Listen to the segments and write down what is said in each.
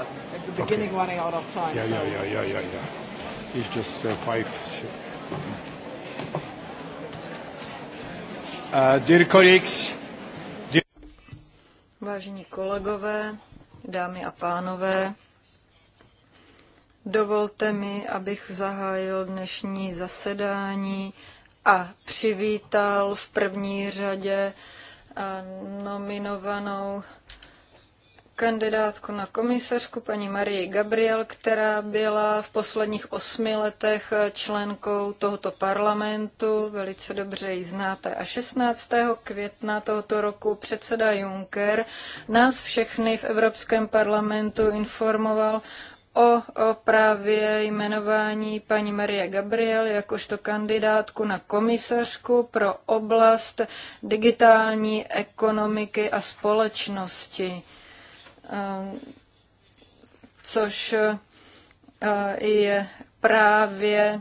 Uh, at the beginning okay. running out of time. Yeah, so. yeah, yeah, yeah, yeah, yeah. He's just uh, five. Six. Uh, dear colleagues, dear... Vážení kolegové, dámy a pánové, dovolte mi, abych zahájil dnešní zasedání a přivítal v první řadě uh, nominovanou kandidátku na komisařku paní Marii Gabriel, která byla v posledních osmi letech členkou tohoto parlamentu, velice dobře ji znáte. A 16. května tohoto roku předseda Juncker nás všechny v Evropském parlamentu informoval o, o právě jmenování paní Marie Gabriel jakožto kandidátku na komisařku pro oblast digitální ekonomiky a společnosti což eh, je právě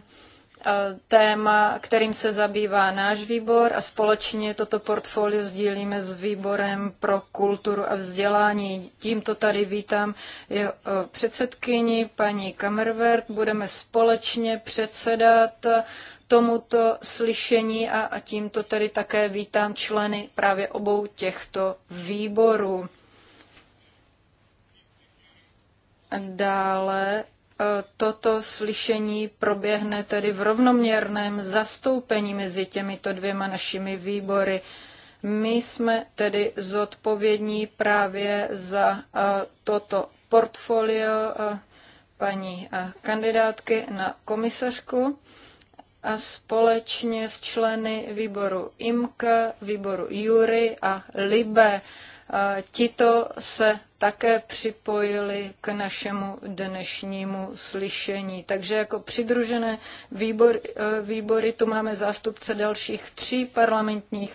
eh, téma, kterým se zabývá náš výbor a společně toto portfolio sdílíme s výborem pro kulturu a vzdělání. Tímto tady vítám jeho eh, předsedkyni, paní Kamervert. Budeme společně předsedat tomuto slyšení a, tímto tady také vítám členy právě obou těchto výborů. Dále e, toto slyšení proběhne tedy v rovnoměrném zastoupení mezi těmito dvěma našimi výbory. My jsme tedy zodpovědní právě za e, toto portfolio e, paní kandidátky na komisařku a společně s členy výboru IMK, výboru Jury a LIBE. Tito se také připojili k našemu dnešnímu slyšení. Takže jako přidružené výbor, eh, výbory tu máme zástupce dalších tří parlamentních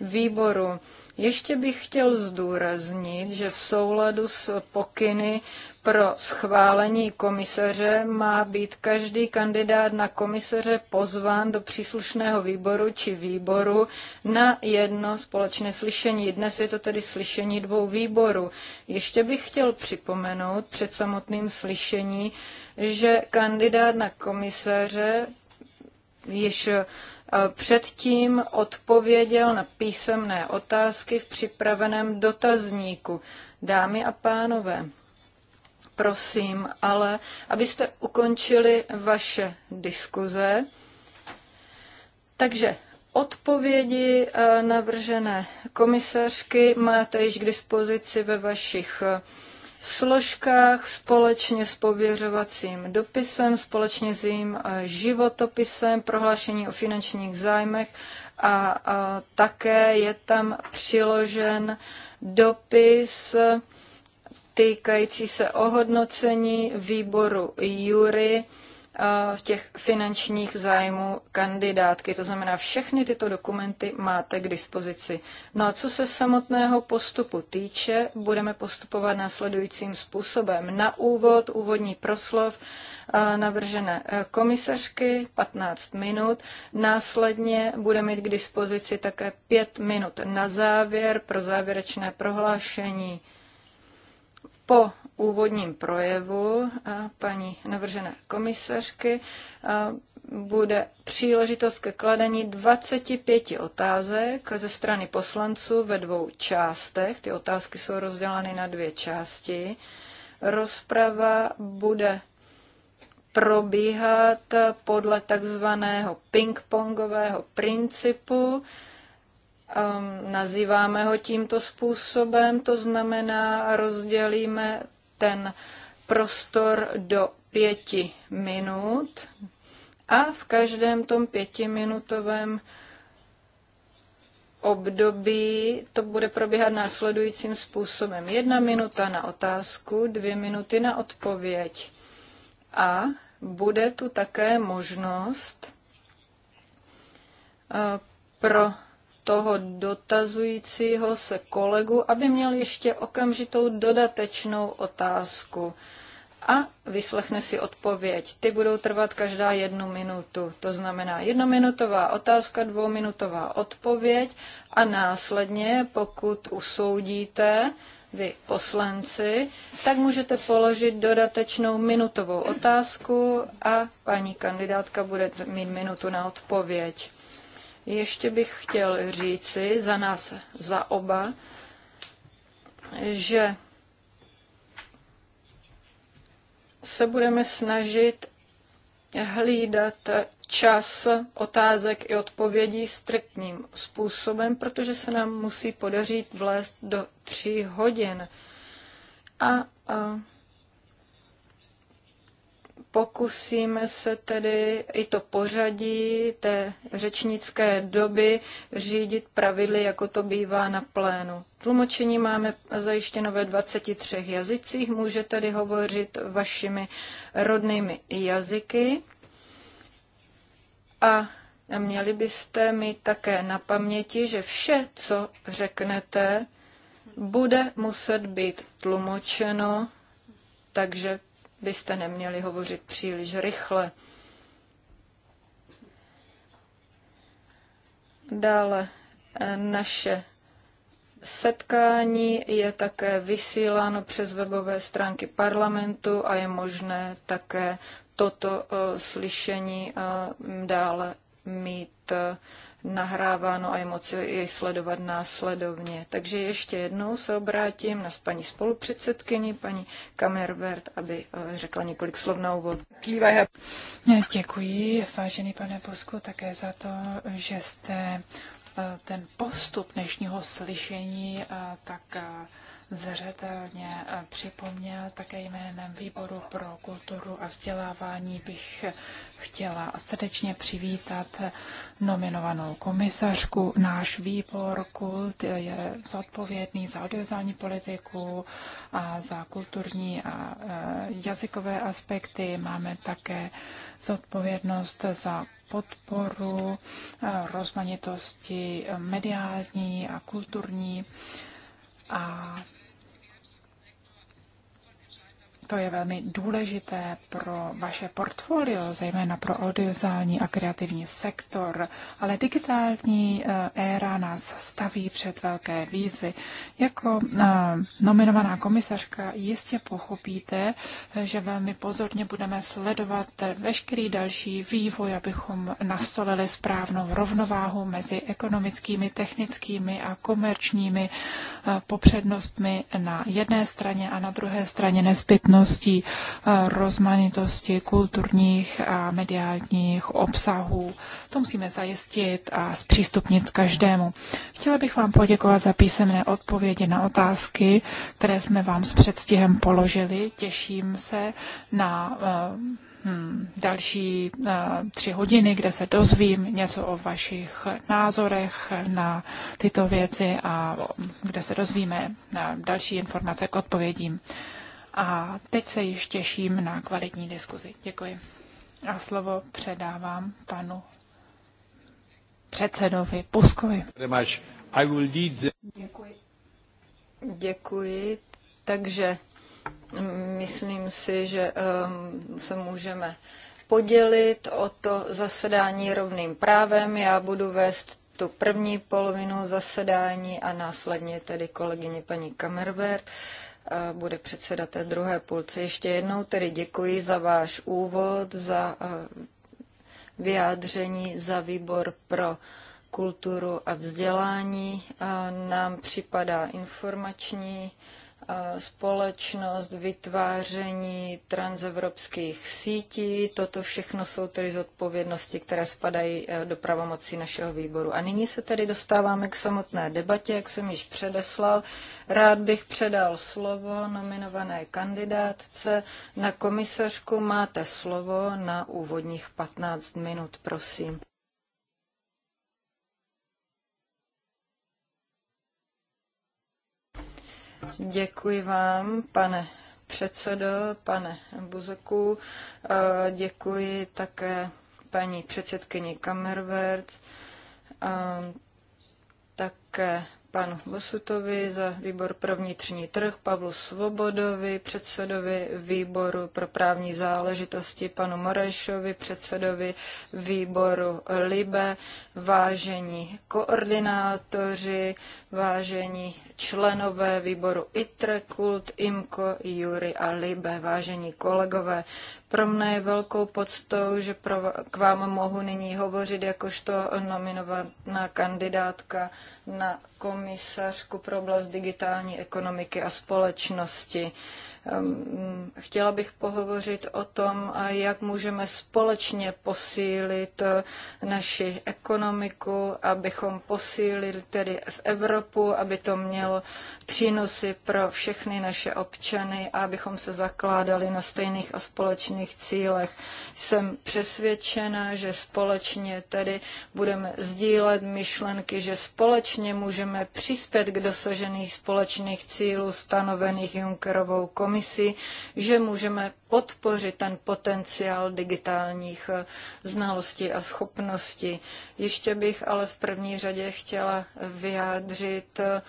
výborů. Ještě bych chtěl zdůraznit, že v souladu s pokyny pro schválení komisaře má být každý kandidát na komisaře pozván do příslušného výboru či výboru na jedno společné slyšení. Dnes je to tedy slyšení dvou výborů. Ještě bych chtěl připomenout před samotným slyšení, že kandidát na komisaře již předtím odpověděl na písemné otázky v připraveném dotazníku. Dámy a pánové, prosím, ale abyste ukončili vaše diskuze. Takže odpovědi eh, navržené komisařky máte již k dispozici ve vašich eh, složkách společně s pověřovacím dopisem, společně s jejím eh, životopisem, prohlášení o finančních zájmech a, a také je tam přiložen dopis týkající se ohodnocení výboru Jury Eh, v těch finančních zájmů kandidátky. To znamená, všechny tyto dokumenty máte k dispozici. No a co se samotného postupu týče, budeme postupovat následujícím způsobem. Na úvod, úvodní proslov eh, navržené eh, komisařky, 15 minut. Následně bude mít k dispozici také 5 minut na závěr pro závěrečné prohlášení po úvodním projevu paní navržené komisařky bude příležitost ke kladení 25 otázek ze strany poslanců ve dvou částech. Ty otázky jsou rozděleny na dvě části. Rozprava bude probíhat podle takzvaného ping-pongového principu. Um, nazýváme ho tímto způsobem, to znamená, rozdělíme ten prostor do pěti minut a v každém tom pětiminutovém období to bude probíhat následujícím způsobem. Jedna minuta na otázku, dvě minuty na odpověď. A bude tu také možnost eh, pro toho dotazujícího se kolegu, aby měl ještě okamžitou dodatečnou otázku a vyslechne si odpověď. Ty budou trvat každá jednu minutu. To znamená jednominutová otázka, dvouminutová odpověď a následně, pokud usoudíte, vy poslanci, tak můžete položit dodatečnou minutovou otázku a paní kandidátka bude mít minutu na odpověď. Ještě bych chtěl říci za nás, za oba, že se budeme snažit hlídat čas otázek i odpovědí striktním způsobem, protože se nám musí podařit vlézt do tří hodin. A, a Pokusíme se tedy i to pořadí té řečnické doby řídit pravidly, jako to bývá na plénu. Tlumočení máme zajištěno ve 23 jazycích, může tedy hovořit vašimi rodnými jazyky. A měli byste mi také na paměti, že vše, co řeknete, bude muset být tlumočeno, takže byste neměli hovořit příliš rychle. Dále eh, naše setkání je také vysíláno přes webové stránky parlamentu a je možné také toto eh, slyšení eh, dále mít nahráváno a je moci jej sledovat následovně. Takže ještě jednou se obrátím na paní spolupředsedkyni, paní Kamervert, aby eh, řekla několik slov na úvod. Děkuji, vážený pane Bosku, také za to, že jste eh, ten postup dnešního slyšení eh, tak zřetelně připomněl. Také jménem Výboru pro kulturu a vzdělávání bych chtěla srdečně přivítat nominovanou komisařku. Náš výbor Kult je zodpovědný za audiovizuální politiku a za kulturní a eh, jazykové aspekty. Máme také zodpovědnost za podporu eh, rozmanitosti mediální a kulturní. A to je velmi důležité pro vaše portfolio, zejména pro audiozální a kreativní sektor, ale digitální eh, éra nás staví před velké výzvy. Jako eh, nominovaná komisařka jistě pochopíte, eh, že velmi pozorně budeme sledovat veškerý další vývoj, abychom nastolili správnou rovnováhu mezi ekonomickými, technickými a komerčními popřednostmi na jedné straně a na druhé straně nezbytnou možností eh, rozmanitosti kulturních a mediálních obsahů. To musíme zajistit a zpřístupnit každému. Chtěla bych vám poděkovat za písemné odpovědi na otázky, které jsme vám s předstihem položili. Těším se na eh, hm, další eh, tři hodiny, kde se dozvím něco o vašich názorech na tyto věci a kde se dozvíme další informace k odpovědím. A teď se již těším na kvalitní diskuzi. Děkuji. A slovo předávám panu předsedovi Puskovi. Děkuji. Děkuji. Takže mm, myslím si, že um, se můžeme podělit o to zasedání rovným právem. Já budu vést tu první polovinu zasedání a následně tedy kolegyně paní Uh, bude předsedat té druhé půlce. Ještě jednou tedy děkuji za váš úvod, za eh, vyjádření, za výbor pro kulturu a vzdělání. Nám připadá informační společnost, vytváření transevropských sítí. Toto všechno jsou tedy zodpovědnosti, které spadají eh, do pravomocí našeho výboru. A nyní se tedy dostáváme k samotné debatě, jak jsem již předeslal. Rád bych předal slovo nominované kandidátce. Na komisařku máte slovo na úvodních 15 minut, prosím. Děkuji vám, pane předsedo, pane Buzeku. Eh, děkuji také paní předsedkyni Kamerverc, eh, také panu Vosutovi za výbor pro vnitřní trh, Pavlu Svobodovi, předsedovi výboru pro právní záležitosti, panu Morešovi, předsedovi výboru LIBE, vážení koordinátoři, vážení členové výboru ITRE, KULT, IMKO, JURY a LIBE, vážení kolegové. Pro mne je velkou poctou, že pro, k vám mohu nyní hovořit jakožto nominovaná kandidátka na komisařku pro oblast digitální ekonomiky a společnosti. Chtěla bych pohovořit o tom, jak můžeme společně posílit eh, naši ekonomiku, abychom posílili tedy v Evropu, aby to mělo přínosy pro všechny naše občany a abychom se zakládali na stejných a společných cílech. Jsem přesvědčena, že společně tedy budeme sdílet myšlenky, že společně můžeme přispět k dosažených společných cílů stanovených Junckerovou komisí komisi, že můžeme podpořit ten potenciál digitálních eh, znalostí a schopností. Ještě bych ale v první řadě chtěla vyjádřit eh,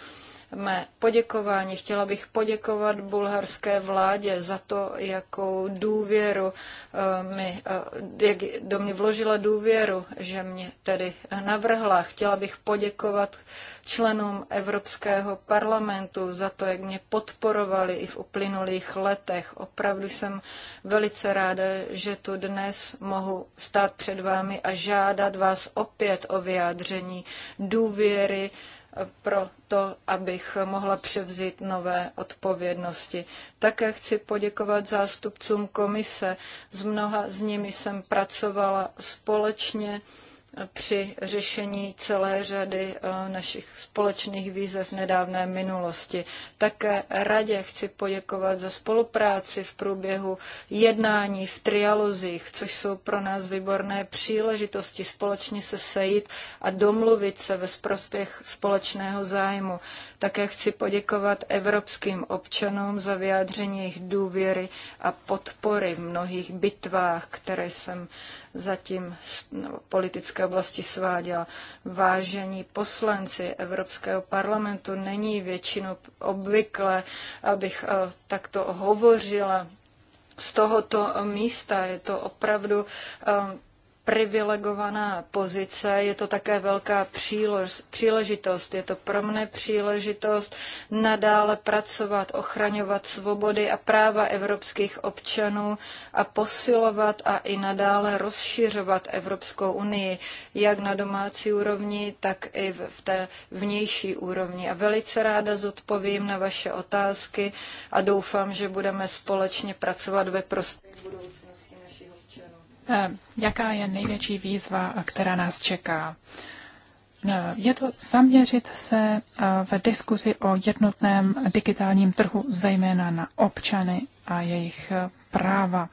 mé poděkování. Chtěla bych poděkovat bulharské vládě za to, jakou důvěru eh, mi, eh, jak do mě vložila důvěru, že mě tedy navrhla. Chtěla bych poděkovat členům Evropského parlamentu za to, jak mě podporovali i v uplynulých letech. Opravdu jsem velice ráda, že tu dnes mohu stát před vámi a žádat vás opět o vyjádření důvěry, pro to, abych mohla převzít nové odpovědnosti. Také chci poděkovat zástupcům komise. S mnoha z nimi jsem pracovala společně při řešení celé řady eh, našich společných výzev nedávné minulosti. Také radě chci poděkovat za spolupráci v průběhu jednání v trialozích, což jsou pro nás výborné příležitosti společně se sejít a domluvit se ve prospěch společného zájmu. Také chci poděkovat evropským občanům za vyjádření jejich důvěry a podpory v mnohých bitvách, které jsem zatím nebo politické oblasti sváděla. Vážení poslanci Evropského parlamentu není většinou obvykle, abych eh, takto hovořila z tohoto místa. Je to opravdu eh, privilegovaná pozice, je to také velká příležitost. Je to pro mne příležitost nadále pracovat, ochraňovat svobody a práva evropských občanů a posilovat a i nadále rozšiřovat Evropskou unii, jak na domácí úrovni, tak i v té vnější úrovni. A velice ráda zodpovím na vaše otázky a doufám, že budeme společně pracovat ve prospěch Eh, jaká je největší výzva, která nás čeká. Eh, je to zaměřit se eh, v diskuzi o jednotném digitálním trhu, zejména na občany a jejich práva.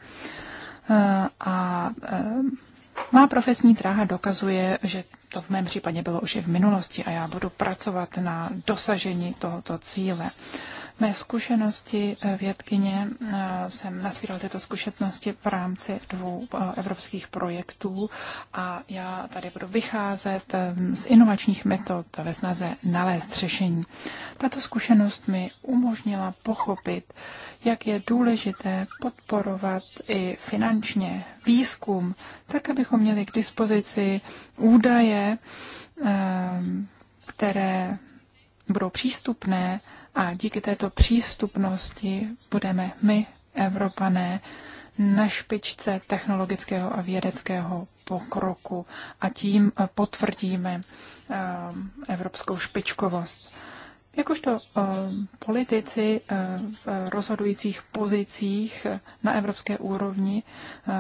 A má profesní dráha dokazuje, že to v mém případě bylo už i v minulosti a já budu pracovat na dosažení tohoto cíle. Mé zkušenosti eh, vědkyně eh, jsem nasvírala tyto zkušenosti v rámci dvou eh, evropských projektů a já tady budu vycházet z inovačních metod ve snaze nalézt řešení. Tato zkušenost mi umožnila pochopit, jak je důležité podporovat i finančně výzkum, tak abychom měli k dispozici údaje, které budou přístupné a díky této přístupnosti budeme my, Evropané, na špičce technologického a vědeckého pokroku a tím eh, potvrdíme eh, evropskou špičkovost. Jakožto eh, politici v rozhodujících pozicích na evropské úrovni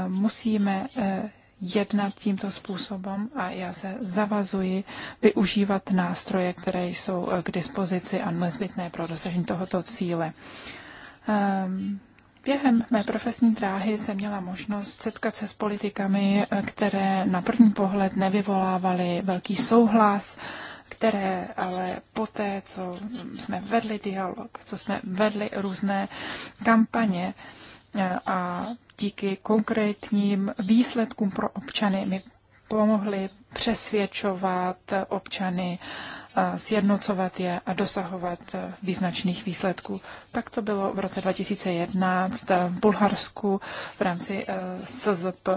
musíme jednat tímto způsobem a já se zavazuji využívat nástroje, které jsou eh, k dispozici a nezbytné pro dosažení tohoto cíle. Ehm, během mé profesní dráhy jsem měla možnost setkat se s politikami, eh, které na první pohled nevyvolávaly velký souhlas, které ale poté, co jsme vedli dialog, co jsme vedli různé kampaně, a díky konkrétním výsledkům pro občany mi pomohli přesvědčovat občany, sjednocovat je a dosahovat význačných výsledků. Tak to bylo v roce 2011 v Bulharsku v rámci e, SZP.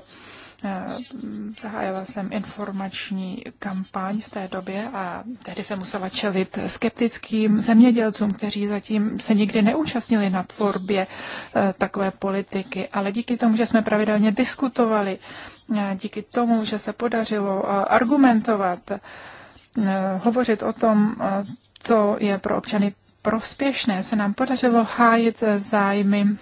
Eh, zahájila jsem informační kampaň v té době a tehdy jsem musela čelit skeptickým zemědělcům, kteří zatím se nikdy neúčastnili na tvorbě eh, takové politiky. Ale díky tomu, že jsme pravidelně diskutovali, eh, díky tomu, že se podařilo argumentovat, hovořit o tom, co je pro občany prospěšné, se nám podařilo hájit zájmy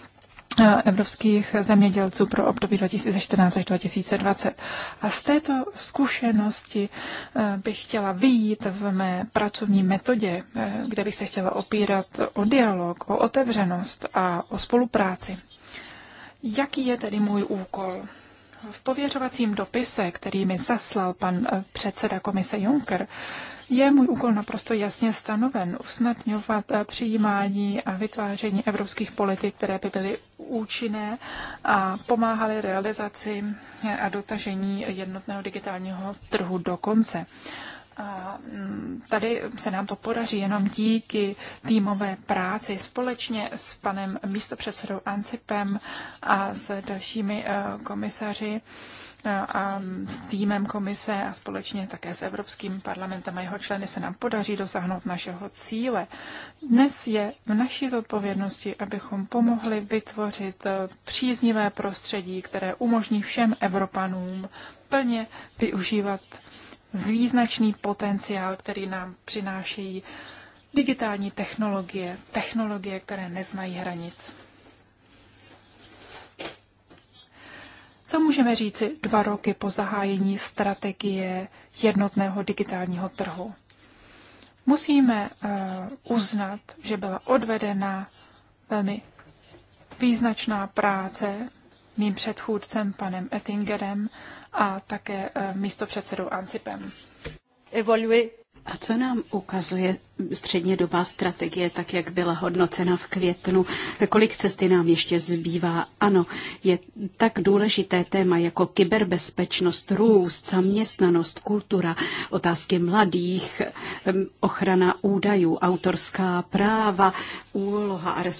Eh, evropských zemědělců pro období 2014 až 2020. A z této zkušenosti eh, bych chtěla vyjít v mé pracovní metodě, eh, kde bych se chtěla opírat o dialog, o otevřenost a o spolupráci. Jaký je tedy můj úkol? V pověřovacím dopise, který mi zaslal pan předseda komise Juncker, je můj úkol naprosto jasně stanoven usnadňovat eh, přijímání a vytváření evropských politik, které by byly účinné a pomáhaly realizaci eh, a dotažení jednotného digitálního trhu do konce. A mm, tady se nám to podaří jenom díky týmové práci společně s panem místopředsedou Ancipem a s dalšími eh, komisaři a s týmem komise a společně také s Evropským parlamentem a jeho členy se nám podaří dosáhnout našeho cíle. Dnes je v naší zodpovědnosti, abychom pomohli vytvořit eh, příznivé prostředí, které umožní všem Evropanům plně využívat zvýznačný potenciál, který nám přináší digitální technologie, technologie, které neznají hranic. Co můžeme říci dva roky po zahájení strategie jednotného digitálního trhu? Musíme eh, uznat, že byla odvedena velmi význačná práce mým předchůdcem panem Ettingerem a také eh, místopředsedou Ancipem. A co nám ukazuje střednědobá strategie, tak jak byla hodnocena v květnu? Kolik cesty nám ještě zbývá? Ano, je tak důležité téma jako kyberbezpečnost, růst, zaměstnanost, kultura, otázky mladých, ochrana údajů, autorská práva, úloha a e,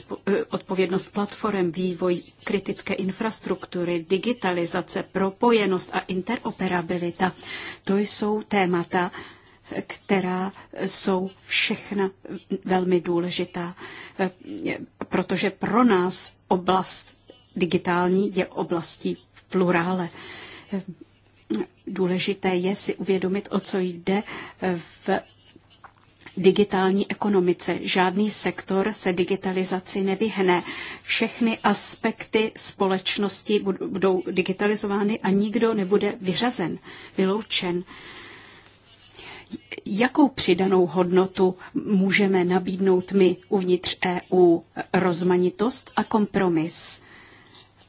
odpovědnost platform, vývoj kritické infrastruktury, digitalizace, propojenost a interoperabilita. To jsou témata, která jsou všechna velmi důležitá, protože pro nás oblast digitální je oblastí v plurále. Důležité je si uvědomit, o co jde v digitální ekonomice. Žádný sektor se digitalizaci nevyhne. Všechny aspekty společnosti budou digitalizovány a nikdo nebude vyřazen, vyloučen jakou přidanou hodnotu můžeme nabídnout my uvnitř EU rozmanitost a kompromis.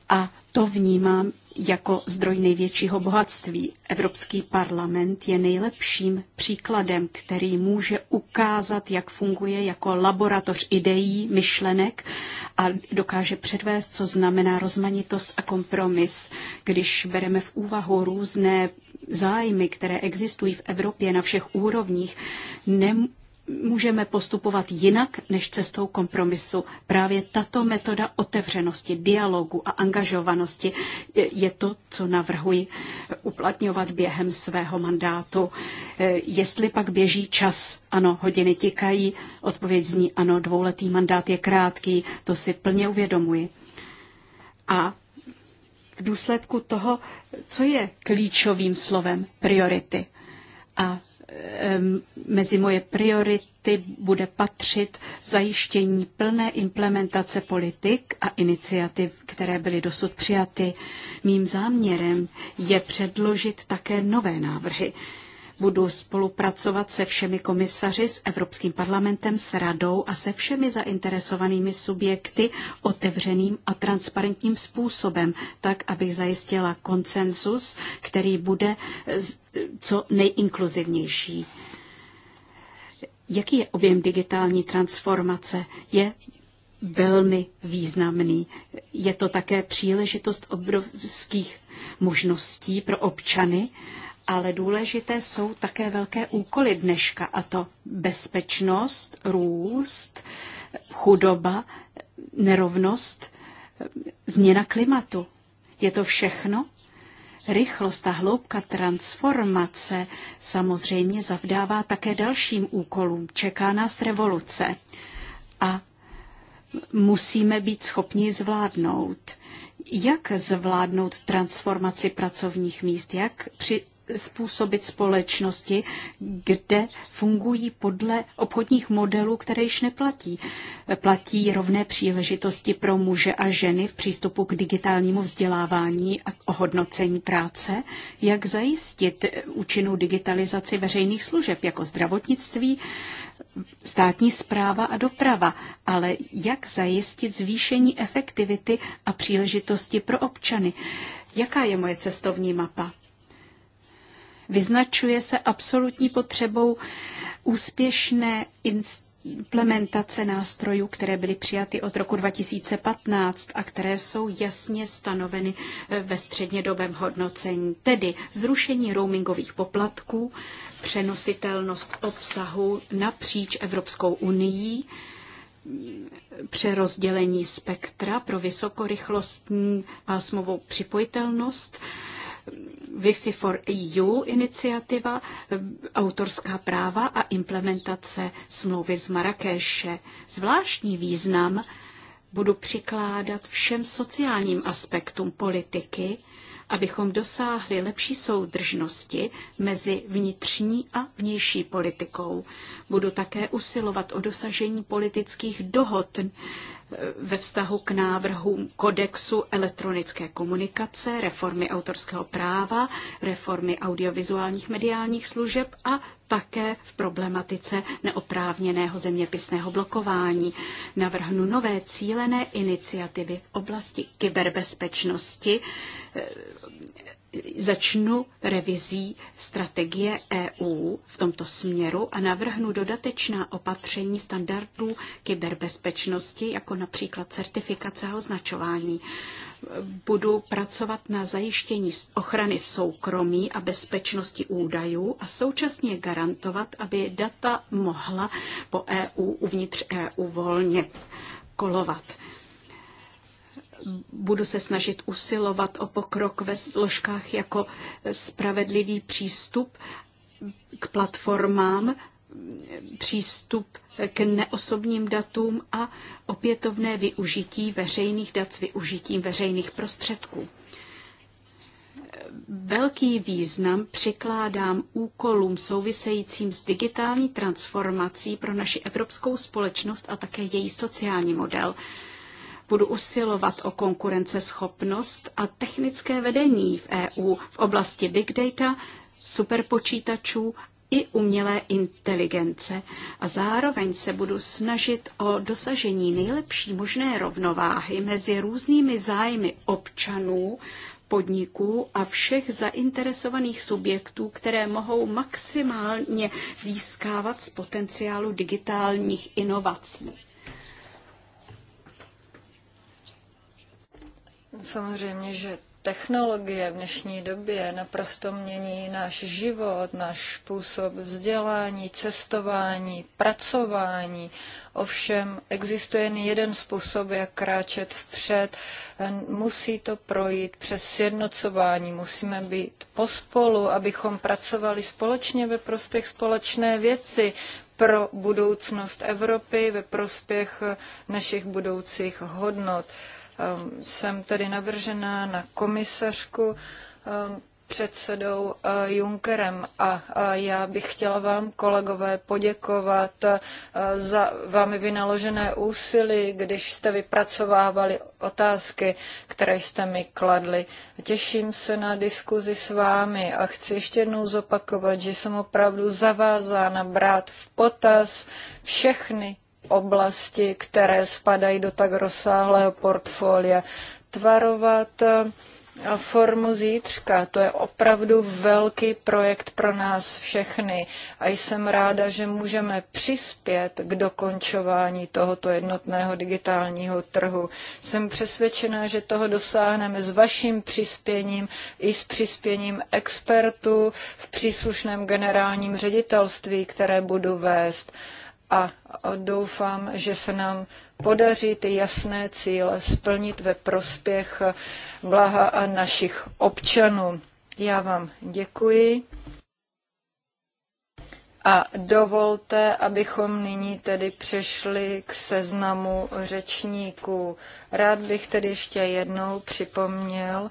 A to vnímám jako zdroj největšího bohatství. Evropský parlament je nejlepším příkladem, který může ukázat, jak funguje jako laboratoř ideí, myšlenek a dokáže předvést, co znamená rozmanitost a kompromis. Když bereme v úvahu různé zájmy, které existují v Evropě na všech úrovních, nemůžeme postupovat jinak než cestou kompromisu. Právě tato metoda otevřenosti, dialogu a angažovanosti je to, co navrhuji uplatňovat během svého mandátu. E, jestli pak běží čas, ano, hodiny tikají, odpověď zní ano, dvouletý mandát je krátký, to si plně uvědomuji. A v důsledku toho, co je klíčovým slovem priority. A mezi moje priority bude patřit zajištění plné implementace politik a iniciativ, které byly dosud přijaty. Mým záměrem je předložit také nové návrhy, Budu spolupracovat se všemi komisaři, s Evropským parlamentem, s radou a se všemi zainteresovanými subjekty otevřeným a transparentním způsobem, tak, abych zajistila konsenzus, který bude co nejinkluzivnější. Jaký je objem digitální transformace? Je velmi významný. Je to také příležitost obrovských možností pro občany ale důležité jsou také velké úkoly dneška, a to bezpečnost, růst, chudoba, nerovnost, změna klimatu. Je to všechno? Rychlost a hloubka transformace samozřejmě zavdává také dalším úkolům. Čeká nás revoluce a musíme být schopni zvládnout jak zvládnout transformaci pracovních míst, jak při, přizpůsobit společnosti, kde fungují podle obchodních modelů, které již neplatí. Platí rovné příležitosti pro muže a ženy v přístupu k digitálnímu vzdělávání a ohodnocení práce, jak zajistit účinnou digitalizaci veřejných služeb jako zdravotnictví, státní zpráva a doprava, ale jak zajistit zvýšení efektivity a příležitosti pro občany. Jaká je moje cestovní mapa? Vyznačuje se absolutní potřebou úspěšné implementace nástrojů, které byly přijaty od roku 2015 a které jsou jasně stanoveny eh, ve střednědobém hodnocení, tedy zrušení roamingových poplatků, přenositelnost obsahu napříč Evropskou unii, přerozdělení spektra pro vysokorychlostní pásmovou připojitelnost, Wi-Fi for EU iniciativa, autorská práva a implementace smlouvy z Marrakeše. Zvláštní význam budu přikládat všem sociálním aspektům politiky, abychom dosáhli lepší soudržnosti mezi vnitřní a vnější politikou. Budu také usilovat o dosažení politických dohod ve vztahu k návrhům kodexu elektronické komunikace, reformy autorského práva, reformy audiovizuálních mediálních služeb a také v problematice neoprávněného zeměpisného blokování. Navrhnu nové cílené iniciativy v oblasti kyberbezpečnosti, začnu revizí strategie EU v tomto směru a navrhnu dodatečná opatření standardů kyberbezpečnosti, jako například certifikace a označování. Budu pracovat na zajištění ochrany soukromí a bezpečnosti údajů a současně garantovat, aby data mohla po EU uvnitř EU volně kolovat budu se snažit usilovat o pokrok ve složkách jako spravedlivý přístup k platformám, přístup k neosobním datům a opětovné využití veřejných dat s využitím veřejných prostředků. Velký význam přikládám úkolům souvisejícím s digitální transformací pro naši evropskou společnost a také její sociální model. Budu usilovat o konkurenceschopnost a technické vedení v EU v oblasti big data, superpočítačů i umělé inteligence. A zároveň se budu snažit o dosažení nejlepší možné rovnováhy mezi různými zájmy občanů, podniků a všech zainteresovaných subjektů, které mohou maximálně získávat z potenciálu digitálních inovací. Samozřejmě, že technologie v dnešní době naprosto mění náš život, náš způsob vzdělání, cestování, pracování. Ovšem existuje jen jeden způsob, jak kráčet vpřed. Musí to projít přes sjednocování. Musíme být pospolu, abychom pracovali společně ve prospěch společné věci pro budoucnost Evropy, ve prospěch našich budoucích hodnot. Ehm, jsem tedy navržena na komisařku ehm, předsedou eh, Junckerem a já bych chtěla vám, kolegové, poděkovat eh, za vámi vynaložené úsilí, když jste vypracovávali otázky, které jste mi kladli. Těším se na diskuzi s vámi a chci ještě jednou zopakovat, že jsem opravdu zavázána brát v potaz všechny oblasti, které spadají do tak rozsáhlého portfolia. Tvarovat a eh, formu zítřka. To je opravdu velký projekt pro nás všechny a jsem ráda, že můžeme přispět k dokončování tohoto jednotného digitálního trhu. Jsem přesvědčená, že toho dosáhneme s vaším přispěním i s přispěním expertů v příslušném generálním ředitelství, které budu vést a doufám, že se nám podaří ty jasné cíle splnit ve prospěch blaha a našich občanů. Já vám děkuji. A dovolte, abychom nyní tedy přešli k seznamu řečníků. Rád bych tedy ještě jednou připomněl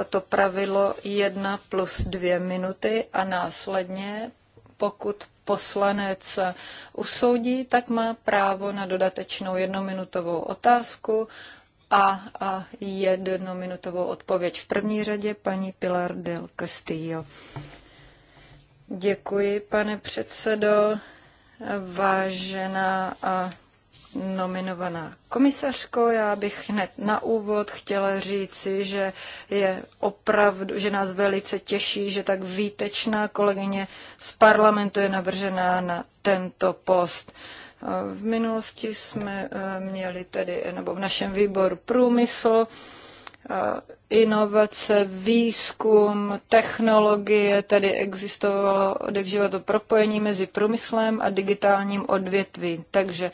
eh, to pravidlo 1 plus 2 minuty a následně, pokud poslanec usoudí, tak má právo na dodatečnou jednominutovou otázku a, a jednominutovou odpověď. V první řadě paní Pilar del Castillo. Děkuji, pane předsedo. Vážená a nominovaná komisařko. Já bych hned na úvod chtěla říci, že je opravdu, že nás velice těší, že tak výtečná kolegyně z parlamentu je navržená na tento post. V minulosti jsme eh, měli tedy, eh, nebo v našem výboru průmysl, eh, inovace, výzkum, technologie, tady existovalo odekživa to propojení mezi průmyslem a digitálním odvětvím. Takže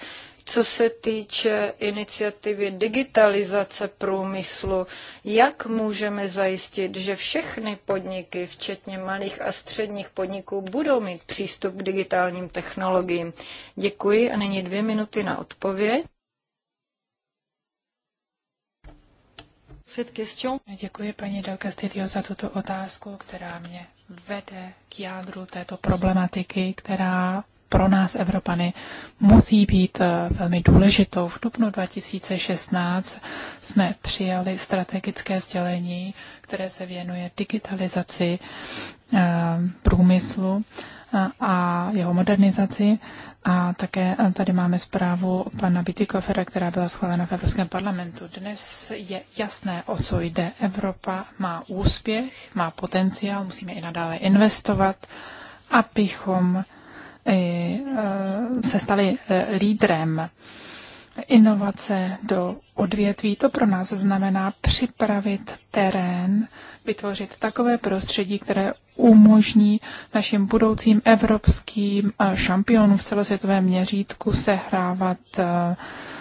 co se týče iniciativy digitalizace průmyslu, jak můžeme zajistit, že všechny podniky, včetně malých a středních podniků, budou mít přístup k digitálním technologiím? Děkuji a nyní dvě minuty na odpověď. Děkuji paní Del Castillo za tuto otázku, která mě vede k jádru této problematiky, která pro nás Evropany musí být eh, velmi důležitou. V dubnu 2016 jsme přijali strategické sdělení, které se věnuje digitalizaci eh, průmyslu eh, a jeho modernizaci. A také tady máme zprávu pana Bitikofera, která byla schválena v Evropském parlamentu. Dnes je jasné, o co jde. Evropa má úspěch, má potenciál, musíme i nadále investovat, abychom E, se stali e, lídrem. Inovace do odvětví, to pro nás znamená připravit terén, vytvořit takové prostředí, které umožní našim budoucím evropským e, šampionům v celosvětovém měřítku sehrávat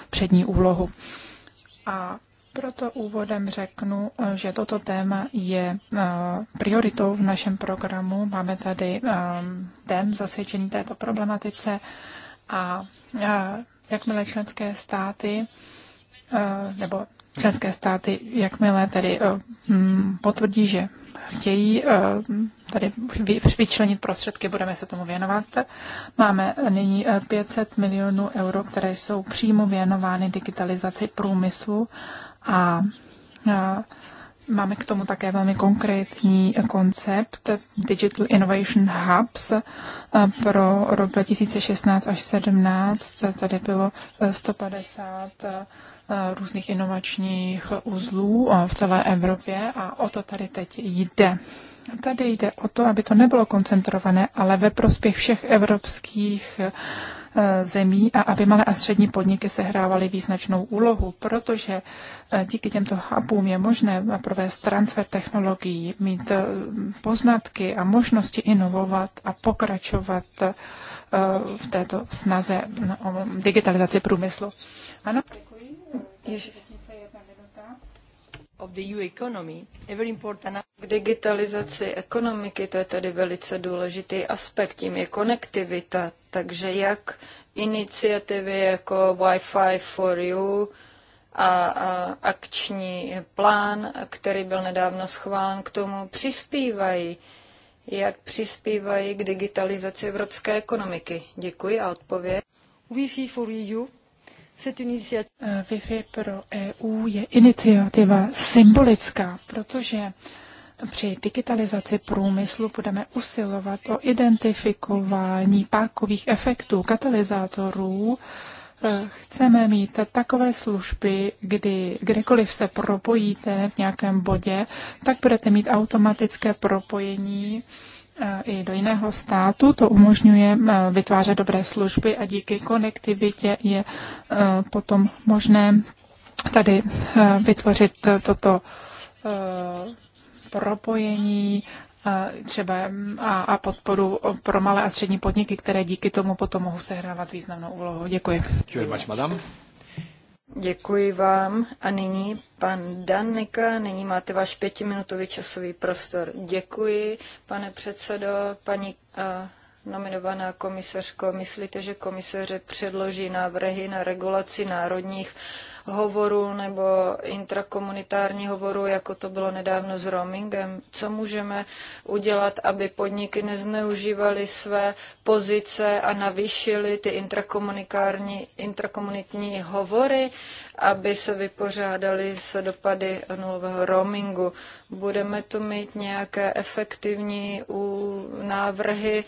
přední úlohu. A proto úvodem řeknu, že toto téma je eh, prioritou v našem programu. Máme tady eh, den zasvědčení této problematice a eh, jakmile členské státy nebo členské státy, jakmile tedy hm, potvrdí, že chtějí tady vyčlenit prostředky, budeme se tomu věnovat. Máme nyní 500 milionů euro, které jsou přímo věnovány digitalizaci průmyslu a Máme k tomu také velmi konkrétní koncept Digital Innovation Hubs pro rok 2016 až 2017. Tady bylo 150 různých inovačních uzlů v celé Evropě a o to tady teď jde. Tady jde o to, aby to nebylo koncentrované, ale ve prospěch všech evropských Eh, zemí a aby malé a střední podniky sehrávaly význačnou úlohu, protože eh, díky těmto hubům je možné provést transfer technologií, mít eh, poznatky a možnosti inovovat a pokračovat v této snaze o digitalizaci průmyslu. Ano, děkuji. Ježi. K digitalizaci ekonomiky, to je tedy velice důležitý aspekt, tím je konektivita. Takže jak iniciativy jako Wi-Fi for You a, a akční plán, který byl nedávno schválen, k tomu přispívají. Jak přispívají k digitalizaci evropské ekonomiky? Děkuji a odpověď. Wi-Fi for You. Eh, Wi-Fi pro EU je iniciativa symbolická, protože při digitalizaci průmyslu budeme usilovat o identifikování pákových efektů, katalyzátorů. Eh, Chceme mít takové služby, kdy kdekoliv se propojíte v nějakém bodě, tak budete mít automatické propojení i do jiného státu. To umožňuje eh, vytvářet dobré služby a díky konektivitě je eh, potom možné tady eh, vytvořit toto propojení třeba a, a podporu pro malé a střední podniky, které díky tomu potom mohou sehrávat významnou úlohu. Děkuji. Děkuji, madam. Děkuji vám. A nyní pan Danika, nyní máte váš pětiminutový časový prostor. Děkuji, pane předsedo, paní uh, nominovaná komisařko. Myslíte, že komisaře předloží návrhy na regulaci národních uh, hovoru nebo intrakomunitární hovoru, jako to bylo nedávno s roamingem. Co můžeme udělat, aby podniky nezneužívaly své pozice a navýšily ty intrakomunitární, intrakomunitní hovory, aby se vypořádali s dopady nulového roamingu. Budeme tu mít nějaké efektivní návrhy,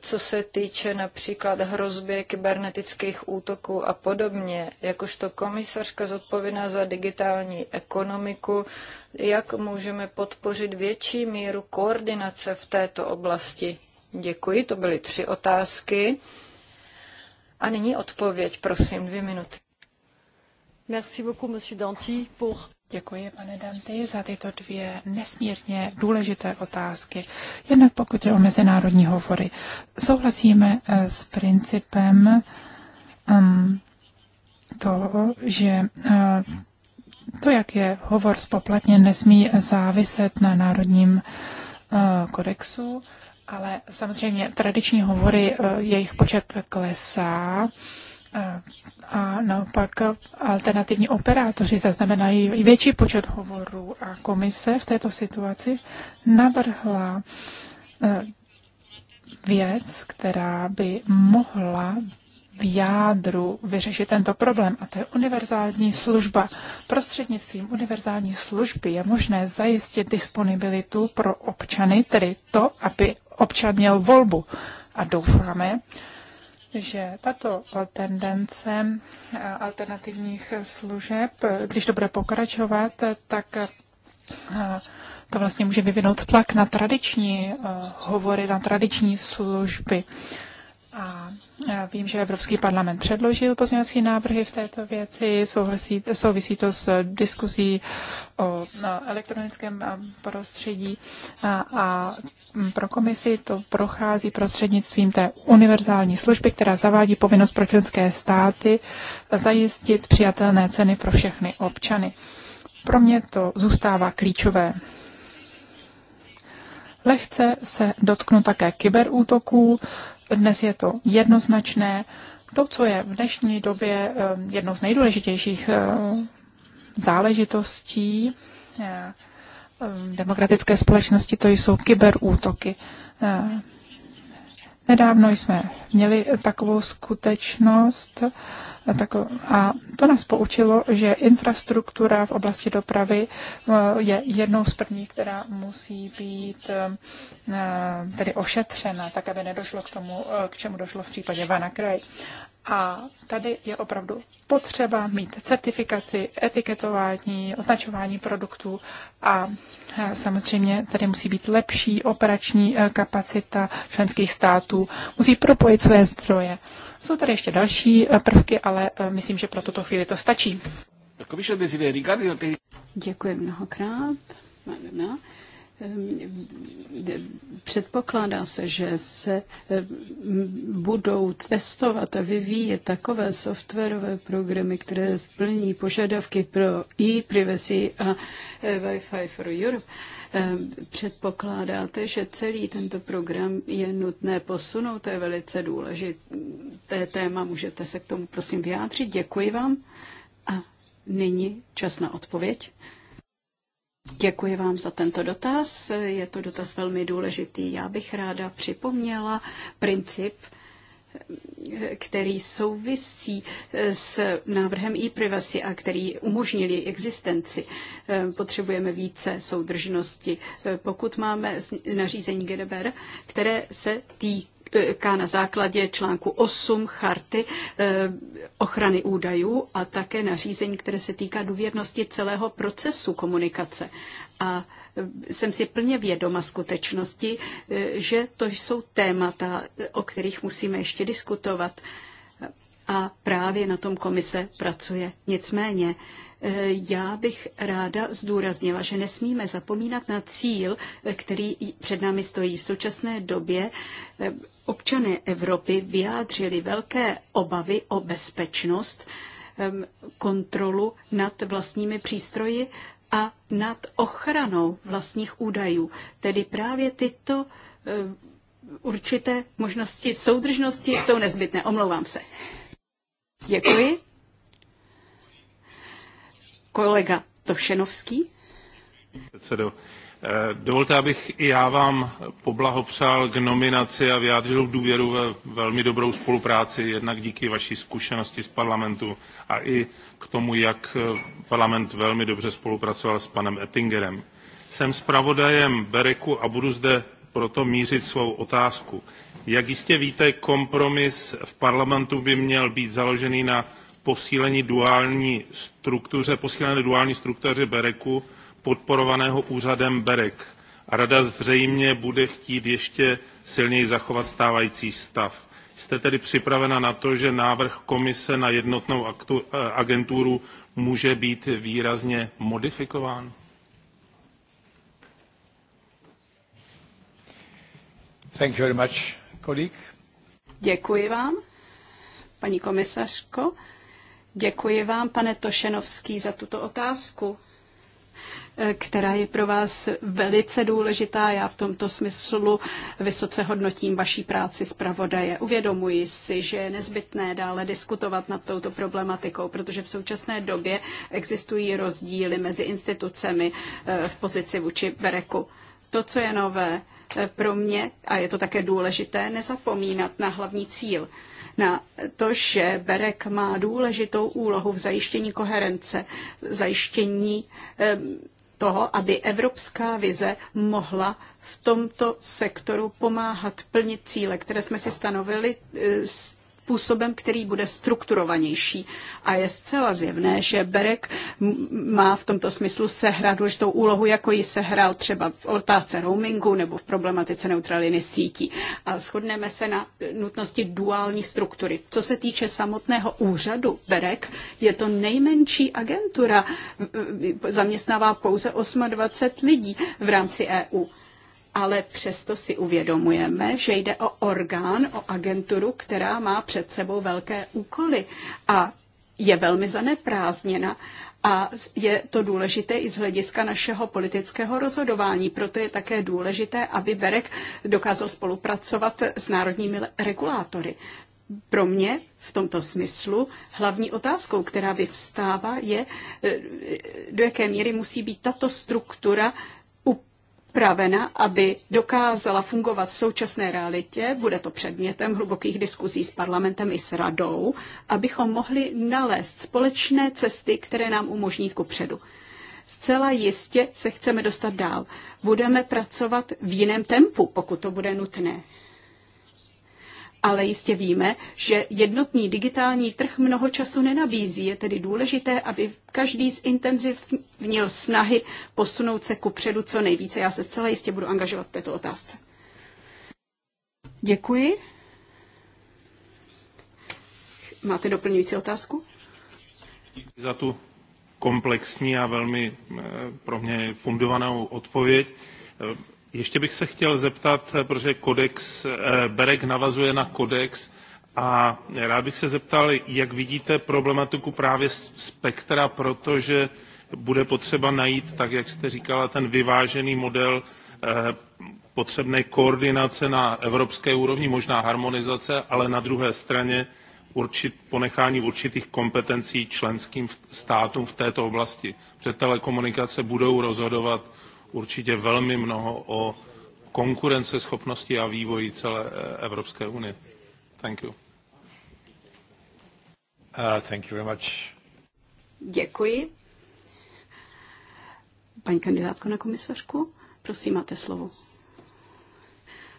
co se týče například hrozby kybernetických útoků a podobně, jakožto komisařka zodpovědná za digitální ekonomiku, jak můžeme podpořit větší míru koordinace v této oblasti? Děkuji, to byly tři otázky. A nyní odpověď, prosím, dvě minuty. Merci beaucoup, monsieur pour... Děkuji, pane Danty, za tyto dvě nesmírně důležité otázky. Jednak pokud je o mezinárodní hovory. Souhlasíme eh, s principem um, toho, že eh, to, jak je hovor spoplatně, nesmí záviset na národním eh, kodexu, ale samozřejmě tradiční hovory, jejich počet klesá a naopak alternativní operátoři zaznamenají větší počet hovorů a komise v této situaci navrhla eh, věc, která by mohla v jádru vyřešit tento problém, a to je univerzální služba. Prostřednictvím univerzální služby je možné zajistit disponibilitu pro občany, tedy to, aby občan měl volbu. A doufáme, že tato tendence eh, alternativních služeb, když to bude pokračovat, tak eh, to vlastně může vyvinout tlak na tradiční eh, hovory, na tradiční služby. A e, vím, že Evropský parlament předložil pozměňovací návrhy v této věci, souvisí, souvisí to s diskuzí o e, elektronickém e, prostředí a, a pro komisi to prochází prostřednictvím té univerzální služby, která zavádí povinnost pro členské státy zajistit přijatelné ceny pro všechny občany. Pro mě to zůstává klíčové. Lehce se dotknu také kyberútoků. Dnes je to jednoznačné. To, co je v dnešní době eh, jedno z nejdůležitějších eh, záležitostí eh, demokratické společnosti, to jsou kyberútoky. Nedávno jsme měli takovou skutečnost, a to nás poučilo, že infrastruktura v oblasti dopravy eh, je jednou z prvních, která musí být eh, tedy ošetřena, tak aby nedošlo k tomu, eh, k čemu došlo v případě Vanakraj. A tady je opravdu potřeba mít certifikaci, etiketování, označování produktů a eh, samozřejmě tady musí být lepší operační eh, kapacita členských států, musí propojit své zdroje. Jsou tady ještě další eh, prvky, ale myslím, že pro tuto chvíli to stačí. Jako Děkuji mnohokrát. Ehm, předpokládá se, že se ehm, budou testovat a vyvíjet takové softwarové programy, které splní požadavky pro e-privacy a eh, Wi-Fi for Europe. Ehm, předpokládáte, že celý tento program je nutné posunout? To je velice důležité téma. Můžete se k tomu prosím vyjádřit. Děkuji vám. A nyní čas na odpověď. Děkuji vám za tento dotaz. Je to dotaz velmi důležitý. Já bych ráda připomněla princip, který souvisí s návrhem e-privacy a který umožnil existenci. Potřebujeme více soudržnosti. Pokud máme nařízení GDPR, které se týká na základě článku 8 charty eh, ochrany údajů a také nařízení, které se týká důvěrnosti celého procesu komunikace. A eh, jsem si plně vědoma skutečnosti, eh, že to jsou témata, o kterých musíme ještě diskutovat. A právě na tom komise pracuje. Nicméně já bych ráda zdůraznila, že nesmíme zapomínat na cíl, který před námi stojí v současné době. Eh, občané Evropy vyjádřili velké obavy o bezpečnost, kontrolu nad vlastními přístroji a nad ochranou vlastních údajů. Tedy právě tyto eh, určité možnosti soudržnosti jsou nezbytné. Omlouvám se. Děkuji kolega Tošenovský. Předsedo, eh, dovolte, abych i já vám poblahopřál k nominaci a vyjádřil důvěru ve velmi dobrou spolupráci, jednak díky vaší zkušenosti z parlamentu a i k tomu, jak eh, parlament velmi dobře spolupracoval s panem Ettingerem. Jsem zpravodajem Bereku a budu zde proto mířit svou otázku. Jak jistě víte, kompromis v parlamentu by měl být založený na posílení duální struktuře, posílené duální struktuře Bereku, podporovaného úřadem Berek. A rada zřejmě bude chtít ještě silněji zachovat stávající stav. Jste tedy připravena na to, že návrh komise na jednotnou aktu, eh, agenturu může být výrazně modifikován? Thank you very much, colleague. Děkuji vám, paní komisařko. Děkuji vám, pane Tošenovský, za tuto otázku, eh, která je pro vás velice důležitá. Já v tomto smyslu vysoce hodnotím vaší práci pravodaje. Uvědomuji si, že je nezbytné dále diskutovat nad touto problematikou, protože v současné době existují rozdíly mezi institucemi eh, v pozici vůči Bereku. To, co je nové eh, pro mě, a je to také důležité, nezapomínat na hlavní cíl – na to, že Berek má důležitou úlohu v zajištění koherence, v zajištění toho, aby evropská vize mohla v tomto sektoru pomáhat plnit cíle, které jsme si stanovili eh, s způsobem, který bude strukturovanější. A je zcela zjevné, že Berek má v tomto smyslu sehrát důležitou úlohu, jako ji sehrál třeba v otázce roamingu nebo v problematice neutraliny sítí. A shodneme se na nutnosti duální struktury. Co se týče samotného úřadu Berek, je to nejmenší agentura, zaměstnává pouze 28 lidí v rámci EU ale přesto si uvědomujeme, že jde o orgán, o agenturu, která má před sebou velké úkoly a je velmi zaneprázdněna. A je to důležité i z hlediska našeho politického rozhodování. Proto je také důležité, aby Berek dokázal spolupracovat s národními regulátory. Pro mě v tomto smyslu hlavní otázkou, která vyvstává, je, do jaké míry musí být tato struktura připravena, aby dokázala fungovat v současné realitě, bude to předmětem hlubokých diskuzí s parlamentem i s radou, abychom mohli nalézt společné cesty, které nám umožní ku předu. Zcela jistě se chceme dostat dál. Budeme pracovat v jiném tempu, pokud to bude nutné ale jistě víme, že jednotný digitální trh mnoho času nenabízí. Je tedy důležité, aby každý z intenziv vnil snahy posunout se ku předu co nejvíce. Já se zcela jistě budu angažovat v této otázce. Děkuji. Máte doplňující otázku? Za tu komplexní a velmi eh, pro mě fundovanou odpověď. Eh, ještě bych se chtěl zeptat, eh, protože kodex, eh, Berek navazuje na kodex, a rád bych se zeptal, jak vidíte problematiku právě spektra, protože bude potřeba najít, tak jak jste říkala, ten vyvážený model eh, potřebné koordinace na evropské úrovni, možná harmonizace, ale na druhé straně určit, ponechání určitých kompetencí členským státům v této oblasti. Před telekomunikace budou rozhodovat určitě velmi mnoho o konkurenceschopnosti a vývoji celé eh, Evropské unie. Thank you. Uh, thank you very much. Děkuji. Paní kandidátko na komisařku, prosím, máte slovo.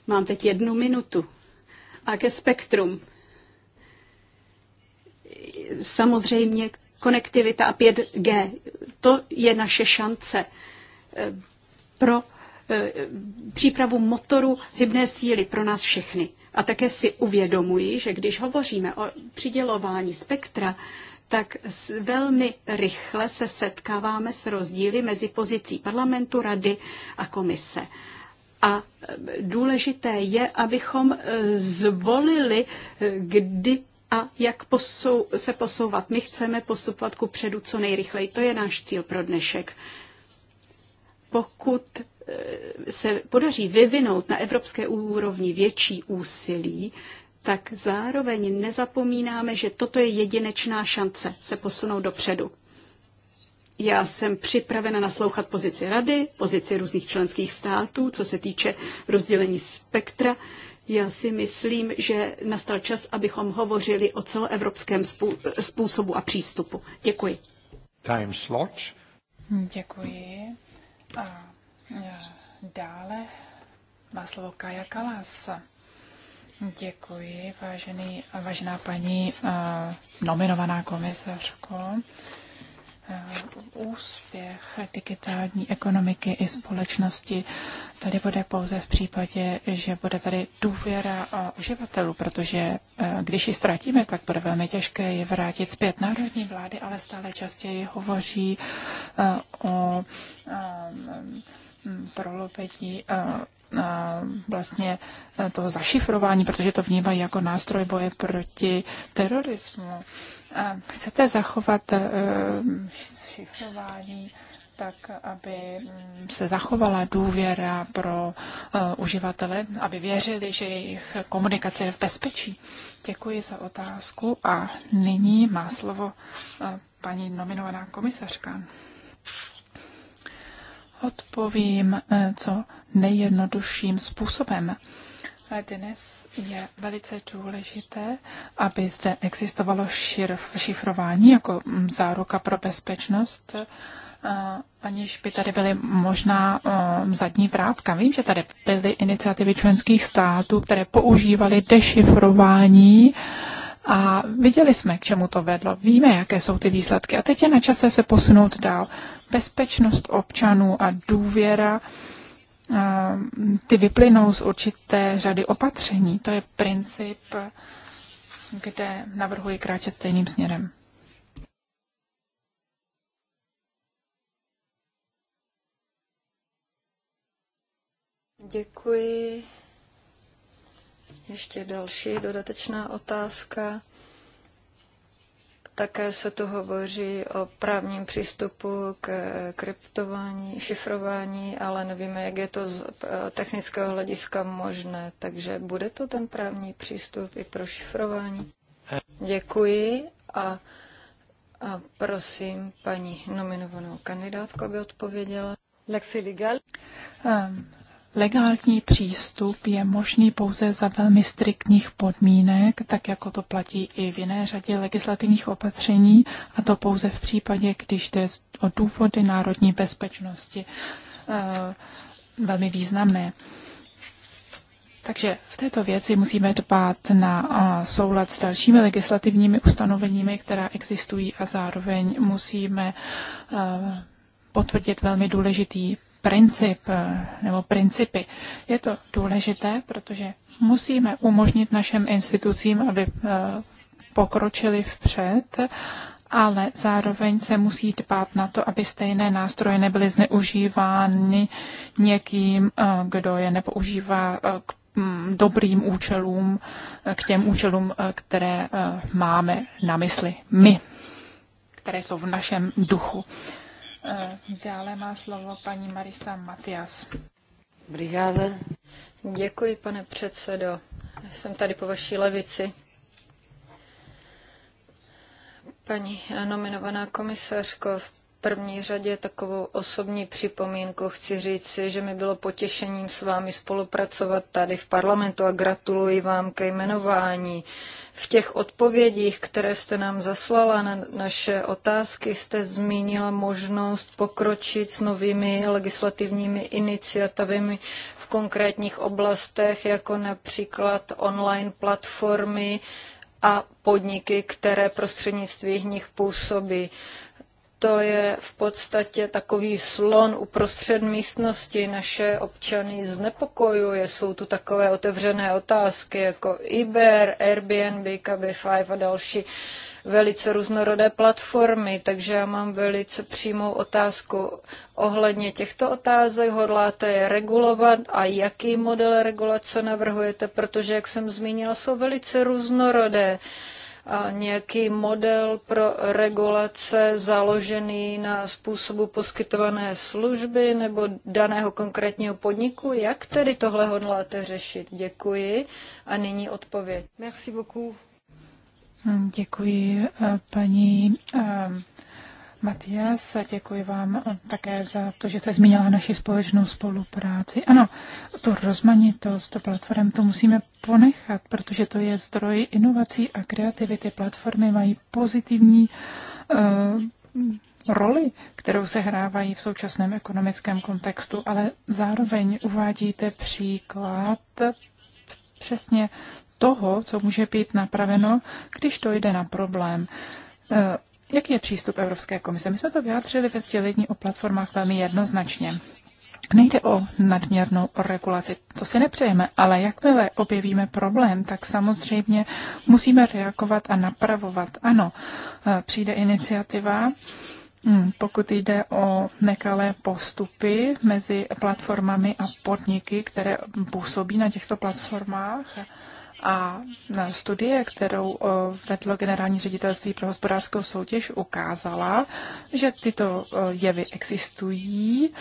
Mám teď jednu minutu. A ke spektrum. Samozřejmě konektivita a 5G, to je naše šance pro eh, přípravu motoru hybné síly pro nás všechny. A také si uvědomuji, že když hovoříme o přidělování spektra, tak velmi rychle se setkáváme s rozdíly mezi pozicí parlamentu, rady a komise. A eh, důležité je, abychom eh, zvolili, kdy a jak posou, se posouvat. My chceme postupovat ku předu co nejrychleji. To je náš cíl pro dnešek pokud eh, se podaří vyvinout na evropské úrovni větší úsilí, tak zároveň nezapomínáme, že toto je jedinečná šance se posunout dopředu. Já jsem připravena naslouchat pozici rady, pozici různých členských států, co se týče rozdělení spektra. Já si myslím, že nastal čas, abychom hovořili o celoevropském způsobu a přístupu. Děkuji. Time slot. Děkuji. A e, dále má slovo Kaja Kalas. Děkuji, vážený, vážená paní e, nominovaná komisařko. Eh, úspěch digitální ekonomiky i společnosti tady bude pouze v případě, že bude tady důvěra eh, uživatelů, protože eh, když ji ztratíme, tak bude velmi těžké je vrátit zpět. Národní vlády ale stále častěji hovoří o prolopetí vlastně toho zašifrování, protože to vnímají jako nástroj boje proti terorismu chcete zachovat eh, šifrování tak, aby mm, se zachovala důvěra pro eh, uživatele, aby věřili, že jejich komunikace je v bezpečí. Děkuji za otázku a nyní má slovo eh, paní nominovaná komisařka. Odpovím co nejjednodušším způsobem. Dnes je velice důležité, aby zde existovalo šir, šifrování jako mm, záruka pro bezpečnost, eh, aniž by tady byly možná eh, zadní vrátka. Vím, že tady byly iniciativy členských států, které používaly dešifrování a viděli jsme, k čemu to vedlo. Víme, jaké jsou ty výsledky. A teď je na čase se posunout dál. Bezpečnost občanů a důvěra ty vyplynou z určité řady opatření. To je princip, kde navrhuji kráčet stejným směrem. Děkuji. Ještě další dodatečná otázka. Také se tu hovoří o právním přístupu k kryptování, šifrování, ale nevíme, jak je to z eh, technického hlediska možné. Takže bude to ten právní přístup i pro šifrování? Děkuji a, a prosím paní nominovanou kandidátku, aby odpověděla. Lexi Legal. Um. Legální přístup je možný pouze za velmi striktních podmínek, tak jako to platí i v jiné řadě legislativních opatření, a to pouze v případě, když jde o důvody národní bezpečnosti eh, velmi významné. Takže v této věci musíme dbát na eh, soulad s dalšími legislativními ustanoveními, která existují a zároveň musíme eh, potvrdit velmi důležitý princip eh, nebo principy. Je to důležité, protože musíme umožnit našim institucím, aby eh, pokročili vpřed, ale zároveň se musí dbát na to, aby stejné nástroje nebyly zneužívány někým, eh, kdo je nepoužívá k mm, dobrým účelům, k těm účelům, které máme na mysli my, které jsou v našem duchu. Eh, dále má slovo paní Marisa Matias. Brigáda. Děkuji, pane předsedo. Jsem tady po vaší levici. Paní nominovaná komisařko, v první řadě takovou osobní připomínku chci říci, že mi bylo potěšením s vámi spolupracovat tady v parlamentu a gratuluji vám ke jmenování. V těch odpovědích, které jste nám zaslala na naše otázky, jste zmínila možnost pokročit s novými legislativními iniciativami v konkrétních oblastech, jako například online platformy a podniky, které prostřednictvím nich působí to je v podstatě takový slon uprostřed místnosti. Naše občany znepokojuje. Jsou tu takové otevřené otázky jako iber, Airbnb, KB5 a další velice různorodé platformy, takže já mám velice přímou otázku ohledně těchto otázek. Hodláte je regulovat a jaký model regulace navrhujete, protože, jak jsem zmínila, jsou velice různorodé. Uh, nějaký model pro regulace založený na způsobu poskytované služby nebo daného konkrétního podniku? Jak tedy tohle hodláte řešit? Děkuji. A nyní odpověď. Merci beaucoup. Děkuji, eh, paní eh, Matias, děkuji vám také za to, že jste zmínila naši společnou spolupráci. Ano, tu rozmanitost platform to musíme ponechat, protože to je zdroj inovací a kreativity. Platformy mají pozitivní uh, roli, kterou se hrávají v současném ekonomickém kontextu, ale zároveň uvádíte příklad přesně toho, co může být napraveno, když to jde na problém. Uh, Jaký je přístup Evropské komise? My jsme to vyjádřili ve sdělení o platformách velmi jednoznačně. Nejde o nadměrnou regulaci, to si nepřejeme, ale jakmile objevíme problém, tak samozřejmě musíme reagovat a napravovat. Ano, eh, přijde iniciativa, hm, pokud jde o nekalé postupy mezi platformami a podniky, které působí na těchto platformách, a studie, kterou vedlo generální ředitelství pro hospodářskou soutěž, ukázala, že tyto jevy existují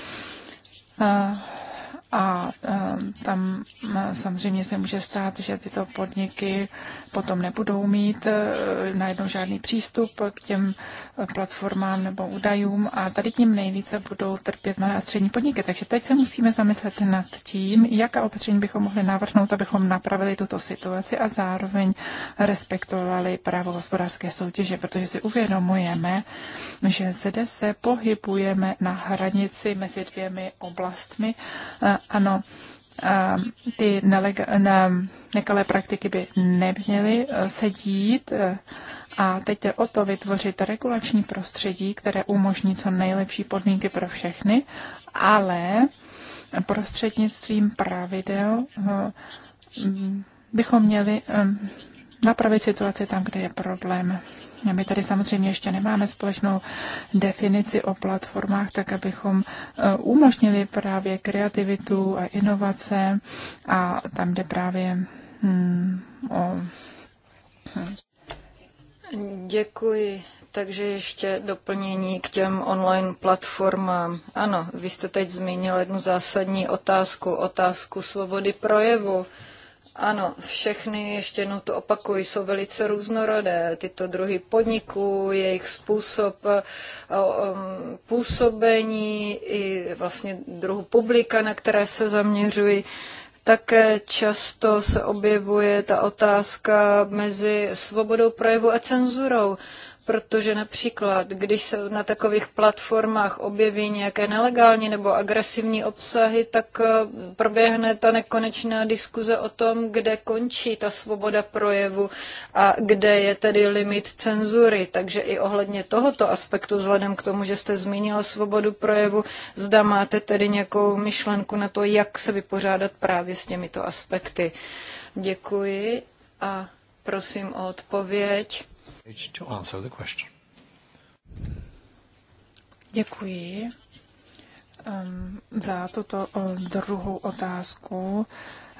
a ehm, tam samozřejmě se může stát, že tyto podniky potom nebudou mít e, najednou žádný přístup k těm e, platformám nebo údajům a tady tím nejvíce budou trpět malé a střední podniky. Takže teď se musíme zamyslet nad tím, jaká opatření bychom mohli navrhnout, abychom napravili tuto situaci a zároveň respektovali právo hospodářské soutěže, protože si uvědomujeme, že zde se pohybujeme na hranici mezi dvěmi oblastmi e, ano, ty nekalé praktiky by neměly e, sedít e, a teď je o to vytvořit regulační prostředí, které umožní co nejlepší podmínky pro všechny, ale prostřednictvím pravidel e, bychom měli napravit situaci tam, kde je problém. My tady samozřejmě ještě nemáme společnou definici o platformách, tak abychom e, umožnili právě kreativitu a inovace a tam jde právě hmm, o. Hmm. Děkuji. Takže ještě doplnění k těm online platformám. Ano, vy jste teď zmínil jednu zásadní otázku, otázku svobody projevu. Uh, ano, všechny, ještě jednou to opakuji, jsou velice různorodé. Tyto druhy podniků, jejich způsob eh, mm, působení i vlastně druhu publika, na které se zaměřují. Také často se objevuje ta otázka mezi svobodou projevu a cenzurou protože například, když se na takových platformách objeví nějaké nelegální nebo agresivní obsahy, tak eh, proběhne ta nekonečná diskuze o tom, kde končí ta svoboda projevu a kde je tedy limit cenzury. Takže i ohledně tohoto aspektu, vzhledem k tomu, že jste zmínila svobodu projevu, zda máte tedy nějakou myšlenku na to, jak se vypořádat právě s těmito aspekty. Děkuji a prosím o odpověď to answer the question. Děkuji um, za tuto druhou otázku.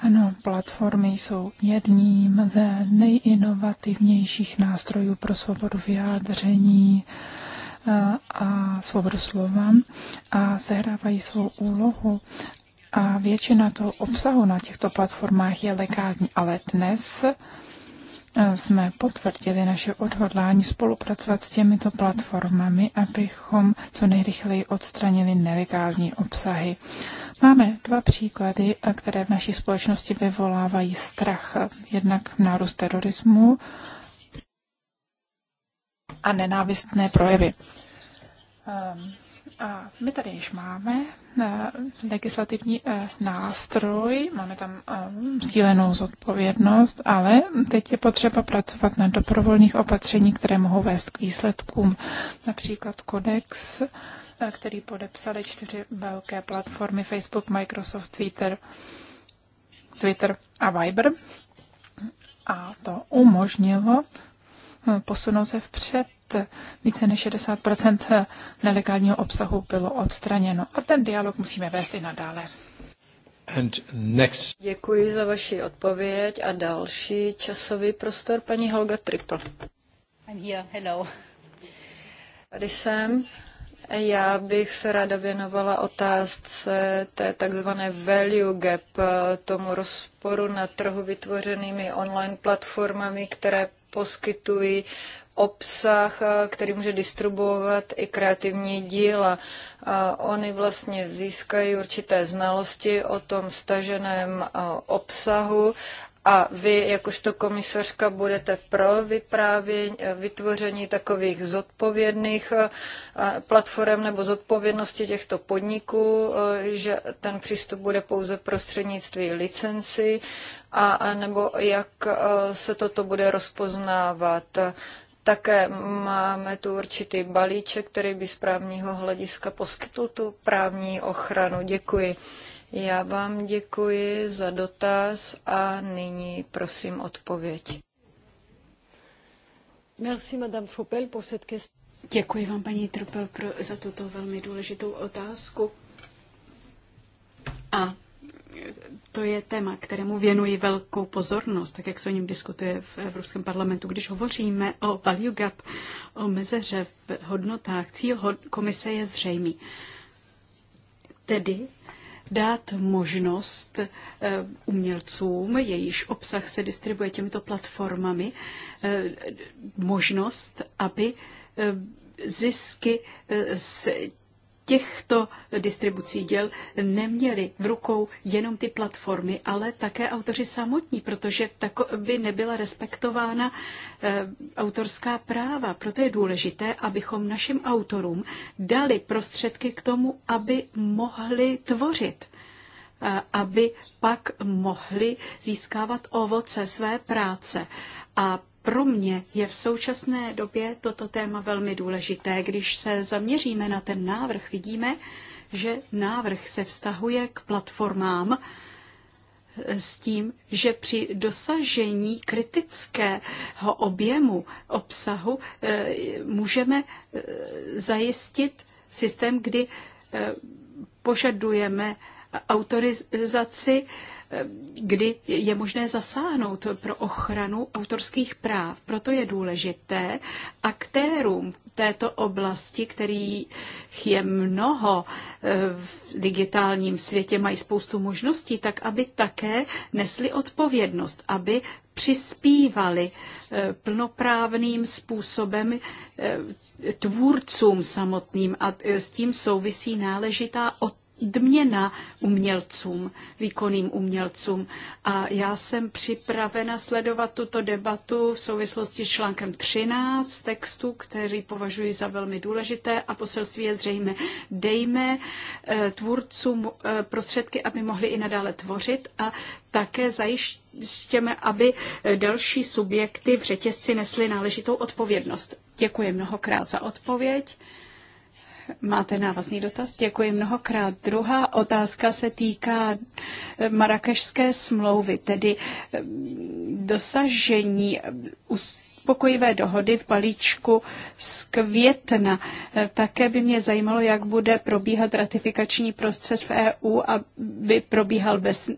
Ano, platformy jsou jedním ze nejinovativnějších nástrojů pro svobodu vyjádření a svobodu slova a sehrávají svou úlohu. A většina toho obsahu na těchto platformách je legální, ale dnes uh, jsme potvrdili naše odhodlání spolupracovat s těmito platformami, abychom co nejrychleji odstranili nelegální obsahy. Máme dva příklady, které v naší společnosti vyvolávají strach. Jednak nárůst terorismu a nenávistné projevy. Ehm, a my tady již máme Eh, legislativní eh, nástroj, máme tam eh, sdílenou zodpovědnost, ale teď je potřeba pracovat na dobrovolných opatření, které mohou vést k výsledkům. Například kodex, který podepsali čtyři velké platformy Facebook, Microsoft, Twitter, Twitter a Viber. A to umožnilo posunout se vpřed. Více než 60 nelegálního obsahu bylo odstraněno a ten dialog musíme vést i nadále. And next. Děkuji za vaši odpověď a další časový prostor paní Holga Triple. I'm here. Hello. Tady jsem. Já bych se ráda věnovala otázce té takzvané value gap, eh, tomu rozporu na trhu vytvořenými online platformami, které poskytují obsah, eh, který může distribuovat i kreativní díla. A eh, oni vlastně získají určité znalosti o tom staženém eh, obsahu a vy, jakožto komisařka, budete pro vyprávění, vytvoření takových zodpovědných eh, platform nebo zodpovědnosti těchto podniků, eh, že ten přístup bude pouze prostřednictví licenci, a, a nebo jak eh, se toto bude rozpoznávat. Také máme tu určitý balíček, který by z právního hlediska poskytl tu právní ochranu. Děkuji. Já vám děkuji za dotaz a nyní prosím odpověď. Merci, Madame Fopel, pour cette question. Děkuji vám, paní Tropel, pro, za tuto velmi důležitou otázku. A to je téma, kterému věnuji velkou pozornost, tak jak se o něm diskutuje v Evropském parlamentu. Když hovoříme o value gap, o mezeře v hodnotách, cíl komise je zřejmý. Tedy dát možnost eh, umělcům, jejíž obsah se distribuje těmito platformami, eh, možnost, aby eh, zisky z těchto distribucí děl neměli v rukou jenom ty platformy, ale také autoři samotní, protože by nebyla respektována eh, autorská práva. Proto je důležité, abychom našim autorům dali prostředky k tomu, aby mohli tvořit eh, aby pak mohli získávat ovoce své práce. A pro mě je v současné době toto téma velmi důležité. Když se zaměříme na ten návrh, vidíme, že návrh se vztahuje k platformám eh, s tím, že při dosažení kritického objemu obsahu eh, můžeme eh, zajistit systém, kdy požadujeme autorizaci kdy je možné zasáhnout pro ochranu autorských práv. Proto je důležité aktérům této oblasti, kterých je mnoho eh, v digitálním světě, mají spoustu možností, tak aby také nesli odpovědnost, aby přispívali eh, plnoprávným způsobem eh, tvůrcům samotným a s tím souvisí náležitá odpovědnost dměna umělcům, výkonným umělcům. A já jsem připravena sledovat tuto debatu v souvislosti s článkem 13 textu, který považuji za velmi důležité a poselství je zřejmé. Dejme eh, tvůrcům eh, prostředky, aby mohli i nadále tvořit a také zajištěme, aby eh, další subjekty v řetězci nesly náležitou odpovědnost. Děkuji mnohokrát za odpověď. Máte návazný dotaz? Děkuji mnohokrát. Druhá otázka se týká eh, marakešské smlouvy, tedy eh, dosažení eh, pokojivé dohody v balíčku z května. Eh, Také by mě zajímalo, jak bude probíhat ratifikační proces v EU, aby probíhal bez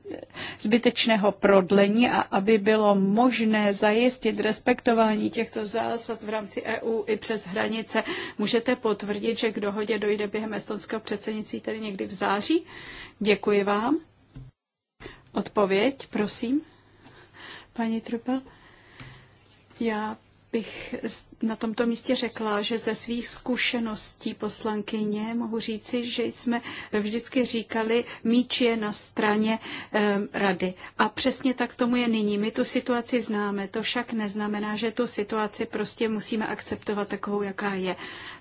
zbytečného prodlení a aby bylo možné zajistit respektování těchto zásad v rámci EU i přes hranice. Můžete potvrdit, že k dohodě dojde během estonského předsednictví, tedy někdy v září? Děkuji vám. Odpověď, prosím. Paní Trupel? Já bych na tomto místě řekla, že ze svých zkušeností poslankyně mohu říci, že jsme vždycky říkali, míč je na straně um, rady. A přesně tak tomu je nyní. My tu situaci známe, to však neznamená, že tu situaci prostě musíme akceptovat takovou, jaká je.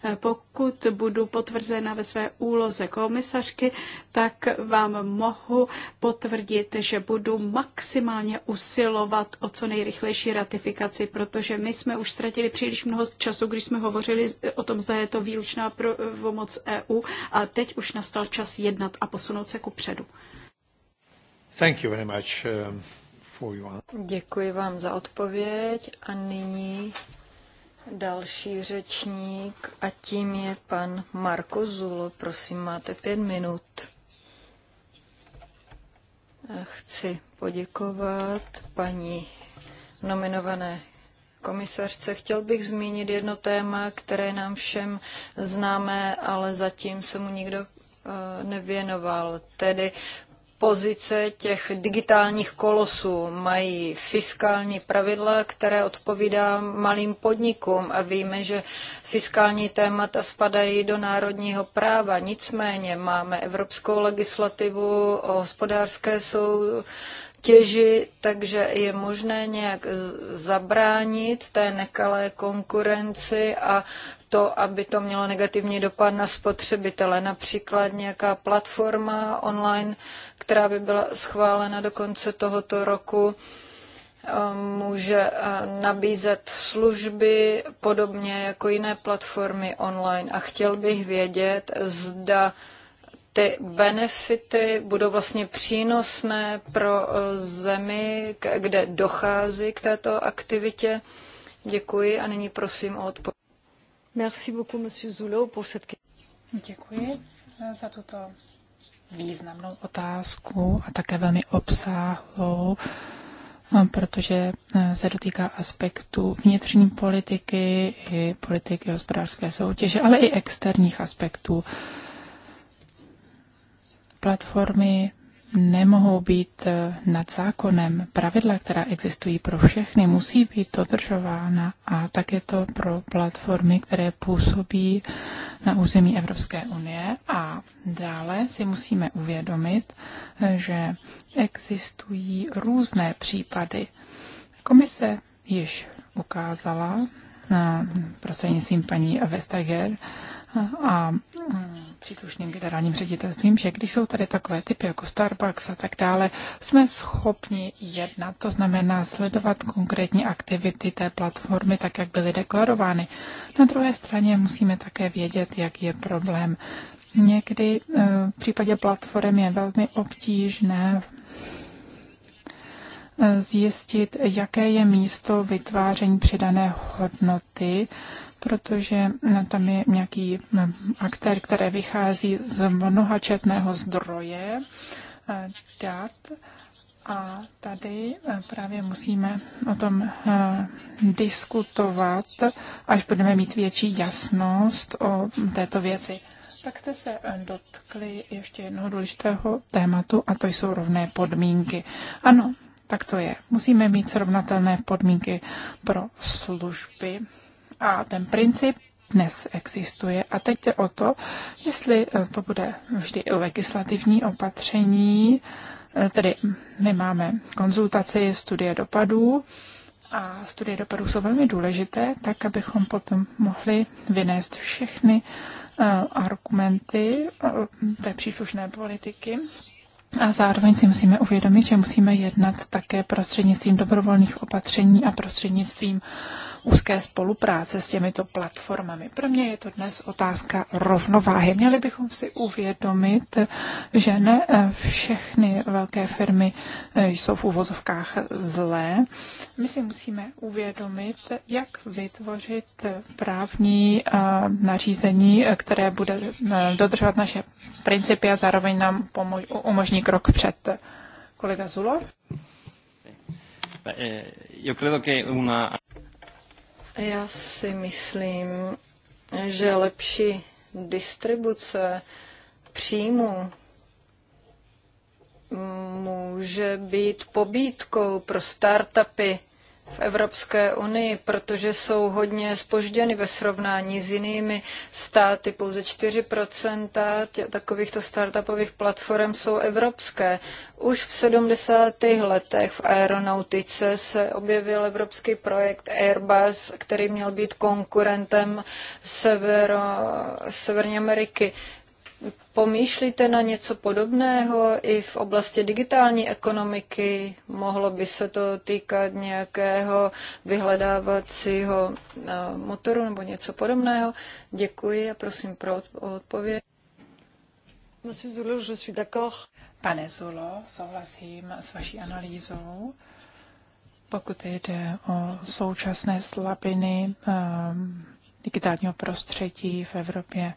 E, pokud budu potvrzena ve své úloze komisařky, tak vám mohu potvrdit, že budu maximálně usilovat o co nejrychlejší ratifikaci, protože my jsme už ztratili příliš mnoho času, když jsme hovořili o tom, zda je to výlučná pomoc EU a teď už nastal čas jednat a posunout se ku předu. Thank you very much um, for your... Děkuji vám za odpověď a nyní další řečník a tím je pan Marko Zulo. Prosím, máte pět minut. Chci poděkovat paní nominované komisařce, chtěl bych zmínit jedno téma, které nám všem známe, ale zatím se mu nikdo eh, nevěnoval, tedy pozice těch digitálních kolosů. Mají fiskální pravidla, které odpovídá malým podnikům a víme, že fiskální témata spadají do národního práva. Nicméně máme evropskou legislativu o hospodářské sou, těži, takže je možné nějak zabránit té nekalé konkurenci a to, aby to mělo negativní dopad na spotřebitele. Například nějaká platforma online, která by byla schválena do konce tohoto roku, eh, může eh, nabízet služby podobně jako jiné platformy online. A chtěl bych vědět, zda ty benefity budou vlastně přínosné pro eh, zemi, kde dochází k této aktivitě. Děkuji a nyní prosím o odpověď. Merci beaucoup, monsieur Zulou, pour cette Děkuji eh, za tuto významnou otázku a také velmi obsáhlou, eh, protože se dotýká aspektu vnitřní politiky i politiky hospodářské soutěže, ale i externích aspektů platformy nemohou být eh, nad zákonem. Pravidla, která existují pro všechny, musí být dodržována a tak je to pro platformy, které působí na území Evropské unie. A dále si musíme uvědomit, eh, že existují různé případy. Komise již ukázala eh, prostřednictvím paní Vestager a mm, příslušným generálním ředitelstvím, že když jsou tady takové typy jako Starbucks a tak dále, jsme schopni jednat, to znamená sledovat konkrétní aktivity té platformy tak, jak byly deklarovány. Na druhé straně musíme také vědět, jak je problém. Někdy eh, v případě platform je velmi obtížné eh, zjistit, jaké je místo vytváření přidané hodnoty protože eh, tam je nějaký eh, aktér, který vychází z mnohačetného zdroje eh, dat a tady právě musíme o tom diskutovat, až budeme mít větší jasnost o této věci. Tak jste se dotkli ještě jednoho důležitého tématu a to jsou rovné podmínky. Ano, tak to je. Musíme mít srovnatelné podmínky pro služby a ten princip dnes existuje. A teď je o to, jestli eh, to bude vždy legislativní opatření, eh, tedy my máme konzultaci studie dopadů a studie dopadů jsou velmi důležité, tak abychom potom mohli vynést všechny eh, argumenty té příslušné politiky. A zároveň si musíme uvědomit, že musíme jednat také prostřednictvím dobrovolných opatření a prostřednictvím uh, úzké spolupráce s těmito platformami. Pro mě je to dnes otázka rovnováhy. Měli bychom si uvědomit, že ne eh, všechny velké firmy eh, jsou v úvozovkách zlé. My si musíme uvědomit, jak vytvořit právní eh, nařízení, které bude dodržovat naše principy a zároveň nám umožní krok před. Kolega Zulov? Yo creo que una... Já si myslím, že lepší distribuce příjmu může být pobídkou pro startupy v Evropské unii, protože jsou hodně spožděny ve srovnání s jinými státy. Pouze 4 takovýchto startupových platform jsou evropské. Už v 70. letech v aeronautice se objevil evropský projekt Airbus, který měl být konkurentem Severo, Severní Ameriky. Pomýšlíte na něco podobného i v oblasti digitální ekonomiky? Mohlo by se to týkat nějakého vyhledávacího eh, motoru nebo něco podobného? Děkuji a prosím pro odpověď. Pane Zulo, souhlasím s vaší analýzou. Pokud jde o současné slabiny um, digitálního prostředí v Evropě.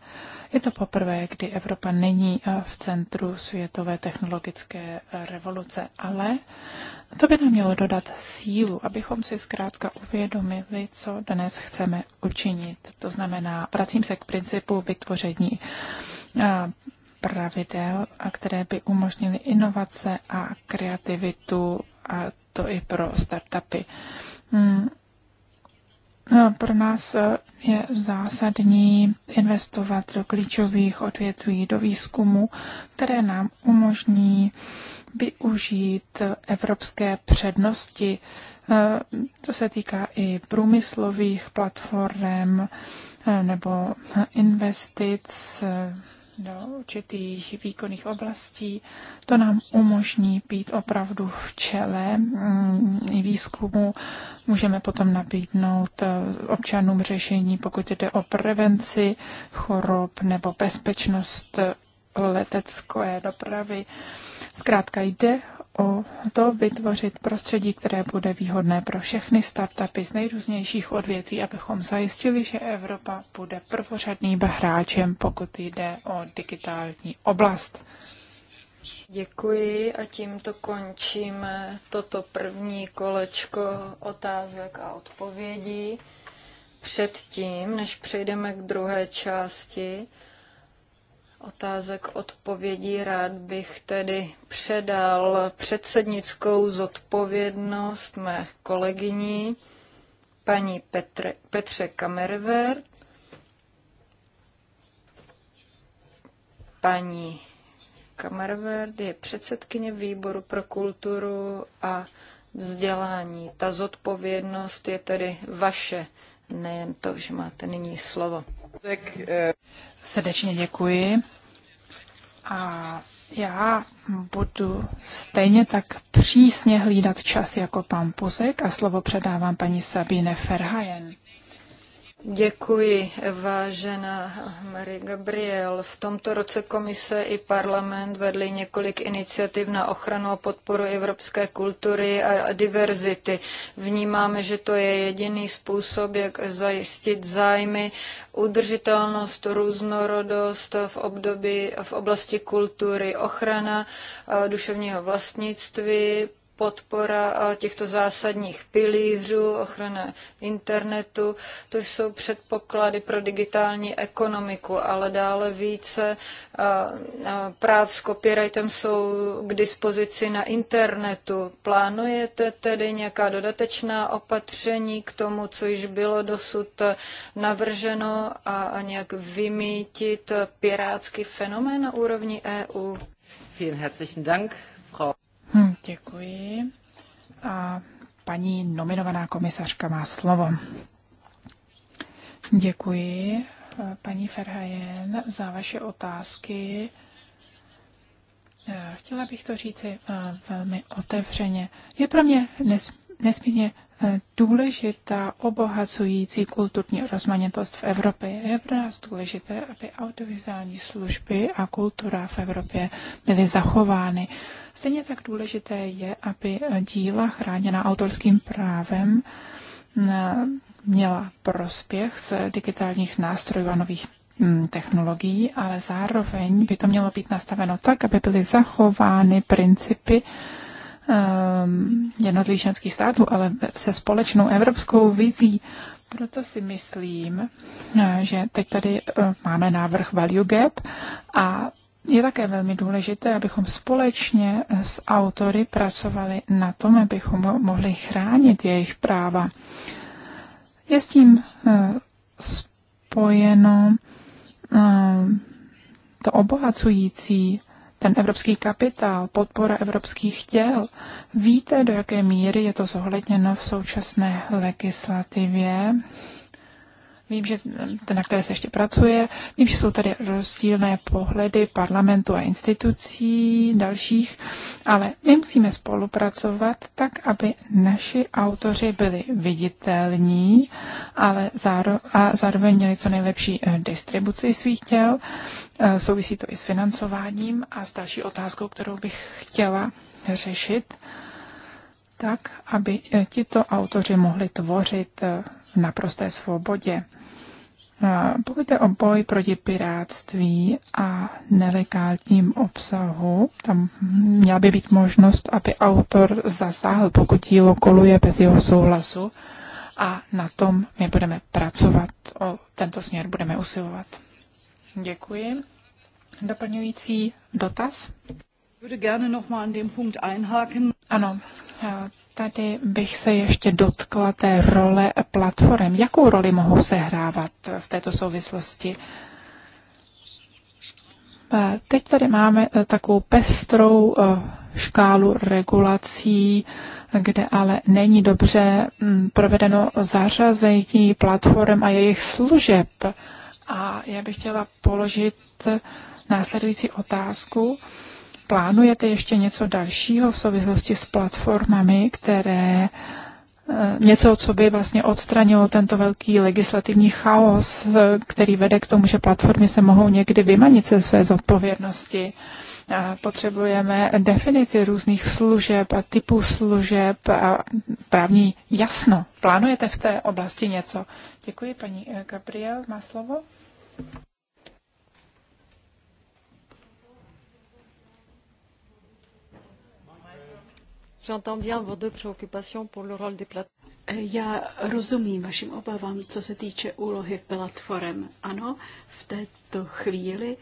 Je to poprvé, kdy Evropa není eh, v centru světové technologické eh, revoluce, ale to by nám mělo dodat sílu, abychom si zkrátka uvědomili, co dnes chceme učinit. To znamená, vracím se k principu vytvoření eh, pravidel, a které by umožnily inovace a kreativitu, a to i pro startupy. Hmm, No, pro nás eh, je zásadní investovat do klíčových odvětví, do výzkumu, které nám umožní využít evropské přednosti. To eh, se týká i průmyslových platform eh, nebo investic do určitých výkonných oblastí. To nám umožní být opravdu v čele mm, i výzkumu. Můžeme potom nabídnout eh, občanům řešení, pokud jde o prevenci chorob nebo bezpečnost eh, letecké dopravy. Zkrátka jde o to vytvořit prostředí, které bude výhodné pro všechny startupy z nejrůznějších odvětví, abychom zajistili, že Evropa bude prvořadným hráčem, pokud jde o digitální oblast. Děkuji a tímto končíme toto první kolečko otázek a odpovědí. Předtím, než přejdeme k druhé části, otázek, odpovědí. Rád bych tedy předal předsednickou zodpovědnost mé kolegyni, paní Petre, Petře Kamerver, paní Kamerverd je předsedkyně výboru pro kulturu a vzdělání. Ta zodpovědnost je tedy vaše, nejen to, že máte nyní slovo. Srdečně děkuji. A já budu stejně tak přísně hlídat čas jako pan Pusek a slovo předávám paní Sabine Ferhajen. Děkuji, vážená Marie Gabriel. V tomto roce komise i parlament vedli několik iniciativ na ochranu a podporu evropské kultury a diverzity. Vnímáme, že to je jediný způsob, jak zajistit zájmy, udržitelnost, různorodost v, období, v oblasti kultury, ochrana eh, duševního vlastnictví, podpora eh, těchto zásadních pilířů, ochrana internetu, to jsou předpoklady pro digitální ekonomiku, ale dále více eh, eh, práv s copyrightem jsou k dispozici na internetu. Plánujete tedy nějaká dodatečná opatření k tomu, co již bylo dosud navrženo a nějak vymítit pirátský fenomén na úrovni EU? Vielen herzlichen Dank, Frau Hm, děkuji. A paní nominovaná komisařka má slovo. Děkuji, paní Ferhajen, za vaše otázky. Eh, chtěla bych to říci eh, velmi otevřeně. Je pro mě nesmírně Eh, důležitá obohacující kulturní rozmanitost v Evropě. Je pro nás důležité, aby audiovizuální služby a kultura v Evropě byly zachovány. Stejně tak důležité je, aby díla chráněná autorským právem eh, měla prospěch z digitálních nástrojů a nových hm, technologií, ale zároveň by to mělo být nastaveno tak, aby byly zachovány principy, Um, jednotlivých členských států, ale se společnou evropskou vizí. Proto si myslím, eh, že teď tady eh, máme návrh Value Gap a je také velmi důležité, abychom společně s autory pracovali na tom, abychom mohli chránit jejich práva. Je s tím eh, spojeno to obohacující ten evropský kapitál, podpora evropských těl. Víte, do jaké míry je to zohledněno v současné legislativě? Vím, že na které se ještě pracuje. Vím, že jsou tady rozdílné pohledy parlamentu a institucí dalších, ale my musíme spolupracovat tak, aby naši autoři byli viditelní, ale záro- a zároveň měli co nejlepší eh, distribuci svých těl. Eh, souvisí to i s financováním a s další otázkou, kterou bych chtěla řešit tak, aby eh, tito autoři mohli tvořit v naprosté svobodě. Pokud je o boj proti pirátství a nelegálním obsahu, tam měla by být možnost, aby autor zasáhl, pokud dílo koluje bez jeho souhlasu a na tom my budeme pracovat, o tento směr budeme usilovat. Děkuji. Doplňující dotaz? Ano, Tady bych se ještě dotkla té role platform. Jakou roli mohou sehrávat v této souvislosti? Eh, teď tady máme eh, takovou pestrou eh, škálu regulací, kde ale není dobře hm, provedeno zařazení platform a jejich služeb. A já bych chtěla položit následující otázku. Plánujete ještě něco dalšího v souvislosti s platformami, které eh, něco, co by vlastně odstranilo tento velký legislativní chaos, eh, který vede k tomu, že platformy se mohou někdy vymanit ze své zodpovědnosti. Potřebujeme definici různých služeb a typů služeb a právní jasno. Plánujete v té oblasti něco? Děkuji, paní eh, Gabriel, má slovo. J'entends bien vos deux préoccupations pour le rôle des plateformes. Já rozumím vašim obavám, co se týče úlohy platform. Ano, v této chvíli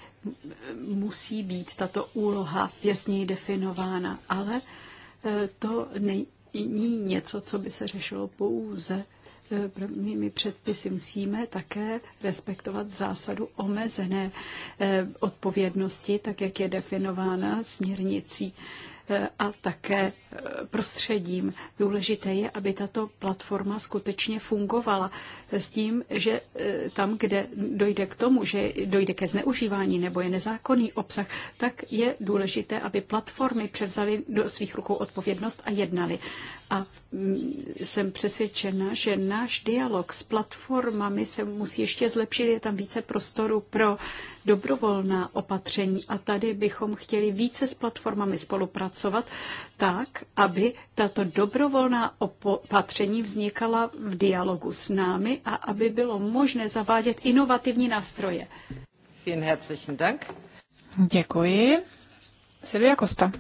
musí být tato úloha jasněji definována, ale eh, to není něco, co by se řešilo pouze eh, prvními předpisy musíme také respektovat zásadu omezené eh, odpovědnosti, tak jak je definována směrnicí Eh, a také eh, prostředím. Důležité je, aby tato platforma skutečně fungovala s tím, že eh, tam, kde dojde k tomu, že dojde ke zneužívání nebo je nezákonný obsah, tak je důležité, aby platformy převzaly do svých rukou odpovědnost a jednaly. A mm, jsem přesvědčena, že náš dialog s platformami se musí ještě zlepšit. Je tam více prostoru pro dobrovolná opatření. A tady bychom chtěli více s platformami spolupracovat tak, aby tato dobrovolná opatření vznikala v dialogu s námi a aby bylo možné zavádět inovativní nástroje. Děkuji. Silvia Costa.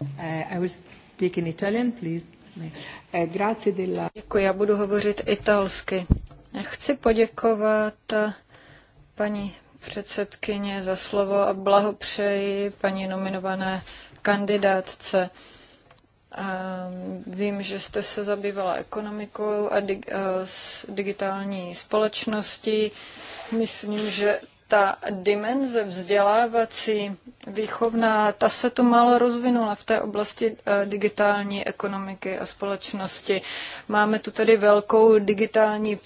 Uh, I was Speak in Italian, please. Eh, Děkuji, já budu hovořit italsky. Já chci poděkovat eh, paní předsedkyně za slovo a blahopřeji paní nominované kandidátce. Eh, vím, že jste se zabývala ekonomikou a digitální společností. Myslím, že ta dimenze vzdělávací, výchovná, ta se tu málo rozvinula v té oblasti eh, digitální ekonomiky a společnosti. Máme tu tedy velkou digitální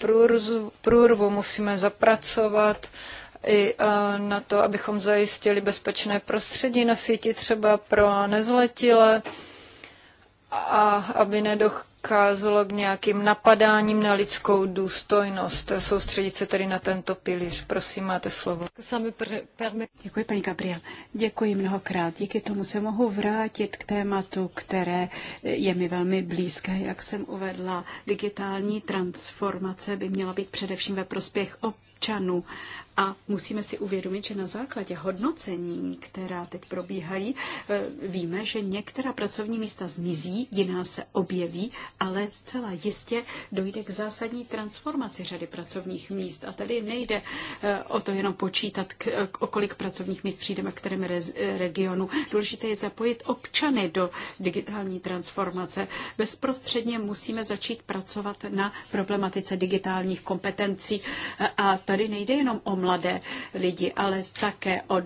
průrvu, musíme zapracovat i eh, na to, abychom zajistili bezpečné prostředí na síti třeba pro nezletilé a aby nedocházelo k nějakým napadáním na lidskou důstojnost. Soustředit se tedy na tento pilíř. Prosím, máte slovo. Děkuji, paní Gabriel. Děkuji mnohokrát. Díky tomu se mohu vrátit k tématu, které je mi velmi blízké. Jak jsem uvedla, digitální transformace by měla být především ve prospěch občanů a musíme si uvědomit, že na základě hodnocení, která teď probíhají, e, víme, že některá pracovní místa zmizí, jiná se objeví, ale zcela jistě dojde k zásadní transformaci řady pracovních míst. A tady nejde e, o to jenom počítat, e, o kolik pracovních míst přijdeme v kterém regionu. Důležité je zapojit občany do digitální transformace. Bezprostředně musíme začít pracovat na problematice digitálních kompetencí. A tady nejde jenom o mladé lidi, ale také o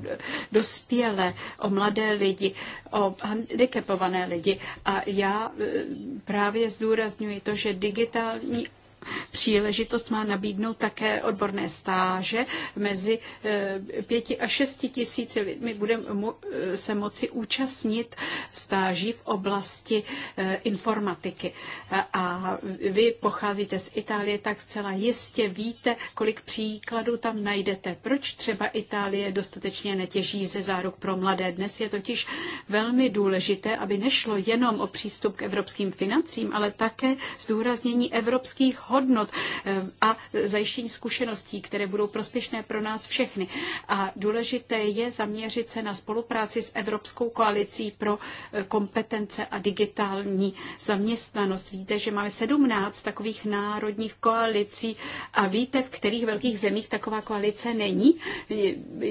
dospělé, o mladé lidi, o handicapované lidi. A já eh, právě zdůrazňuji to, že digitální Příležitost má nabídnout také odborné stáže mezi eh, pěti a šesti tisíci lidmi. Budeme eh, se moci účastnit stáží v oblasti eh, informatiky. A vy pocházíte z Itálie, tak zcela jistě víte, kolik příkladů tam najdete. Proč třeba Itálie dostatečně netěží ze záruk pro mladé? Dnes je totiž velmi důležité, aby nešlo jenom o přístup k evropským financím, ale také zdůraznění evropských hodnot eh, a zajištění zkušeností, které budou prospěšné pro nás všechny. A důležité je zaměřit se na spolupráci s Evropskou koalicí pro eh, kompetence a digitální zaměstnanost. Víte, že máme 17 takových národních koalicí a víte, v kterých velkých zemích taková koalice není.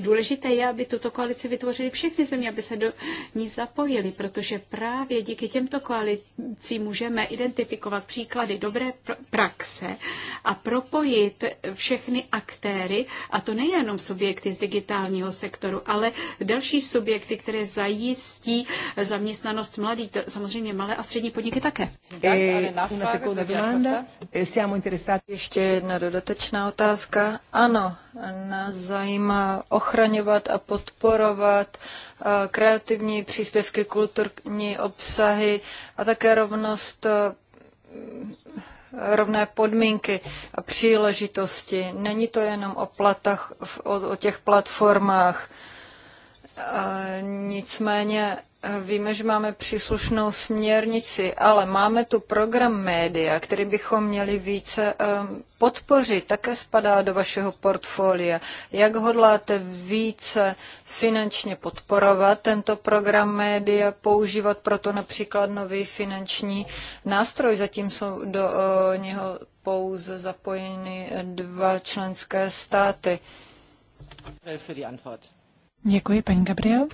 Důležité je, aby tuto koalici vytvořili všechny země, aby se do ní zapojili, protože právě díky těmto koalicím můžeme identifikovat příklady dobré praxe praxe a propojit všechny aktéry, a to nejenom subjekty z digitálního sektoru, ale další subjekty, které zajistí zaměstnanost mladých, samozřejmě malé a střední podniky také. E, jako e, Ještě jedna dodatečná otázka. Ano, nás zajímá ochraňovat a podporovat e, kreativní příspěvky, kulturní obsahy a také rovnost rovné podmínky a příležitosti. Není to jenom o, platách, o, o těch platformách. Nicméně Víme, že máme příslušnou směrnici, ale máme tu program média, který bychom měli více ehm, podpořit. Také spadá do vašeho portfolia. Jak hodláte více finančně podporovat tento program média, používat proto například nový finanční nástroj? Zatím jsou do eh, něho pouze zapojeny eh, dva členské státy. Děkuji, paní Gabriel.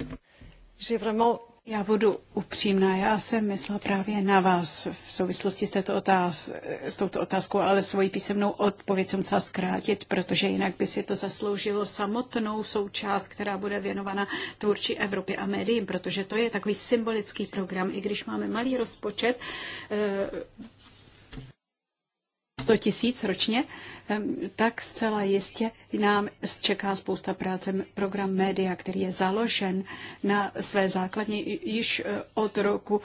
Že vraiment já budu upřímná, já jsem myslela právě na vás v souvislosti s, této otáz, s touto otázkou, ale svoji písemnou odpověď jsem musela zkrátit, protože jinak by si to zasloužilo samotnou součást, která bude věnovaná tvůrčí Evropě a médiím, protože to je takový symbolický program, i když máme malý rozpočet, 100 eh, tisíc ročně, tak zcela jistě nám čeká spousta práce. Program Média, který je založen na své základně již e, od roku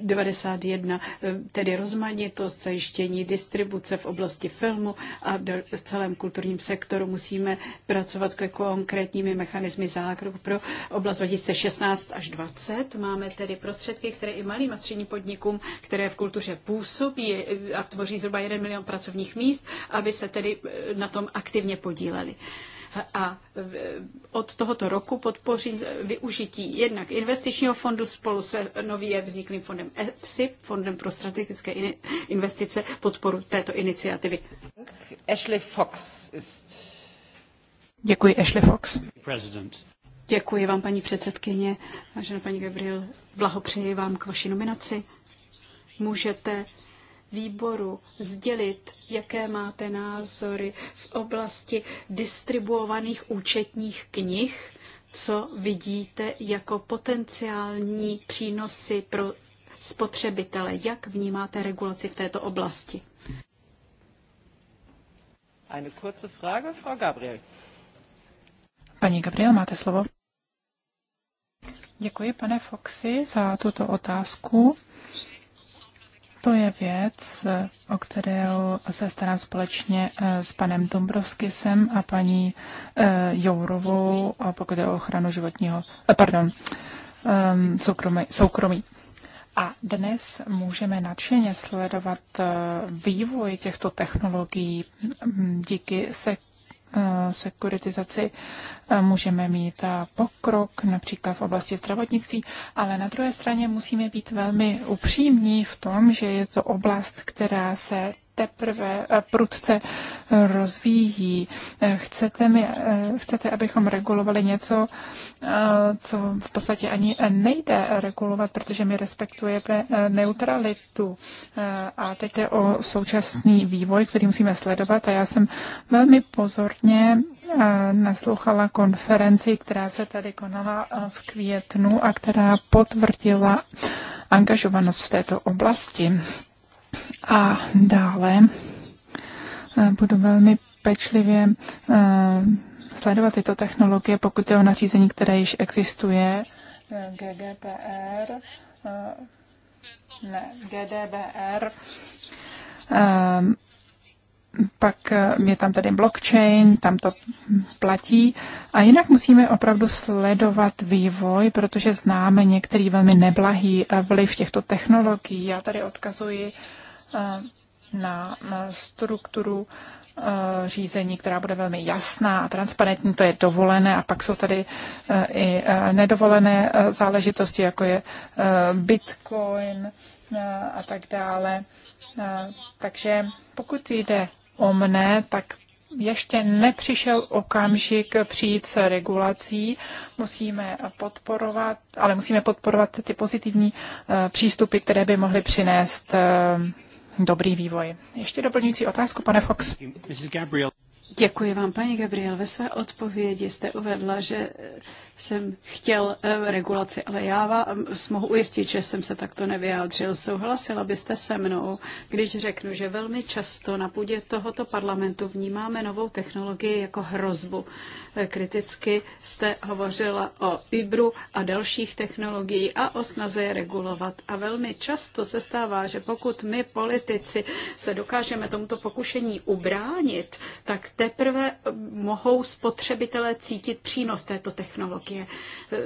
91, e, e, tedy rozmanitost, zajištění distribuce v oblasti filmu a v celém kulturním sektoru musíme pracovat s konkrétními mechanizmy zákroku pro oblast 2016 až 20. Máme tedy prostředky, které i malým a středním podnikům, které v kultuře působí a tvoří zhruba 1 milion pracovních míst, míst, aby se tedy eh, na tom aktivně podíleli a eh, od tohoto roku podpořím eh, využití jednak investičního fondu spolu se nově vzniklým fondem EFSI, Fondem pro strategické investice, podporu této iniciativy. Ashley Fox ist... Děkuji, Ashley Fox. President. Děkuji vám, paní předsedkyně. Vážená paní Gabriel, blahopřeji vám k vaší nominaci. Můžete výboru sdělit, jaké máte názory v oblasti distribuovaných účetních knih, co vidíte jako potenciální přínosy pro spotřebitele. Jak vnímáte regulaci v této oblasti? Eine kurze Frage, Frau Gabriel. Paní Gabriel, máte slovo. Děkuji, pane Foxy, za tuto otázku. To je věc, o kterou se starám společně eh, s panem Dombrovskisem a paní eh, Jourovou, pokud je o ochranu životního, eh, pardon, ehm, soukromí. soukromí. A dnes můžeme nadšeně sledovat vývoj těchto technologií, díky se Eh, sekuritizaci eh, můžeme mít eh, pokrok například v oblasti zdravotnictví, ale na druhé straně musíme být velmi upřímní v tom, že je to oblast, která se teprve eh, prudce eh, rozvíjí. Eh, chcete, mi, chcete, abychom regulovali něco, co v podstatě ani nejde regulovat, protože my respektujeme neutralitu. A teď je o současný vývoj, který musíme sledovat. A já jsem velmi pozorně naslouchala konferenci, která se tady konala v květnu a která potvrdila angažovanost v této oblasti. A dále eh, budu velmi pečlivě eh, sledovat tyto technologie, pokud je o nařízení, které již existuje, eh, GDPR, ne, GDBR, ehm, pak je tam tedy blockchain, tam to platí. A jinak musíme opravdu sledovat vývoj, protože známe některý velmi neblahý vliv těchto technologií. Já tady odkazuji Eh, na, na strukturu eh, řízení, která bude velmi jasná a transparentní, to je dovolené a pak jsou tady eh, i nedovolené záležitosti, jako je bitcoin a tak dále. Takže pokud jde o mne, tak ještě nepřišel okamžik přijít s regulací. Musíme podporovat, ale musíme podporovat ty pozitivní přístupy, které by mohly přinést dobrý vývoj. Ještě doplňující otázku, pane Fox. Děkuji vám, paní Gabriel. Ve své odpovědi jste uvedla, že jsem chtěl eh, regulaci, ale já vás mohu ujistit, že jsem se takto nevyjádřil. Souhlasila byste se mnou, když řeknu, že velmi často na půdě tohoto parlamentu vnímáme novou technologii jako hrozbu. Eh, kriticky jste hovořila o IBRu a dalších technologií a o snaze je regulovat. A velmi často se stává, že pokud my politici se dokážeme tomuto pokušení ubránit, tak teprve mohou spotřebitelé cítit přínos této technologie.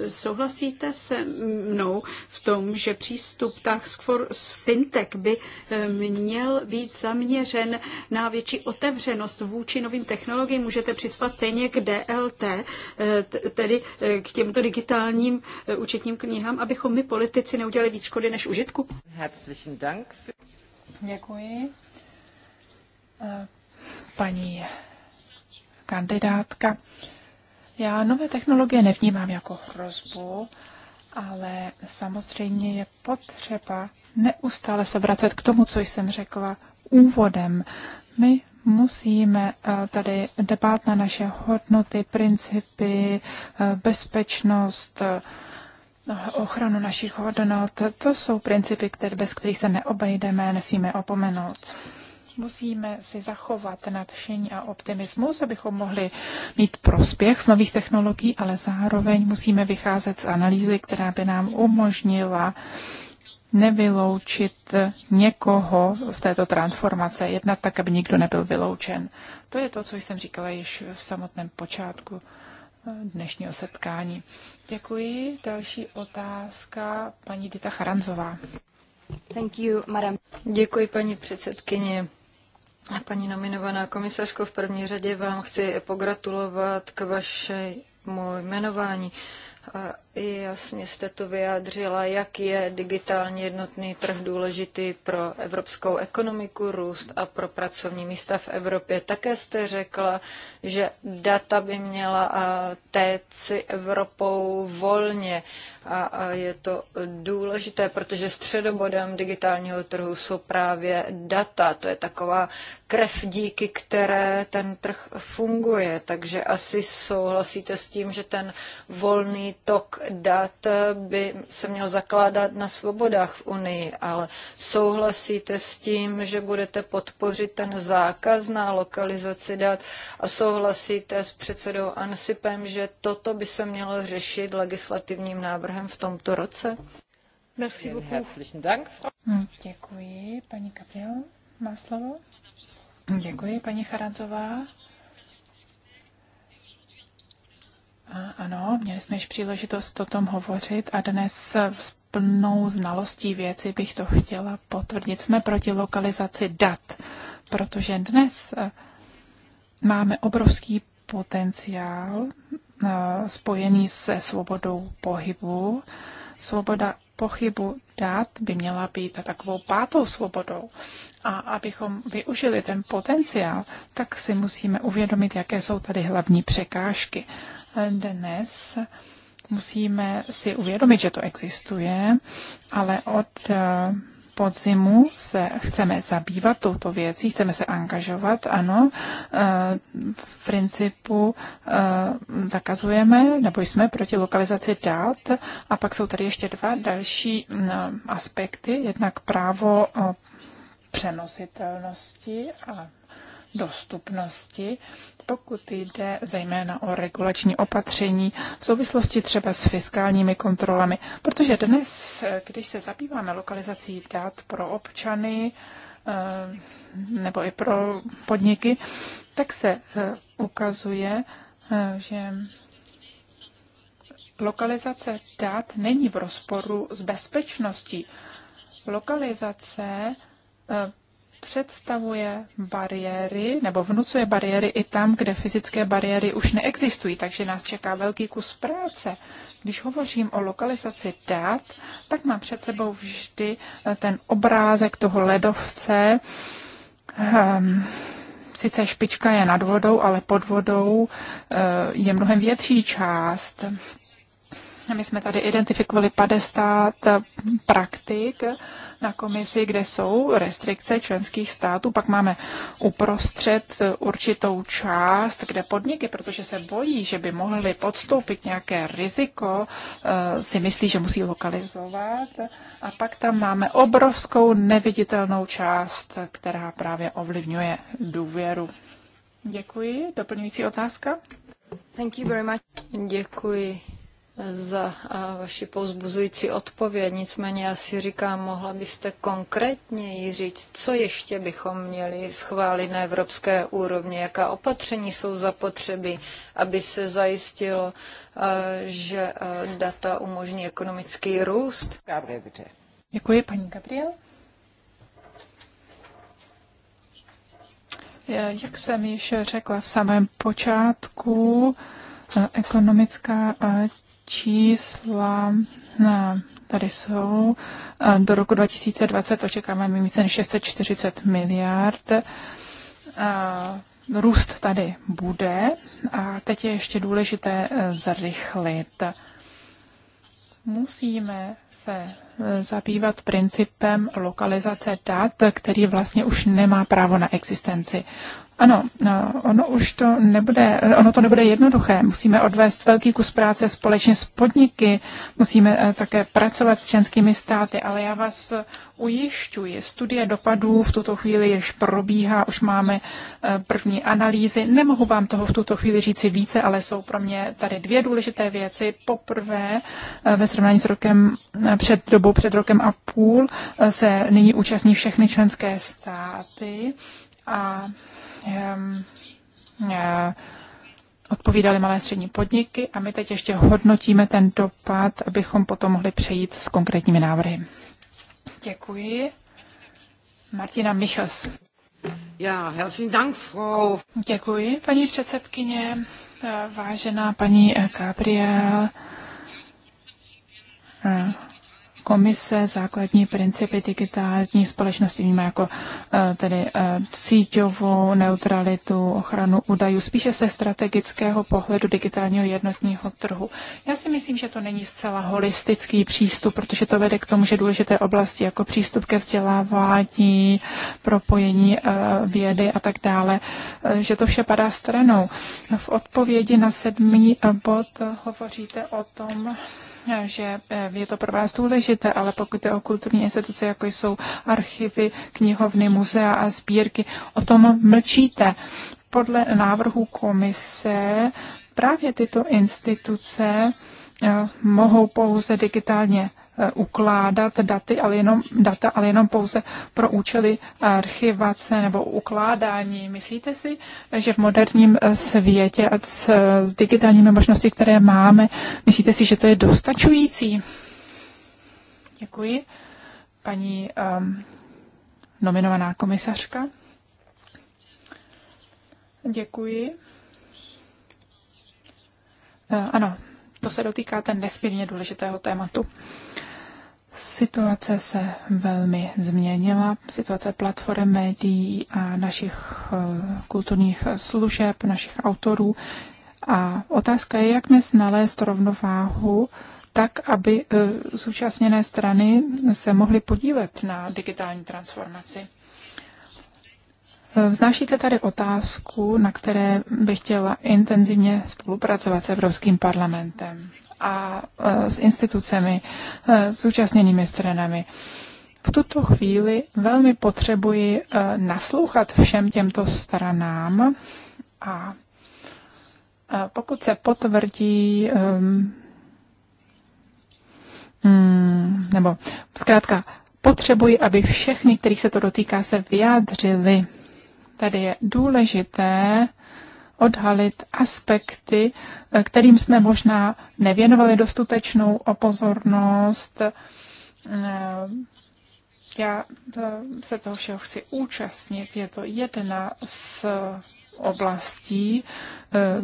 Souhlasíte se mnou v tom, že přístup Task z FinTech by eh, měl být zaměřen na větší otevřenost vůči novým technologiím? Můžete přispat stejně k DLT, eh, tedy eh, k těmto digitálním účetním knihám, abychom my politici neudělali víc škody než užitku? Herzlichen Dank. Děkuji. Paní kandidátka. Já nové technologie nevnímám jako hrozbu, ale samozřejmě je potřeba neustále se vracet k tomu, co jsem řekla úvodem. My musíme eh, tady debát na naše hodnoty, principy, eh, bezpečnost, eh, ochranu našich hodnot. To jsou principy, které, bez kterých se neobejdeme, nesmíme opomenout. Musíme si zachovat nadšení a optimismus, abychom mohli mít prospěch z nových technologií, ale zároveň musíme vycházet z analýzy, která by nám umožnila nevyloučit někoho z této transformace, jednat tak, aby nikdo nebyl vyloučen. To je to, co jsem říkala již v samotném počátku eh, dnešního setkání. Děkuji. Další otázka paní Dita Charanzová. Thank you, madam. Děkuji, paní předsedkyně. Paní nominovaná komisařko, v první řadě vám chci pogratulovat k vašemu jmenování. Jasně jste to vyjádřila, jak je digitálně jednotný trh důležitý pro evropskou ekonomiku, růst a pro pracovní místa v Evropě. Také jste řekla, že data by měla téci Evropou volně a je to důležité, protože středobodem digitálního trhu jsou právě data. To je taková krev, díky které ten trh funguje. Takže asi souhlasíte s tím, že ten volný tok dat by se měl zakládat na svobodách v Unii, ale souhlasíte s tím, že budete podpořit ten zákaz na lokalizaci dat a souhlasíte s předsedou Ansipem, že toto by se mělo řešit legislativním návrhem v tomto roce? Merci beaucoup. Hm. Děkuji, paní Gabriel. Má slovo? Děkuji, paní Charanzová. Ano, měli jsme již příležitost o tom hovořit a dnes s plnou znalostí věci bych to chtěla potvrdit. Jsme proti lokalizaci dat, protože dnes eh, máme obrovský potenciál eh, spojený se svobodou pohybu. Svoboda pochybu dat by měla být takovou pátou svobodou. A abychom využili ten potenciál, tak si musíme uvědomit, jaké jsou tady hlavní překážky dnes musíme si uvědomit, že to existuje, ale od eh, podzimu se chceme zabývat touto věcí, chceme se angažovat, ano. Eh, v principu eh, zakazujeme, nebo jsme proti lokalizaci dát. A pak jsou tady ještě dva další mm, aspekty. Jednak právo přenositelnosti a dostupnosti, pokud jde zejména o regulační opatření v souvislosti třeba s fiskálními kontrolami. Protože dnes, když se zabýváme lokalizací dat pro občany eh, nebo i pro podniky, tak se eh, ukazuje, eh, že lokalizace dat není v rozporu s bezpečností. Lokalizace představuje bariéry nebo vnucuje bariéry i tam, kde fyzické bariéry už neexistují, takže nás čeká velký kus práce. Když hovořím o lokalizaci dat, tak mám před sebou vždy eh, ten obrázek toho ledovce. Um, sice špička je nad vodou, ale pod vodou eh, je mnohem větší část. My jsme tady identifikovali 50 eh, praktik na komisi, kde jsou restrikce členských států. Pak máme uprostřed určitou část, kde podniky, protože se bojí, že by mohly podstoupit nějaké riziko, eh, si myslí, že musí lokalizovat. A pak tam máme obrovskou neviditelnou část, která právě ovlivňuje důvěru. Děkuji. Doplňující otázka? Thank you very much. Děkuji za vaši pouzbuzující odpověď. Nicméně já si říkám, mohla byste konkrétněji říct, co ještě bychom měli schválit na evropské úrovni, jaká opatření jsou potřeby, aby se zajistilo, že data umožní ekonomický růst. Děkuji, paní Gabriel. Jak jsem již řekla v samém počátku, e, ekonomická e, čísla na, tady jsou. Do roku 2020 očekáváme více než 640 miliard. Růst tady bude a teď je ještě důležité eh, zrychlit. Musíme se eh, zabývat principem lokalizace dat, který vlastně už nemá právo na existenci. Ano, no, ono už to nebude, ono to nebude jednoduché. Musíme odvést velký kus práce společně s podniky, musíme eh, také pracovat s členskými státy, ale já vás eh, ujišťuji, studie dopadů v tuto chvíli již probíhá, už máme eh, první analýzy. Nemohu vám toho v tuto chvíli říci více, ale jsou pro mě tady dvě důležité věci. Poprvé ve srovnání s rokem před dobou, před rokem a půl se nyní účastní všechny členské státy a Ehm, eh, odpovídaly malé střední podniky a my teď ještě hodnotíme ten dopad, abychom potom mohli přejít s konkrétními návrhy. Děkuji. Martina Michels. Já, herzlichen Dank, Frau. Děkuji, paní předsedkyně, eh, vážená paní eh, Gabriel komise základní principy digitální společnosti vnímá jako eh, tedy eh, síťovou neutralitu, ochranu údajů, spíše se strategického pohledu digitálního jednotního trhu. Já si myslím, že to není zcela holistický přístup, protože to vede k tomu, že důležité oblasti jako přístup ke vzdělávání, propojení eh, vědy a tak dále, že to vše padá stranou. V odpovědi na sedmý bod hovoříte o tom, že eh, je to pro vás důležité, ale pokud je o kulturní instituce, jako jsou archivy, knihovny, muzea a sbírky, o tom mlčíte. Podle návrhu komise právě tyto instituce eh, mohou pouze digitálně Eh, ukládat daty, ale jenom, data, ale jenom pouze pro účely archivace nebo ukládání. Myslíte si, že v moderním eh, světě a s, eh, s digitálními možnosti, které máme, myslíte si, že to je dostačující? Děkuji. Paní um, nominovaná komisařka. Děkuji. Ano, to se dotýká ten nesmírně důležitého tématu. Situace se velmi změnila. Situace platform médií a našich eh, kulturních služeb, našich autorů. A otázka je, jak dnes nalézt rovnováhu tak, aby eh, zúčastněné strany se mohly podílet na digitální transformaci. Eh, vznášíte tady otázku, na které bych chtěla intenzivně spolupracovat s Evropským parlamentem a e, s institucemi, e, s účastněnými stranami. V tuto chvíli velmi potřebuji e, naslouchat všem těmto stranám a pokud se potvrdí mm, nebo zkrátka, potřebuji, aby všechny, kterých se to dotýká, se vyjádřili. Tady je důležité odhalit aspekty, eh, kterým jsme možná nevěnovali dostatečnou pozornost. Eh, já se toho všeho chci účastnit. Je to jedna z oblastí, eh,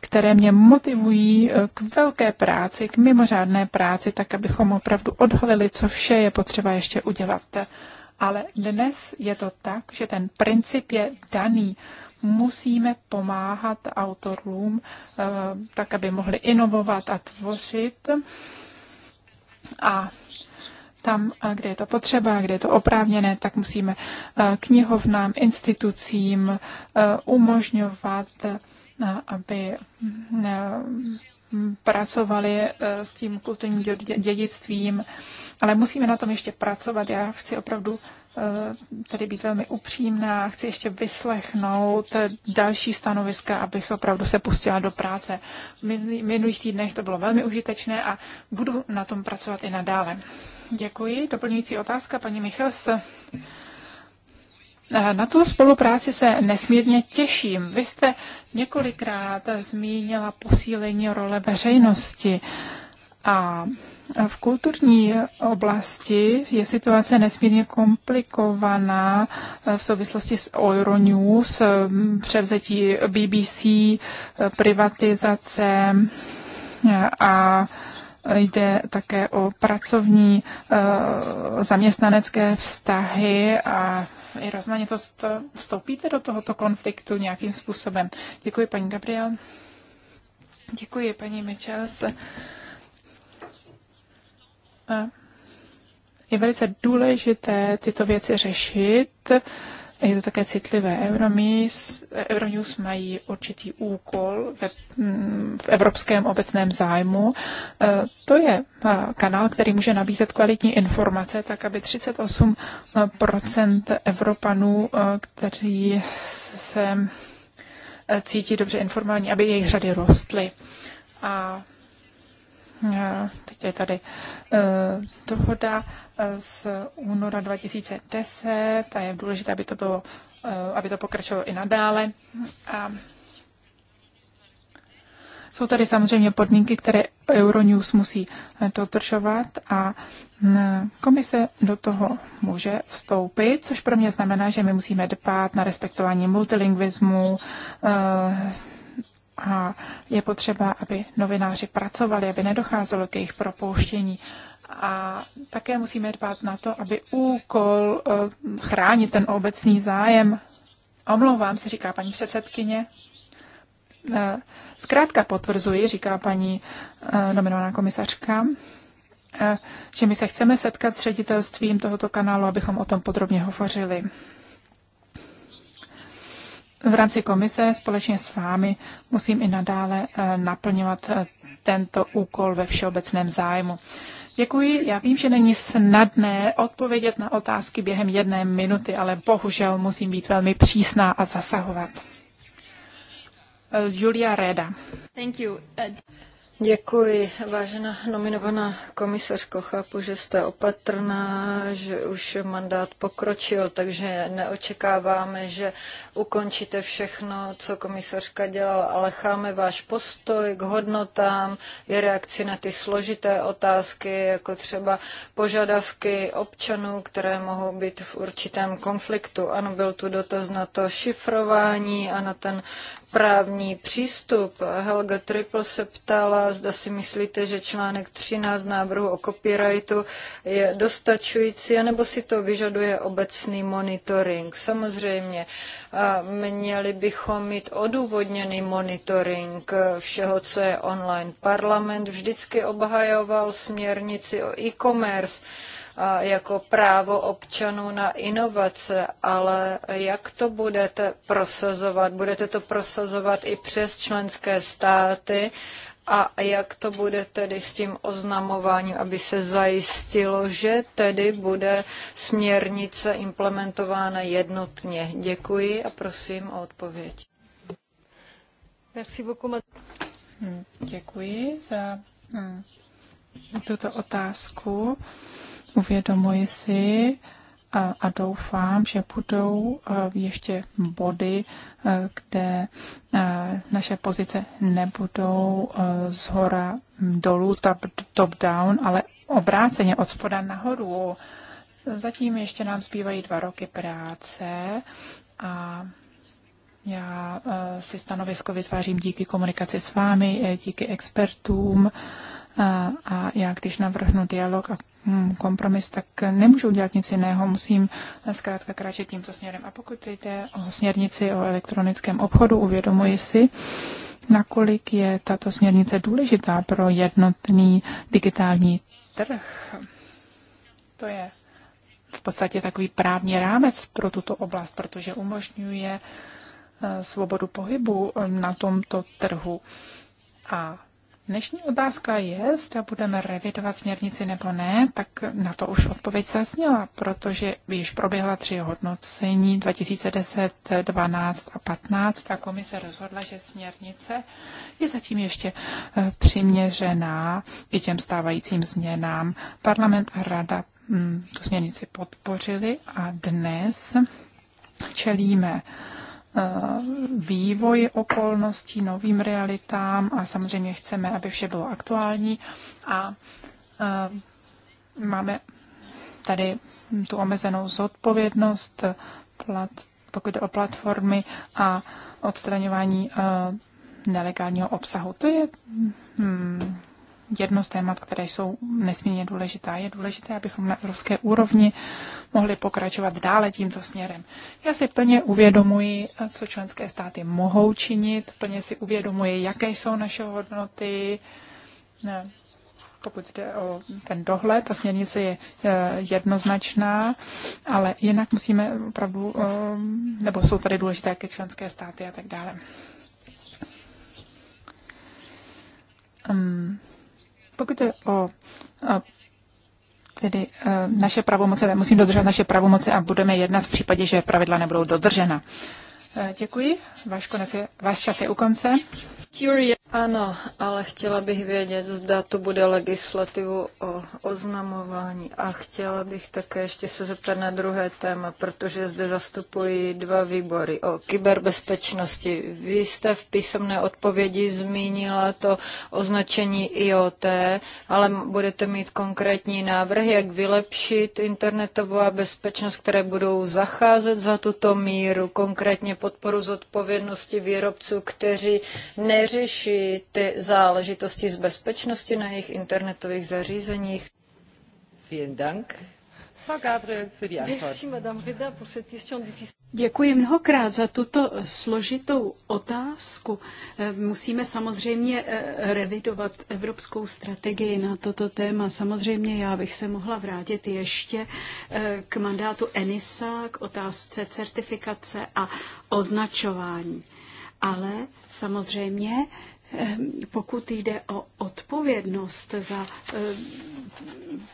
které mě motivují k velké práci, k mimořádné práci, tak abychom opravdu odhalili, co vše je potřeba ještě udělat. Ale dnes je to tak, že ten princip je daný musíme pomáhat autorům eh, tak, aby mohli inovovat a tvořit. A tam, kde je to potřeba, kde je to oprávněné, tak musíme eh, knihovnám, institucím eh, umožňovat, aby pracovali s tím kulturním dědictvím, ale musíme na tom ještě pracovat. Já chci opravdu Eh, tedy být velmi upřímná. Chci ještě vyslechnout další stanoviska, abych opravdu se pustila do práce. V minulých týdnech to bylo velmi užitečné a budu na tom pracovat i nadále. Děkuji. Doplňující otázka, paní Michals. Eh, na tu spolupráci se nesmírně těším. Vy jste několikrát zmínila posílení role veřejnosti. Uh, a v kulturní oblasti je situace nesmírně komplikovaná v souvislosti s Euronews, převzetí BBC, privatizace a jde také o pracovní eh, zaměstnanecké vztahy a i to Vstoupíte do tohoto konfliktu nějakým způsobem? Děkuji, paní Gabriel. Děkuji, paní Michels je velice důležité tyto věci řešit. Je to také citlivé. Euronews, mají určitý úkol ve, mm, v evropském obecném zájmu. E, to je e, kanál, který může nabízet kvalitní informace, tak aby 38 e, Evropanů, kteří se cítí dobře informální, aby jejich řady rostly. A Eh, teď je tady eh, dohoda eh, z února 2010 a je důležité, aby to, bylo, aby to pokračovalo i nadále. A jsou tady samozřejmě podmínky, které Euronews musí dodržovat a mm, komise do toho může vstoupit, což pro mě znamená, že my musíme dbát na respektování multilingvismu, a je potřeba, aby novináři pracovali, aby nedocházelo k jejich propouštění. A také musíme dbát na to, aby úkol eh, chránit ten obecný zájem. Omlouvám se, říká paní předsedkyně. Eh, zkrátka potvrzuji, říká paní eh, nominovaná komisařka, že my se chceme setkat s ředitelstvím tohoto kanálu, abychom o tom podrobně hovořili v rámci komise společně s vámi musím i nadále eh, naplňovat eh, tento úkol ve všeobecném zájmu. Děkuji. Já vím, že není snadné odpovědět na otázky během jedné minuty, ale bohužel musím být velmi přísná a zasahovat. Eh, Julia Reda. Thank you. Děkuji. Vážená nominovaná komisařko, chápu, že jste opatrná, že už mandát pokročil, takže neočekáváme, že ukončíte všechno, co komisařka dělala, ale cháme váš postoj k hodnotám i reakci na ty složité otázky, jako třeba požadavky občanů, které mohou být v určitém konfliktu. Ano, byl tu dotaz na to šifrování a na ten právní přístup. Helga Triple se ptala, zda si myslíte, že článek 13 návrhu o copyrightu je dostačující, anebo si to vyžaduje obecný monitoring. Samozřejmě měli bychom mít odůvodněný monitoring všeho, co je online. Parlament vždycky obhajoval směrnici o e-commerce, jako právo občanů na inovace, ale jak to budete prosazovat? Budete to prosazovat i přes členské státy a jak to bude tedy s tím oznamováním, aby se zajistilo, že tedy bude směrnice implementována jednotně? Děkuji a prosím o odpověď. Merci beaucoup. Hm, děkuji za hm, tuto otázku. Uvědomuji si, a doufám, že budou eh, ještě body, eh, kde eh, naše pozice nebudou z hora dolů, top-down, ale obráceně od spoda nahoru. Zatím ještě nám zbývají dva roky práce a já si stanovisko vytvářím díky komunikaci s vámi, díky expertům a já když navrhnu dialog a Hmm, kompromis, tak nemůžu udělat nic jiného, musím zkrátka kráčet tímto směrem. A pokud jde o směrnici o elektronickém obchodu, uvědomuji si, nakolik je tato směrnice důležitá pro jednotný digitální trh. To je v podstatě takový právní rámec pro tuto oblast, protože umožňuje eh, svobodu pohybu eh, na tomto trhu. A Dnešní otázka je, zda budeme revidovat směrnici nebo ne, tak na to už odpověď sněla, protože již proběhla tři hodnocení 2010, 12 a 15 a komise rozhodla, že směrnice je zatím ještě eh, přiměřená i těm stávajícím změnám. Parlament a rada mm, tu směrnici podpořili a dnes čelíme Eh, vývoji okolností, novým realitám a samozřejmě chceme, aby vše bylo aktuální a eh, máme tady tu omezenou zodpovědnost, pokud jde o platformy a odstraňování eh, nelegálního obsahu. To je hmm, jedno z témat, které jsou nesmírně důležitá. Je důležité, abychom na evropské úrovni mohli pokračovat dále tímto směrem. Já si plně uvědomuji, co členské státy mohou činit, plně si uvědomuji, jaké jsou naše hodnoty, ne, pokud jde o ten dohled, ta směrnice je e, jednoznačná, ale jinak musíme opravdu, e, nebo jsou tady důležité jaké členské státy a tak dále. Pokud je o tedy e, naše pravomoce, musím dodržet naše pravomoce a budeme jednat v případě, že pravidla nebudou dodržena. E, děkuji. Váš, konec je, váš čas je u konce. Ano, ale chtěla bych vědět, zda to bude legislativu o oznamování. A chtěla bych také ještě se zeptat na druhé téma, protože zde zastupují dva výbory o kyberbezpečnosti. Vy jste v písemné odpovědi zmínila to označení IoT, ale budete mít konkrétní návrh, jak vylepšit internetovou bezpečnost, které budou zacházet za tuto míru, konkrétně podporu zodpovědnosti výrobců, kteří neřeší ty záležitosti z bezpečnosti na jejich internetových zařízeních? Vielen Dank. Děkuji mnohokrát za tuto složitou otázku. Eh, musíme samozřejmě eh, revidovat evropskou strategii na toto téma. Samozřejmě já bych se mohla vrátit ještě eh, k mandátu ENISA, k otázce certifikace a označování. Ale samozřejmě Ehm, pokud jde o odpovědnost za ehm,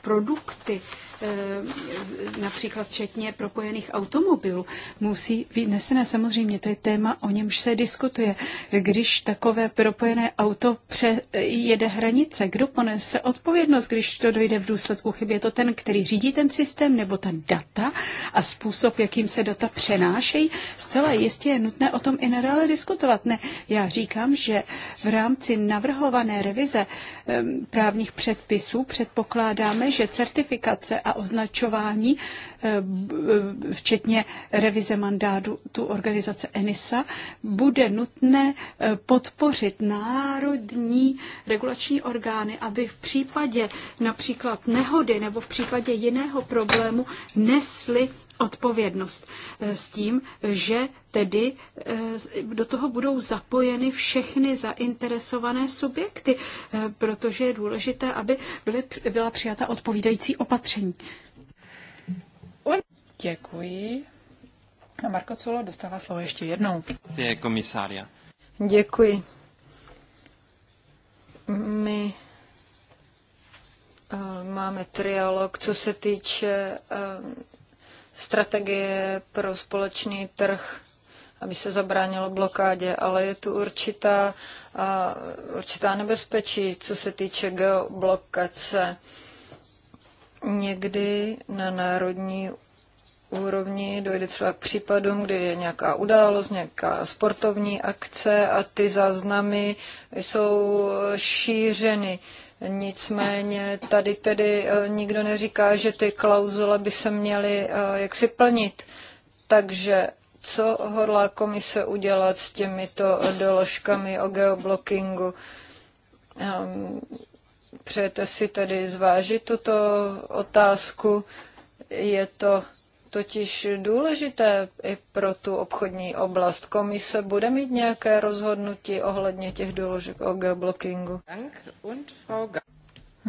produkty Eh, například včetně propojených automobilů, musí být nesené. Samozřejmě to je téma, o němž se diskutuje. Když takové propojené auto pře- jede hranice, kdo ponese odpovědnost, když to dojde v důsledku chyby? Je to ten, který řídí ten systém, nebo ta data a způsob, jakým se data přenášejí? Zcela jistě je nutné o tom i nadále diskutovat. Ne, já říkám, že v rámci navrhované revize právních předpisů předpokládáme, že certifikace a označování, eh, eh, včetně revize mandátu tu organizace ENISA, bude nutné eh, podpořit národní regulační orgány, aby v případě například nehody nebo v případě jiného problému nesly odpovědnost eh, s tím, že tedy eh, do toho budou zapojeny všechny zainteresované subjekty, eh, protože je důležité, aby byly, byla přijata odpovídající opatření. Děkuji. A Marko Culo dostává slovo ještě jednou. Je komisária. Děkuji. My máme trialog, co se týče strategie pro společný trh, aby se zabránilo blokádě, ale je tu určitá, určitá nebezpečí, co se týče geoblokace. Někdy na národní úrovni dojde třeba k případům, kdy je nějaká událost, nějaká sportovní akce a ty záznamy jsou šířeny. Uh, Nicméně tady tedy eh, nikdo neříká, že ty klauzule by se měly eh, jaksi plnit. Takže co hodlá komise udělat s těmito doložkami o geoblockingu? Ehm, přejete si tedy zvážit tuto otázku? Je to totiž důležité i pro tu obchodní oblast. Komise bude mít nějaké rozhodnutí ohledně těch doložek o geoblockingu.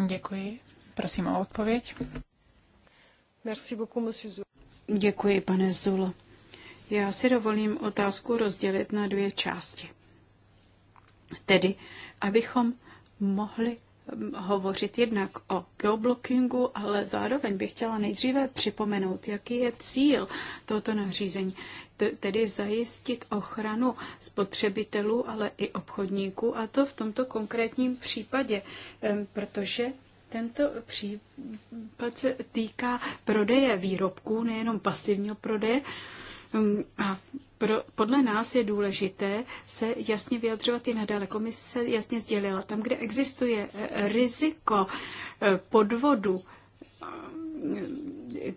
Děkuji. Prosím o odpověď. Děkuji, pane Zulo. Já si dovolím otázku rozdělit na dvě části. Tedy, abychom mohli hovořit jednak o geoblockingu, ale zároveň bych chtěla nejdříve připomenout, jaký je cíl tohoto nařízení. Tedy zajistit ochranu spotřebitelů, ale i obchodníků, a to v tomto konkrétním případě, protože tento případ se týká prodeje výrobků, nejenom pasivního prodeje. A pro, podle nás je důležité se jasně vyjadřovat i nadále. Komise jasně sdělila, tam, kde existuje eh, riziko eh, podvodu,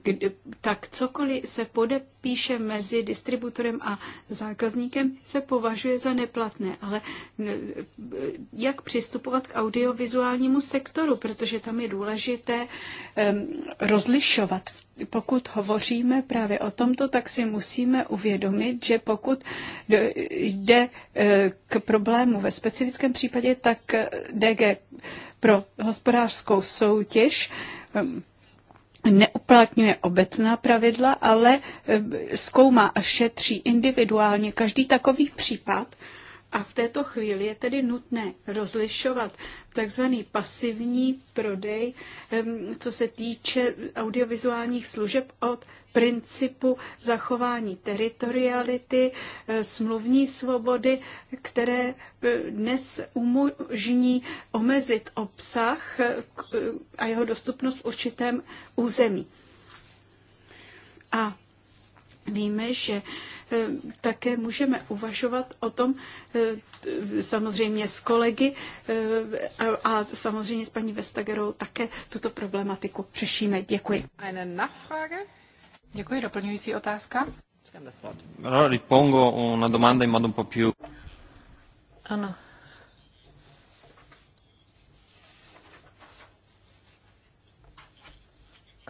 kdy, tak cokoliv se podepíše mezi distributorem a zákazníkem, se považuje za neplatné. Ale jak přistupovat k audiovizuálnímu sektoru, protože tam je důležité rozlišovat pokud hovoříme právě o tomto, tak si musíme uvědomit, že pokud jde e, k problému ve specifickém případě, tak e, DG pro hospodářskou soutěž neuplatňuje obecná pravidla, ale eh, zkoumá a šetří individuálně každý takový případ. A v této chvíli je tedy nutné rozlišovat takzvaný pasivní prodej, ehm, co se týče audiovizuálních služeb od principu zachování teritoriality, eh, smluvní svobody, které eh, dnes umožní omezit obsah eh, a jeho dostupnost v určitém území. A víme, že také můžeme uvažovat o tom, samozřejmě s kolegy a samozřejmě s paní Vestagerou také tuto problematiku řešíme. Děkuji. Děkuji. Doplňující otázka? ripongo una domanda in modo un po' più... Ano.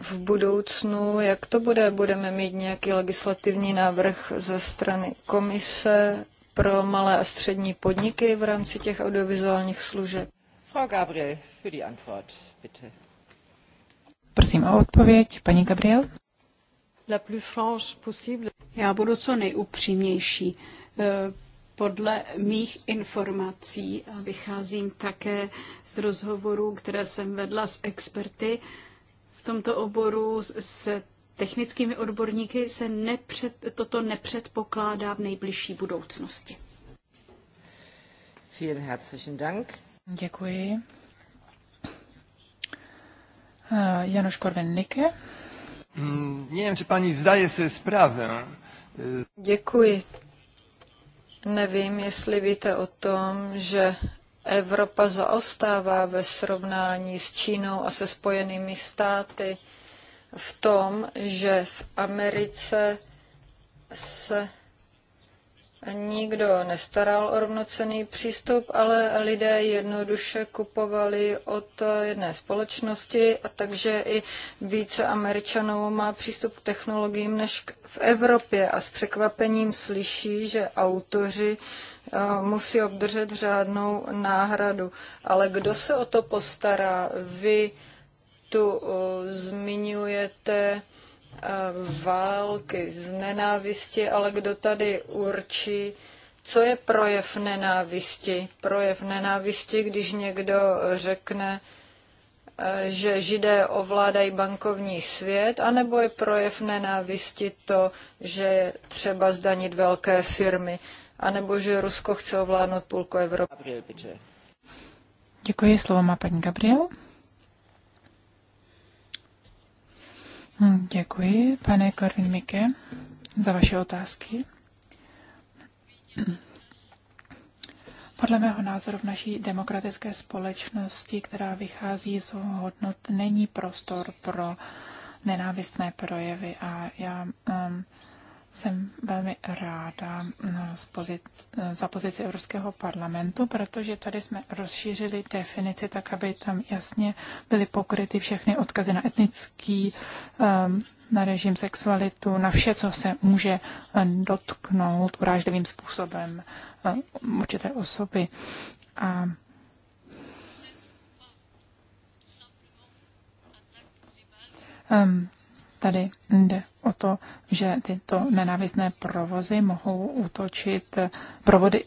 v budoucnu, jak to bude? Budeme mít nějaký legislativní návrh ze strany komise pro malé a střední podniky v rámci těch audiovizuálních služeb? Frau Gabriel, für die Antwort, bitte. Prosím o odpověď, paní Gabriel. Já budu co nejupřímnější. Eh, podle mých informací, a vycházím také z rozhovorů, které jsem vedla s experty v tomto oboru, se technickými odborníky se nepřed, toto nepředpokládá v nejbližší budoucnosti. Vielen herzlichen Dank. Děkuji. Eh, Janoš Korvin-Nike. Mm, nie wiem, czy pani zdaje sobie sprawę. Děkuji. Nevím, jestli víte o tom, že Evropa zaostává ve srovnání s Čínou a se spojenými státy v tom, že v Americe se nikdo nestaral o rovnocený přístup, ale lidé jednoduše kupovali od jedné společnosti a takže i více Američanů má přístup k technologiím než v Evropě a s překvapením slyší, že autoři eh, musí obdržet řádnou náhradu. Ale kdo se o to postará? Vy tu eh, zmiňujete války, z nenávisti, ale kdo tady určí, co je projev nenávisti? Projev nenávisti, když někdo řekne, e, že židé ovládají bankovní svět, anebo je projev nenávisti to, že je třeba zdanit velké firmy, anebo že Rusko chce ovládnout půlku Evropy. Děkuji, slovo má paní Gabriel. Hm, děkuji, pane Korvin Mike, za vaše otázky. Podle mého názoru v naší demokratické společnosti, která vychází z hodnot, není prostor pro nenávistné projevy a já um, jsem velmi ráda no, za pozici Evropského parlamentu, protože tady jsme rozšířili definici tak, aby tam jasně byly pokryty všechny odkazy na etnický, ehm, na režim sexualitu, na vše, co se může eh, dotknout urážlivým způsobem eh, určité osoby. A Um, Tady jde o to, že tyto nenávistné provozy mohou útočit, provody,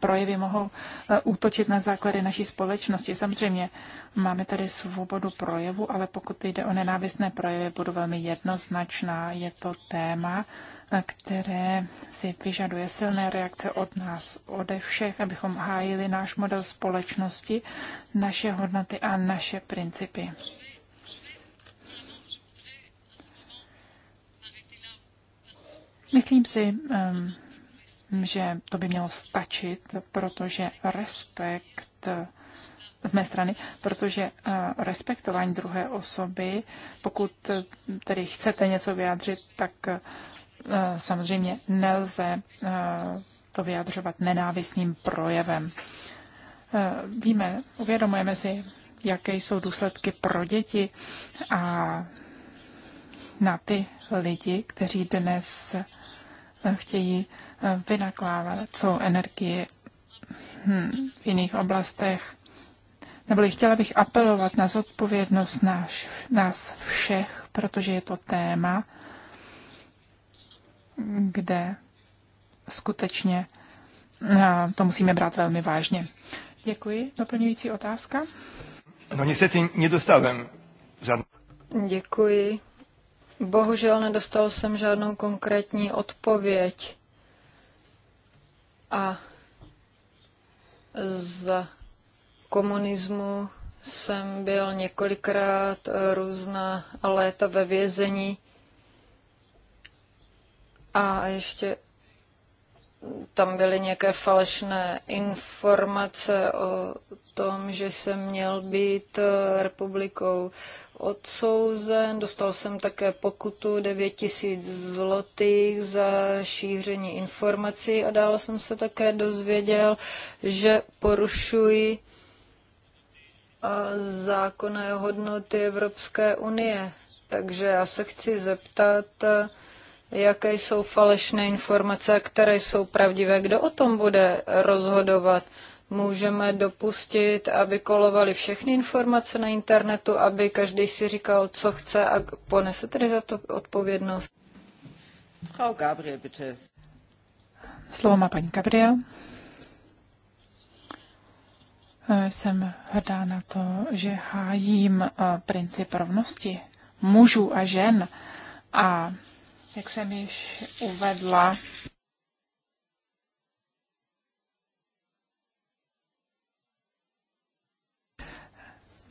projevy mohou eh, útočit na základy naší společnosti. Samozřejmě máme tady svobodu projevu, ale pokud jde o nenávistné projevy, budu velmi jednoznačná. Je to téma, eh, které si vyžaduje silné reakce od nás, ode všech, abychom hájili náš model společnosti, naše hodnoty a naše principy. Myslím si, že to by mělo stačit, protože respekt z mé strany, protože eh, respektování druhé osoby, pokud eh, tedy chcete něco vyjádřit, tak eh, samozřejmě nelze to vyjadřovat nenávistným projevem. Víme, uvědomujeme si, jaké jsou důsledky pro děti a na ty lidi, kteří dnes chtějí eh, vynakládat co energii hm, v jiných oblastech. Nebo chtěla bych apelovat na zodpovědnost nás, nás všech, protože je to téma, kde skutečně eh, to musíme brát velmi vážně. Děkuji. Doplňující otázka? No, se ty nedostávám. Žádný. Děkuji. Bohužel nedostal jsem žádnou konkrétní odpověď. A za komunismu jsem byl několikrát různá léta ve vězení a ještě tam byly nějaké falešné informace o tom, že jsem měl být republikou odsouzen. Dostal jsem také pokutu 9000 zlotých za šíření informací a dále jsem se také dozvěděl, že porušuji zákonné hodnoty Evropské unie. Takže já se chci zeptat, jaké jsou falešné informace a které jsou pravdivé. Kdo o tom bude rozhodovat? Můžeme dopustit, aby kolovaly všechny informace na internetu, aby každý si říkal, co chce a ponese tedy za to odpovědnost. Frau Gabriel, bitte. Slovo má paní Gabriel. Jsem hrdá na to, že hájím eh, princip rovnosti mužů a žen a jak jsem již uvedla,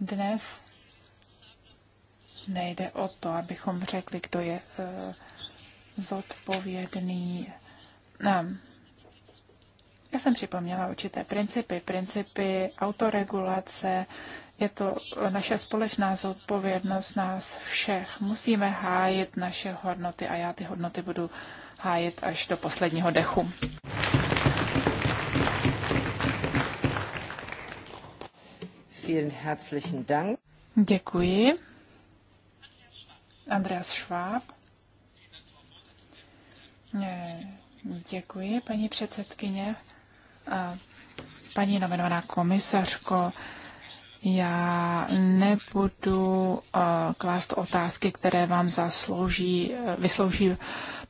Dnes nejde o to, abychom řekli, kdo je eh, zodpovědný. Ne. Ehm, já jsem připomněla určité principy, principy autoregulace, je to naše společná zodpovědnost nás všech. Musíme hájit naše hodnoty a já ty hodnoty budu hájit až do posledního dechu. Vielen herzlichen Dank. Děkuji. Andreas Schwab. Děkuji, paní předsedkyně. A paní nominovaná komisařko, já nebudu eh, klást otázky, které vám zaslouží, eh, vyslouží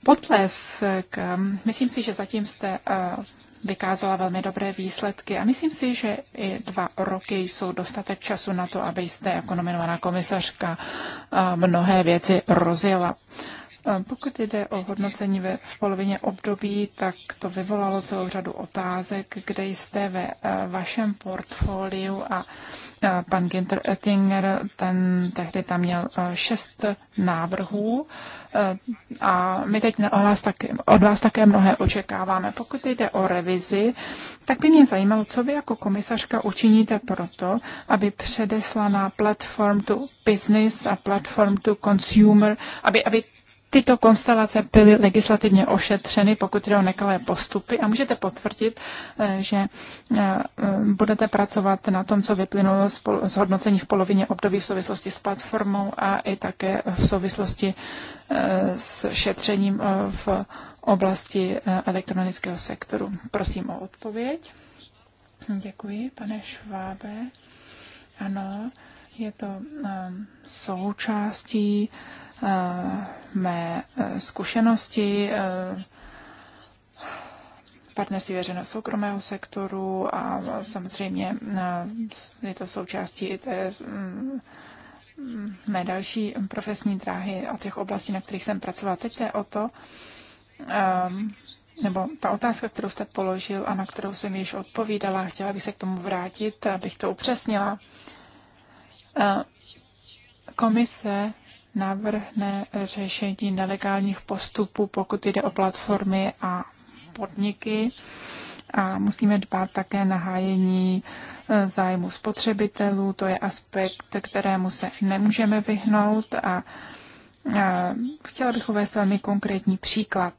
potlesk. Myslím si, že zatím jste eh, vykázala velmi dobré výsledky a myslím si, že i dva roky jsou dostatek času na to, abyste jako nominovaná komisařka mnohé věci rozjela. Pokud jde o hodnocení ve, v polovině období, tak to vyvolalo celou řadu otázek, kde jste ve eh, vašem portfoliu a eh, pan Ginter Oettinger, ten tehdy tam měl eh, šest návrhů a my teď od vás, také, od vás také mnohé očekáváme. Pokud jde o revizi, tak by mě zajímalo, co vy jako komisařka učiníte proto, aby předeslaná platform to business a platform to consumer, aby, aby tyto konstelace byly legislativně ošetřeny, pokud jde o nekalé postupy a můžete potvrdit, eh, že eh, eh, budete pracovat na tom, co vyplynulo z hodnocení v polovině období v souvislosti s platformou a i také v souvislosti s šetřením v oblasti elektronického sektoru. Prosím o odpověď. Děkuji, pane Švábe. Ano, je to součástí Eh, mé eh, zkušenosti eh, partnerství veřejného soukromého sektoru a samozřejmě je to součástí i té mm, mé další profesní dráhy a těch oblastí, na kterých jsem pracovala. Teď je o to, nebo ta otázka, kterou jste položil a na kterou jsem již odpovídala, chtěla bych se k tomu vrátit, abych to upřesnila. Komise navrhne řešení nelegálních postupů, pokud jde o platformy a podniky. A musíme dbát také na hájení e, zájmu spotřebitelů. To je aspekt, kterému se nemůžeme vyhnout. A e, chtěla bych uvést velmi konkrétní příklad.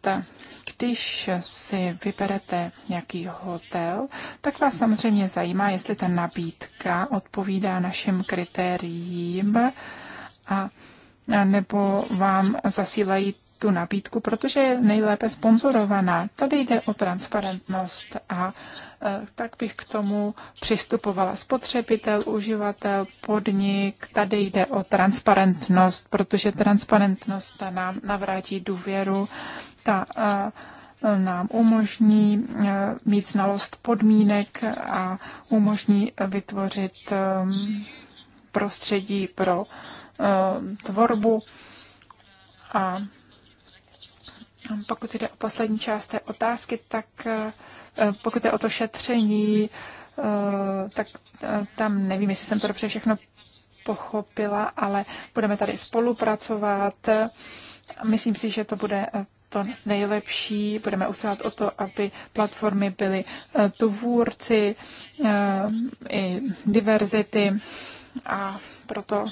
Když si vyberete nějaký hotel, tak vás samozřejmě zajímá, jestli ta nabídka odpovídá našim kritériím. A nebo vám zasílají tu nabídku, protože je nejlépe sponzorovaná. Tady jde o transparentnost a e, tak bych k tomu přistupovala. Spotřebitel, uživatel, podnik, tady jde o transparentnost, protože transparentnost ta nám navrátí důvěru, ta e, nám umožní e, mít znalost podmínek a umožní vytvořit prostředí pro Eh, tvorbu. A pokud jde o poslední část té otázky, tak eh, pokud je o to šetření, eh, tak tam nevím, jestli jsem to dobře všechno pochopila, ale budeme tady spolupracovat. Myslím si, že to bude to nejlepší. Budeme usilovat o to, aby platformy byly tvůrci i diverzity a proto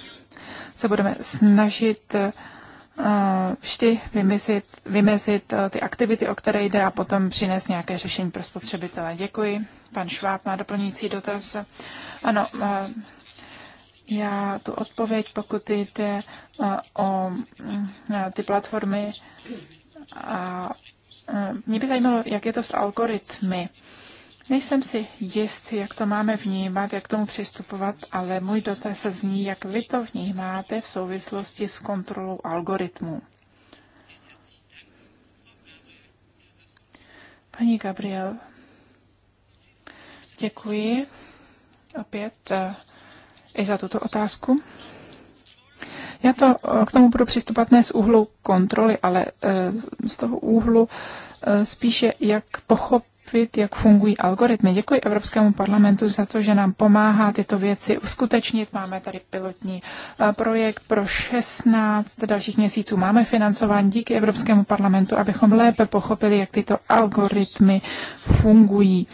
se budeme snažit eh, vždy vymezit, vymezit eh, ty aktivity, o které jde a potom přinést nějaké řešení pro spotřebitele. Děkuji. Pan Šváb má doplňující dotaz. Ano, eh, já tu odpověď, pokud jde o mm, ty platformy, a mě by zajímalo, jak je to s algoritmy. Nejsem si jist, jak to máme vnímat, jak tomu přistupovat, ale můj dotaz se zní, jak vy to vnímáte v souvislosti s kontrolou algoritmů. Paní Gabriel, děkuji opět eh, i za tuto otázku. Já to eh, k tomu budu přistupovat ne z úhlu kontroly, ale eh, z toho úhlu spíše, jak pochopit, pochopit, jak fungují algoritmy. Děkuji Evropskému parlamentu za to, že nám pomáhá tyto věci uskutečnit. Máme tady pilotní eh, projekt pro 16 dalších měsíců. Máme financování díky Evropskému parlamentu, abychom lépe pochopili, jak tyto algoritmy fungují.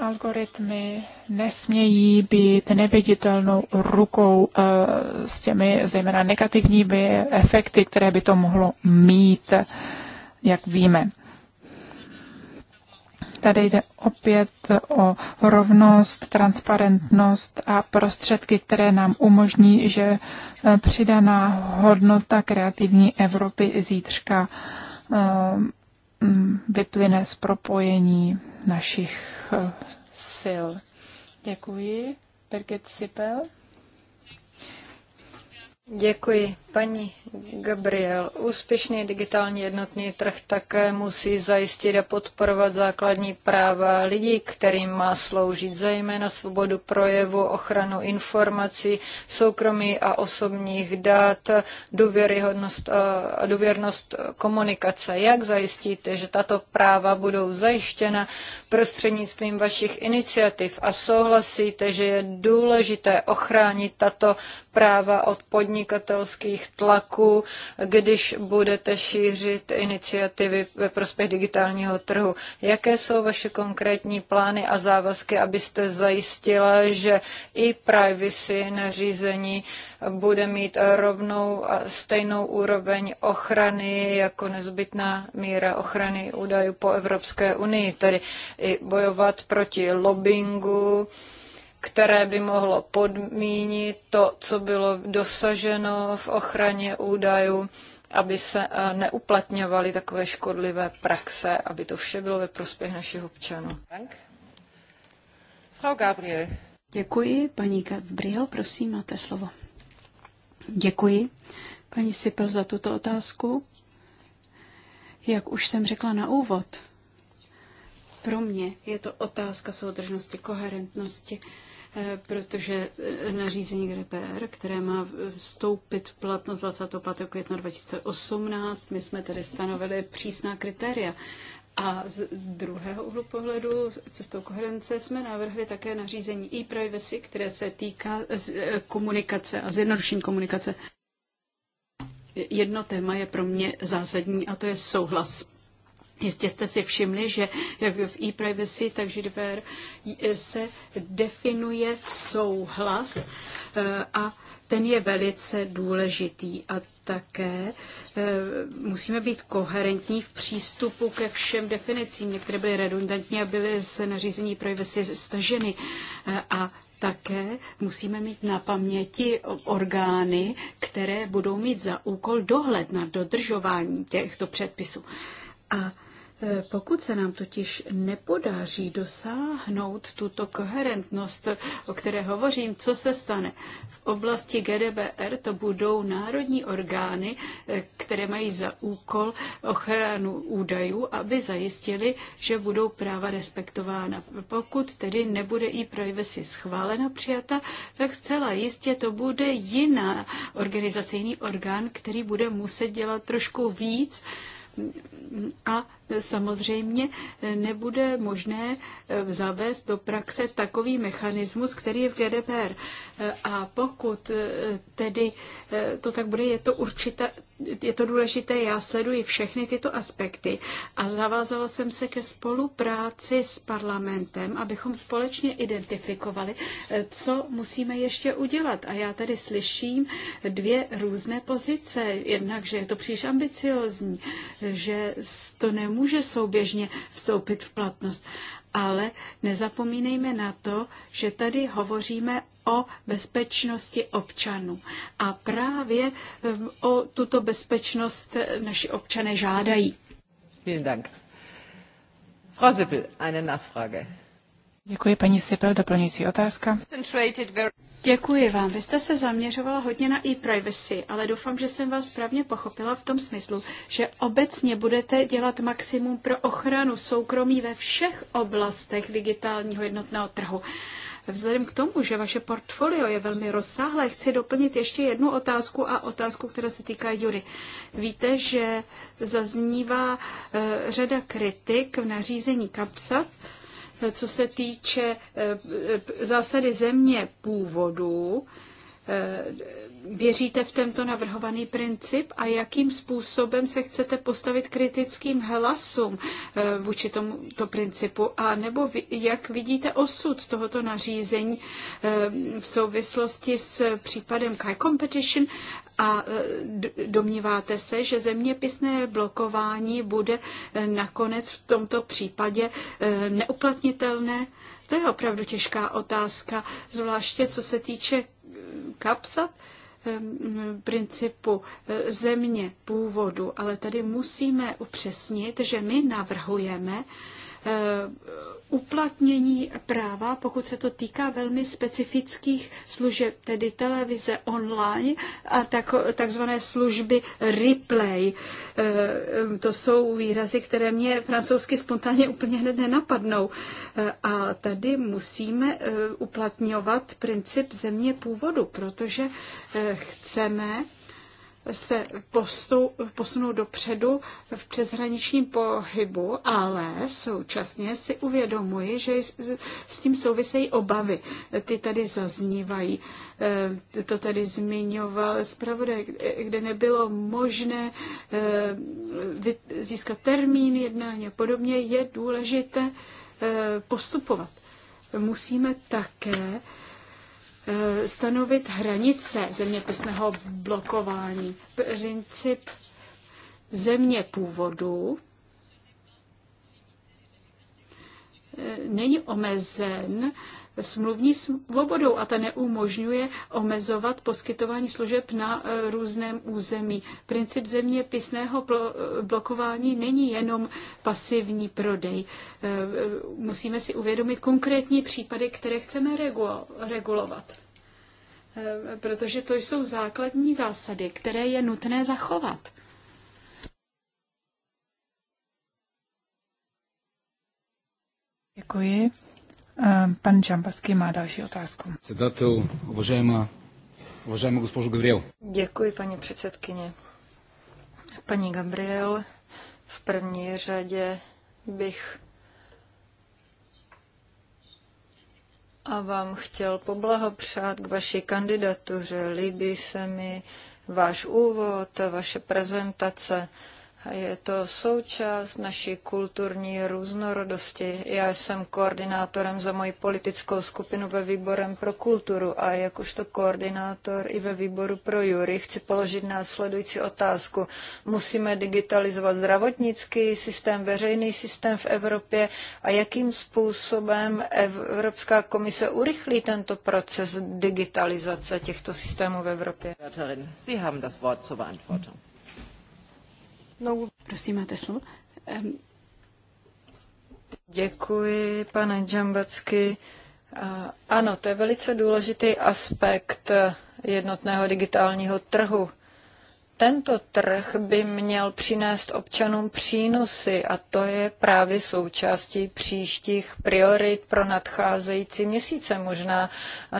Algoritmy nesmějí být neviditelnou rukou eh, s těmi zejména negativními efekty, které by to mohlo mít, jak víme. Tady jde opět o rovnost, transparentnost a prostředky, které nám umožní, že e, přidaná hodnota kreativní Evropy zítřka e, vyplyne z propojení našich e, sil. Děkuji. Birgit Sipel. Děkuji. Paní Gabriel, úspěšný digitální jednotný trh také musí zajistit a podporovat základní práva lidí, kterým má sloužit zejména svobodu projevu, ochranu informací, soukromí a osobních dat, důvěryhodnost eh, a důvěrnost komunikace. Jak zajistíte, že tato práva budou zajištěna prostřednictvím vašich iniciativ a souhlasíte, že je důležité ochránit tato práva od podniků podnikatelských tlaků, když budete šířit iniciativy ve prospěch digitálního trhu. Jaké jsou vaše konkrétní plány a závazky, abyste zajistila, že i privacy nařízení bude mít rovnou a stejnou úroveň ochrany jako nezbytná míra ochrany údajů po Evropské unii, tedy i bojovat proti lobbyingu, které by mohlo podmínit to, co bylo dosaženo v ochraně údajů, aby se eh, neuplatňovaly takové škodlivé praxe, aby to vše bylo ve prospěch našich občanů. Frau Gabriel. Děkuji, paní Gabriel, prosím, máte slovo. Děkuji, paní Sipel, za tuto otázku. Jak už jsem řekla na úvod, pro mě je to otázka soudržnosti, koherentnosti Eh, protože eh, nařízení GDPR, které má vstoupit v platnost 25. května 2018, my jsme tedy stanovili přísná kritéria. A z druhého úhlu pohledu, cestou koherence, jsme navrhli také nařízení e-privacy, které se týká eh, komunikace a zjednodušení komunikace. Jedno téma je pro mě zásadní a to je souhlas. Jistě jste si všimli, že jak v e-privacy, takže GDPR e, se definuje souhlas e, a ten je velice důležitý a také e, musíme být koherentní v přístupu ke všem definicím. Některé byly redundantní a byly z nařízení privacy staženy. A také musíme mít na paměti orgány, které budou mít za úkol dohled na dodržování těchto předpisů. A E, pokud se nám totiž nepodaří dosáhnout tuto koherentnost, o které hovořím, co se stane? V oblasti GDBR to budou národní orgány, e, které mají za úkol ochranu údajů, aby zajistili, že budou práva respektována. Pokud tedy nebude i privacy schválena, přijata, tak zcela jistě to bude jiná organizace, jiný orgán, který bude muset dělat trošku víc, a samozřejmě nebude možné eh, zavést do praxe takový mechanismus, který je v GDPR. Eh, a pokud eh, tedy to tak bude, je to určitá je to důležité, já sleduji všechny tyto aspekty a zavázala jsem se ke spolupráci s parlamentem, abychom společně identifikovali, eh, co musíme ještě udělat. A já tady slyším dvě různé pozice. Jednak, že je to příliš ambiciozní, že to nemůže souběžně vstoupit v platnost ale nezapomínejme na to, že tady hovoříme o bezpečnosti občanů. A právě ehm, o tuto bezpečnost eh, naši občané žádají. Vielen Dank. Frau Sippel, eine Nachfrage. Děkuji, paní Sipel. Doplňující otázka. Děkuji vám. Vy jste se zaměřovala hodně na e-privacy, ale doufám, že jsem vás správně pochopila v tom smyslu, že obecně budete dělat maximum pro ochranu soukromí ve všech oblastech digitálního jednotného trhu. Vzhledem k tomu, že vaše portfolio je velmi rozsáhlé, chci doplnit ještě jednu otázku a otázku, která se týká Jury. Víte, že zaznívá eh, řada kritik v nařízení kapsa, co se týče eh, zásady země původu, eh, Věříte v tento navrhovaný princip a jakým způsobem se chcete postavit kritickým hlasům eh, vůči tomuto principu? A nebo jak vidíte osud tohoto nařízení v souvislosti s případem Kai Competition a e, domníváte se, že zeměpisné blokování bude e, nakonec v tomto případě e, neuplatnitelné? To je opravdu těžká otázka, zvláště co se týče kapsat principu země původu, ale tady musíme upřesnit, že my navrhujeme uplatnění práva, pokud se to týká velmi specifických služeb, tedy televize online a tak, takzvané služby replay. E, e, to jsou výrazy, které mě francouzsky spontánně úplně hned nenapadnou. E, a tady musíme uplatňovat princip země původu, protože chceme se posunout dopředu v přeshraničním pohybu, ale současně si uvědomuji, že s tím souvisejí obavy. Ty tady zaznívají. Eh, to tady zmiňoval zpravodaj, kde nebylo možné eh, získat termín jednání a podobně, je důležité eh, postupovat. Musíme také Eh, stanovit hranice zeměpisného blokování. Princip země původu eh, není omezen smluvní svobodou a ta neumožňuje omezovat poskytování služeb na e, různém území. Princip zeměpisného e, blokování není jenom pasivní prodej. E, musíme si uvědomit konkrétní případy, které chceme regulovat. Protože to jsou základní zásady, které je nutné zachovat. Děkuji. Eh, pan Čampaský má další otázku. Sedatel, uvažujeme, uvažujeme gospožu Gabriel. Děkuji, paní předsedkyně. Paní Gabriel, v první řadě bych a vám chtěl poblahopřát k vaší kandidatuře. Líbí se mi váš úvod, vaše prezentace. Je to součást naší kulturní různorodosti. Já jsem koordinátorem za moji politickou skupinu ve výborem pro kulturu a jakožto koordinátor i ve výboru pro jury chci položit následující otázku. Musíme digitalizovat zdravotnický systém, veřejný systém v Evropě a jakým způsobem Evropská komise urychlí tento proces digitalizace těchto systémů v Evropě? Sie haben das Wort zur Beantwortung. No, prosím, máte slovo. Um. Děkuji, pane Džambacky. Ano, to je velice důležitý aspekt eh, jednotného digitálního trhu. Tento trh by měl přinést občanům přínosy a to je právě součástí příštích priorit pro nadcházející měsíce, možná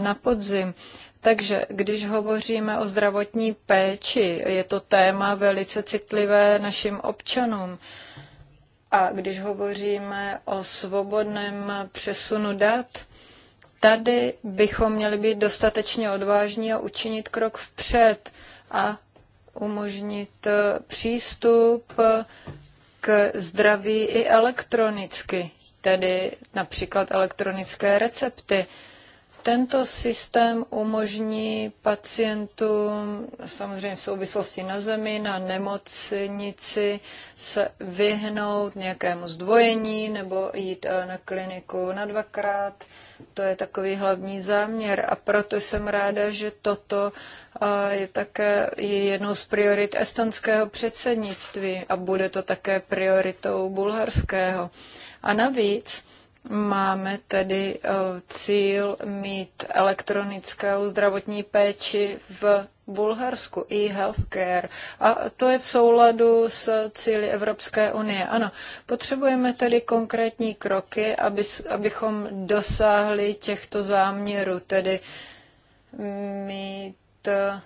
na podzim. Takže když hovoříme o zdravotní péči, je to téma velice citlivé našim občanům. A když hovoříme o svobodném přesunu dat, tady bychom měli být dostatečně odvážní a učinit krok vpřed a umožnit eh, přístup eh, k zdraví i elektronicky, tedy například elektronické recepty. Tento systém umožní pacientům, samozřejmě v souvislosti na zemi, na nemocnici, se vyhnout nějakému zdvojení nebo jít eh, na kliniku na dvakrát. To je takový hlavní záměr a proto jsem ráda, že toto eh, je také je jednou z priorit estonského předsednictví a bude to také prioritou bulharského. A navíc, Máme tedy eh, cíl mít elektronickou zdravotní péči v Bulharsku i healthcare. A to je v souladu s cíly Evropské unie. Ano, potřebujeme tedy konkrétní kroky, aby, abychom dosáhli těchto záměrů, tedy mít eh,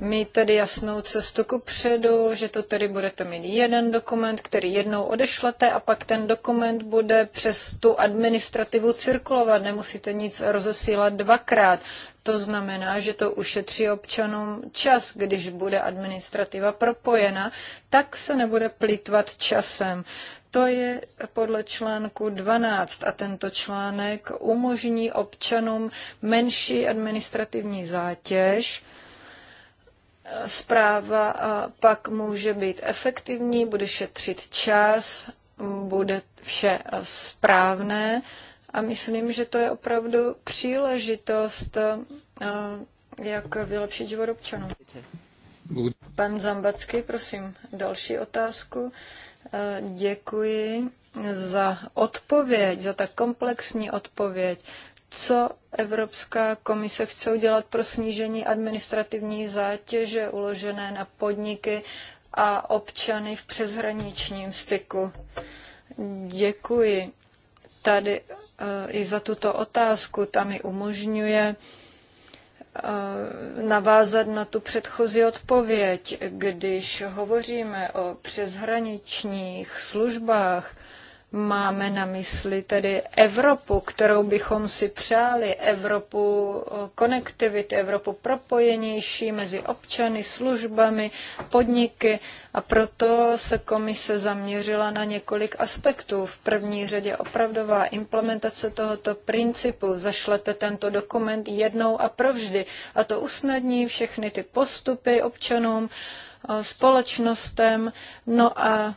mít tedy jasnou cestu ku předu, že to tedy budete mít jeden dokument, který jednou odešlete a pak ten dokument bude přes tu administrativu cirkulovat. Nemusíte nic rozesílat dvakrát. To znamená, že to ušetří občanům čas, když bude administrativa propojena, tak se nebude plýtvat časem. To je podle článku 12 a tento článek umožní občanům menší administrativní zátěž, zpráva pak může být efektivní, bude šetřit čas, bude vše správné a myslím, že to je opravdu příležitost, jak vylepšit život občanů. Pan Zambacký, prosím, další otázku. Děkuji za odpověď, za tak komplexní odpověď co Evropská komise chce udělat pro snížení administrativní zátěže uložené na podniky a občany v přeshraničním styku. Děkuji tady eh, i za tuto otázku. Ta mi umožňuje eh, navázat na tu předchozí odpověď. Když hovoříme o přeshraničních službách, Máme na mysli tedy Evropu, kterou bychom si přáli, Evropu eh, konektivity, Evropu propojenější mezi občany, službami, podniky a proto se komise zaměřila na několik aspektů. V první řadě opravdová implementace tohoto principu. Zašlete tento dokument jednou a provždy a to usnadní všechny ty postupy občanům, eh, společnostem, no a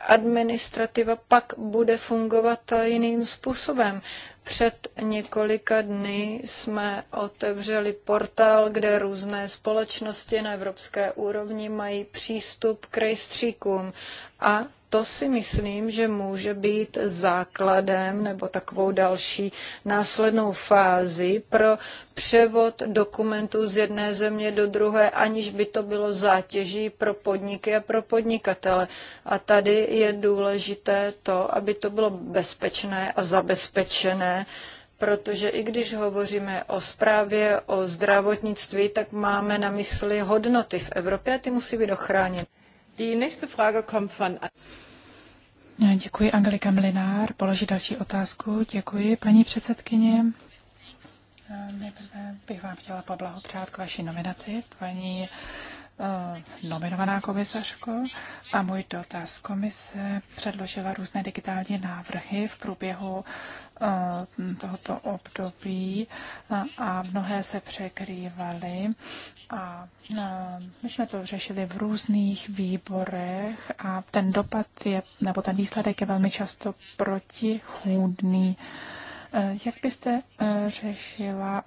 administrativa pak bude fungovat jiným způsobem. Před několika dny jsme otevřeli portál, kde různé společnosti na evropské úrovni mají přístup k rejstříkům a to si myslím, že může být základem nebo takovou další následnou fázi pro převod dokumentů z jedné země do druhé, aniž by to bylo zátěží pro podniky a pro podnikatele. A tady je důležité to, aby to bylo bezpečné a zabezpečené, protože i když hovoříme o správě, o zdravotnictví, tak máme na mysli hodnoty v Evropě a ty musí být ochráněny. Děkuji, Angelika Mlinár. Položí další otázku. Děkuji, paní předsedkyně. Eh, nejprve bych vám chtěla poblahopřát k vaší nominaci, paní eh, nominovaná komisařko. A můj dotaz. Komise předložila různé digitální návrhy v průběhu eh, tohoto období a mnohé se překrývaly a e, my jsme to řešili v různých výborech a ten dopad je, nebo ten výsledek je velmi často protichůdný. E, jak byste e, řešila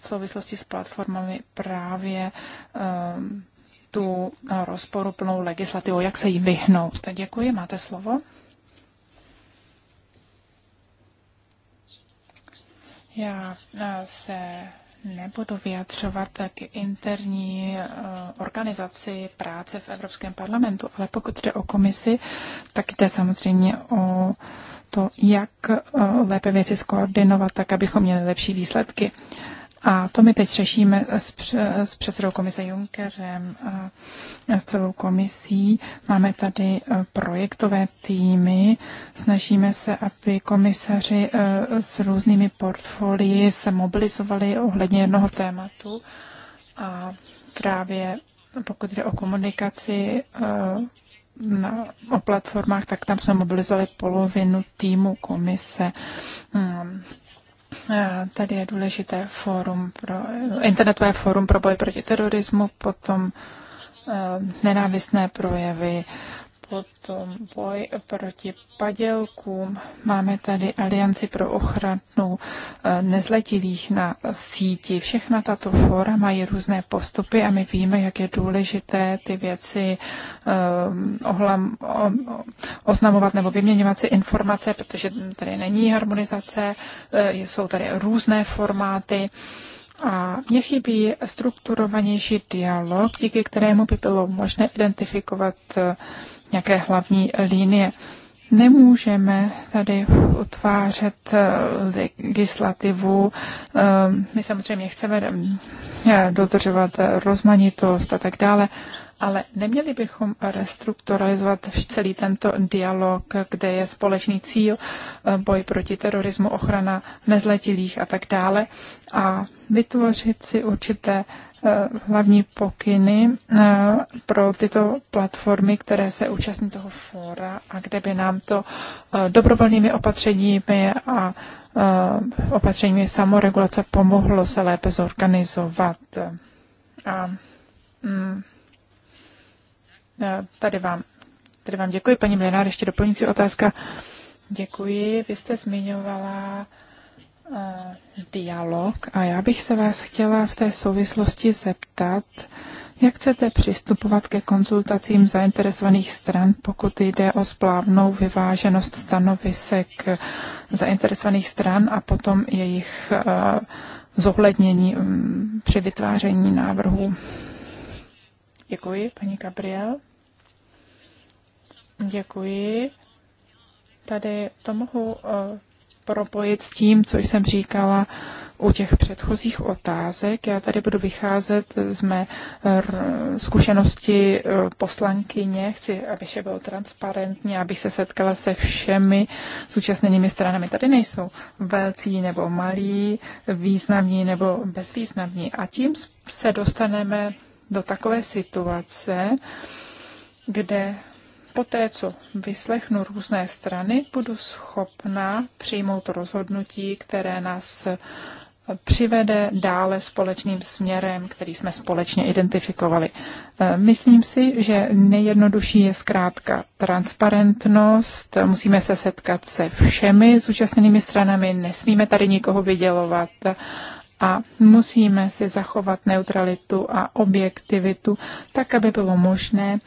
v souvislosti s platformami právě tu rozporuplnou legislativu? Jak se jí vyhnout? Děkuji, máte slovo. Já se nebudu vyjadřovat k interní eh, organizaci práce v Evropském parlamentu, ale pokud jde o komisi, tak jde samozřejmě o to, jak eh, lépe věci skoordinovat, tak abychom měli lepší výsledky. Uh, a to my teď řešíme s, s předsedou komise Junckerem a s celou komisí. Máme tady e, projektové týmy. Snažíme se, aby komisaři e, s různými portfolii se mobilizovali ohledně jednoho tématu. A právě pokud jde o komunikaci e, na, o platformách, tak tam jsme mobilizovali polovinu týmu komise. Hmm. Tady je důležité fórum pro, internetové fórum pro boj proti terorismu, potom eh, nenávistné projevy, Potom boj proti padělkům. Máme tady Alianci pro ochranu eh, nezletilých na síti. Všechna tato fora mají různé postupy a my víme, jak je důležité ty věci um, ohlam, o, oznamovat nebo vyměňovat si informace, protože tady není harmonizace, eh, jsou tady různé formáty. A mně chybí strukturovanější dialog, díky kterému by bylo možné identifikovat uh, nějaké hlavní linie. Nemůžeme tady utvářet eh, legislativu. Eh, my samozřejmě chceme eh, dodržovat rozmanitost a tak dále, ale neměli bychom restrukturalizovat celý tento dialog, kde je společný cíl boj proti terorismu, ochrana nezletilých a tak dále a vytvořit si určité Eh, hlavní pokyny eh, pro tyto platformy, které se účastní toho fóra a kde by nám to eh, dobrovolnými opatřeními a opatřeními samoregulace pomohlo se lépe zorganizovat. A, mm, tady vám, tady vám děkuji, paní Mlinár, ještě doplňující otázka. Děkuji, vy jste zmiňovala Eh, dialog a já bych se vás chtěla v té souvislosti zeptat, jak chcete přistupovat ke konzultacím zainteresovaných stran, pokud jde o splávnou vyváženost stanovisek zainteresovaných stran a potom jejich eh, zohlednění mm, při vytváření návrhů? Děkuji, paní Gabriel. Děkuji. Tady to mohu eh, propojit s tím, co jsem říkala u těch předchozích otázek. Já tady budu vycházet z mé zkušenosti e, poslankyně. Chci, aby vše bylo transparentní, abych se setkala se všemi současnými stranami. Tady nejsou velcí nebo malí, významní nebo bezvýznamní. A tím se dostaneme do takové situace, kde poté, co vyslechnu různé strany, budu schopna přijmout rozhodnutí, které nás přivede dále společným směrem, který jsme společně identifikovali. E, myslím si, že nejjednodušší je zkrátka transparentnost. Musíme se setkat se všemi zúčastněnými stranami, nesmíme tady nikoho vydělovat a musíme si zachovat neutralitu a objektivitu, tak aby bylo možné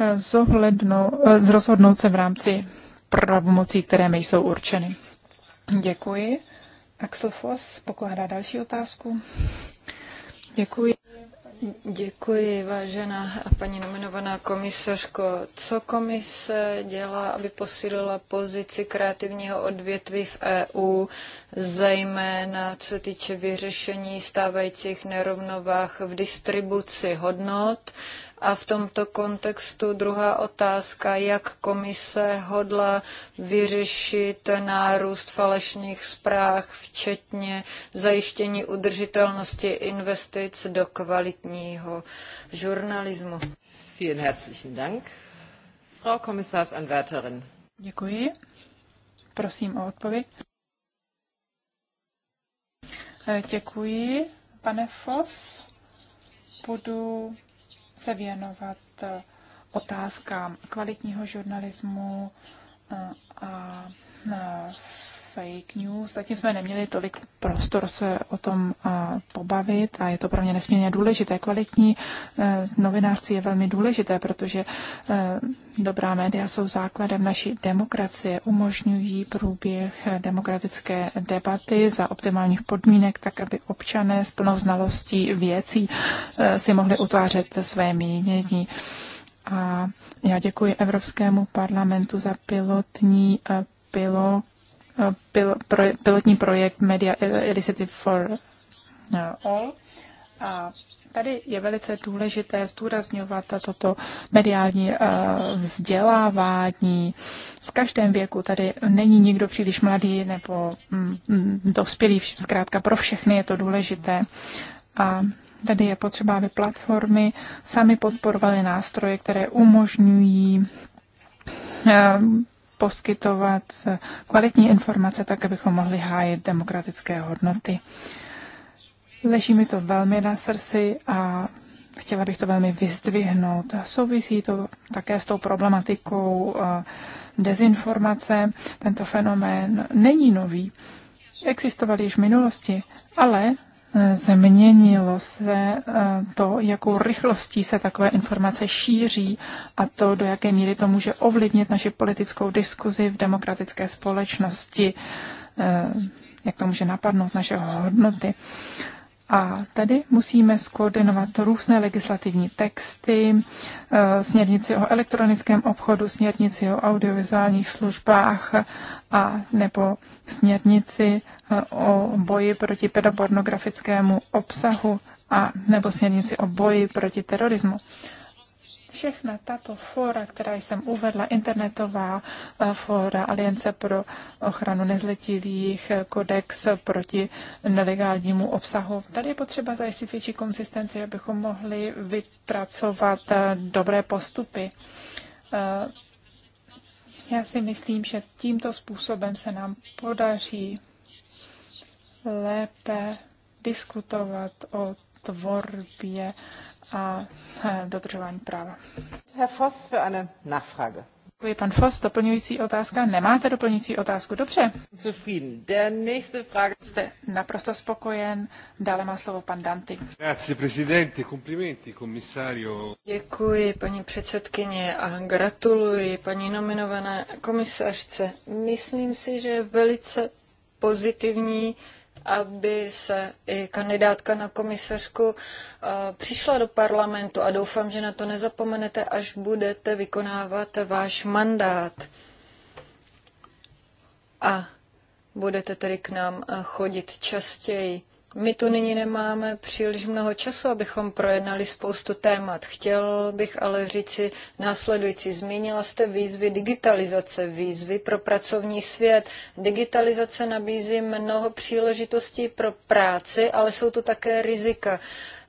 eh, eh, rozhodnout se v rámci pravomocí, které mi jsou určeny. Děkuji. Axel Foss pokládá další otázku. Děkuji. Děkuji, vážená paní nominovaná komisařko. Co komise dělá, aby posílila pozici kreativního odvětví v EU, zejména co se týče vyřešení stávajících nerovnovách v distribuci hodnot? A v tomto kontextu druhá otázka, jak komise hodla vyřešit nárůst falešných zpráv, včetně zajištění udržitelnosti investic do kvalitního žurnalismu. Vielen herzlichen Dank, Frau Kommissarsanwärterin. Děkuji. Prosím o odpověď. Eh, děkuji, pane Fos. Budu se věnovat eh, otázkám kvalitního žurnalismu eh, a eh, fake news. Zatím jsme neměli tolik prostor se o tom pobavit a je to pro mě nesmírně důležité. Kvalitní e, novinářství je velmi důležité, protože e, dobrá média jsou základem naší demokracie, umožňují průběh demokratické debaty za optimálních podmínek, tak aby občané s plnou znalostí věcí e, si mohli utvářet své mínění. A já děkuji Evropskému parlamentu za pilotní pilot pil, pro, pilotní projekt Media Initiative for eh, All. A tady je velice důležité zdůrazňovat toto mediální eh, vzdělávání. V každém věku tady není nikdo příliš mladý nebo mm, mm, dospělý, zkrátka pro všechny je to důležité. A Tady je potřeba, aby platformy sami podporovaly nástroje, které umožňují eh, poskytovat kvalitní informace tak, abychom mohli hájit demokratické hodnoty. Leží mi to velmi na srdci a chtěla bych to velmi vyzdvihnout. Souvisí to také s tou problematikou eh, dezinformace. Tento fenomén není nový. Existoval již v minulosti, ale Eh, změnilo se eh, to, jakou rychlostí se takové informace šíří a to, do jaké míry to může ovlivnit naši politickou diskuzi v demokratické společnosti, eh, jak to může napadnout naše hodnoty. A tady musíme skoordinovat různé legislativní texty, směrnici o elektronickém obchodu, směrnici o audiovizuálních službách a nebo směrnici o boji proti pedopornografickému obsahu a nebo směrnici o boji proti terorismu. Všechna tato fóra, která jsem uvedla, internetová eh, fóra Aliance pro ochranu nezletilých, kodex proti nelegálnímu obsahu. Tady je potřeba zajistit větší konsistenci, abychom mohli vypracovat eh, dobré postupy. Eh, já si myslím, že tímto způsobem se nám podaří lépe diskutovat o tvorbě a eh, dodržování práva. Herr Voss für eine Nachfrage. Děkuji, pan Fos. Doplňující otázka. Nemáte doplňující otázku? Dobře. Zufrieden. Der nächste Frage. Jste naprosto spokojen. Dále má slovo pan Danti. Děkuji, paní předsedkyně, a gratuluji paní nominované komisařce. Myslím si, že je velice pozitivní, aby se i kandidátka na komisařku eh, přišla do parlamentu a doufám, že na to nezapomenete, až budete vykonávat váš mandát. A budete tedy k nám eh, chodit častěji. My tu nyní nemáme příliš mnoho času, abychom projednali spoustu témat. Chtěl bych ale říci následující. Zmínila jste výzvy digitalizace, výzvy pro pracovní svět. Digitalizace nabízí mnoho příležitostí pro práci, ale jsou tu také rizika.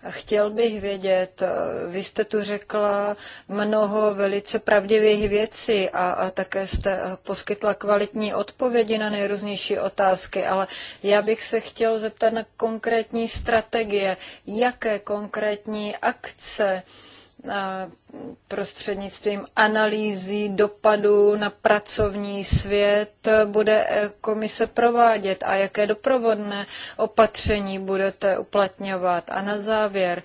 Chtěl bych vědět, vy jste tu řekla mnoho velice pravdivých věcí a, a také jste poskytla kvalitní odpovědi na nejrůznější otázky, ale já bych se chtěl zeptat na konkrétní strategie, jaké konkrétní akce eh, prostřednictvím analýzy dopadu na pracovní svět bude eh, komise provádět a jaké doprovodné opatření budete uplatňovat. A na závěr,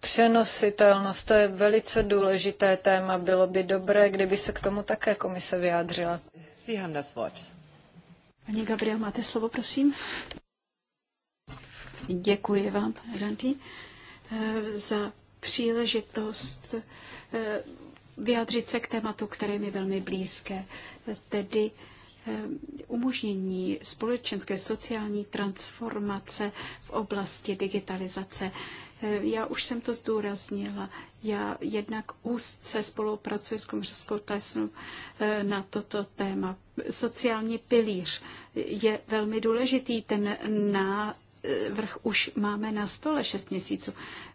přenositelnost, to je velice důležité téma. Bylo by dobré, kdyby se k tomu také komise vyjádřila. Paní Gabriel, máte slovo, prosím. Děkuji vám, Randy, eh, za příležitost eh, vyjádřit se k tématu, které mi velmi blízké, tedy eh, umožnění společenské sociální transformace v oblasti digitalizace. Já už jsem to zdůraznila. Já jednak úzce spolupracuji s Komřeskou Tesnou na toto téma. Sociální pilíř je velmi důležitý. Ten na Eh, vrch už máme na stole 6 měsíců.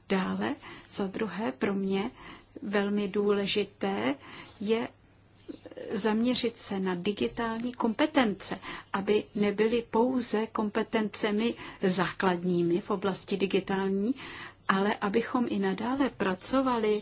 Dále, za druhé, pro mě velmi důležité je eh, zaměřit se na digitální kompetence, aby nebyly pouze kompetencemi základními v oblasti digitální, ale abychom i nadále pracovali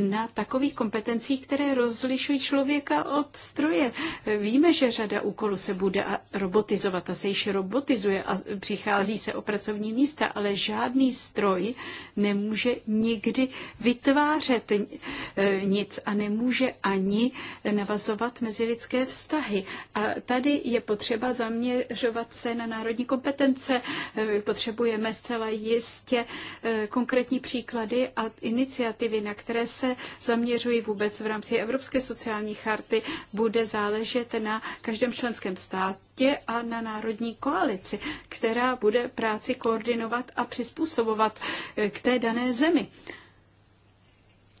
na takových kompetencích, které rozlišují člověka od stroje. Víme, že řada úkolů se bude robotizovat a se již robotizuje a přichází se o pracovní místa, ale žádný stroj nemůže nikdy vytvářet eh, nic a nemůže ani navazovat mezilidské vztahy. A tady je potřeba zaměřovat se na národní kompetence. Eh, potřebujeme zcela jistě eh, konkrétní příklady a iniciativy, na které se zaměřují vůbec v rámci Evropské sociální charty, bude záležet na každém členském státě a na národní koalici, která bude práci koordinovat a přizpůsobovat eh, k té dané zemi.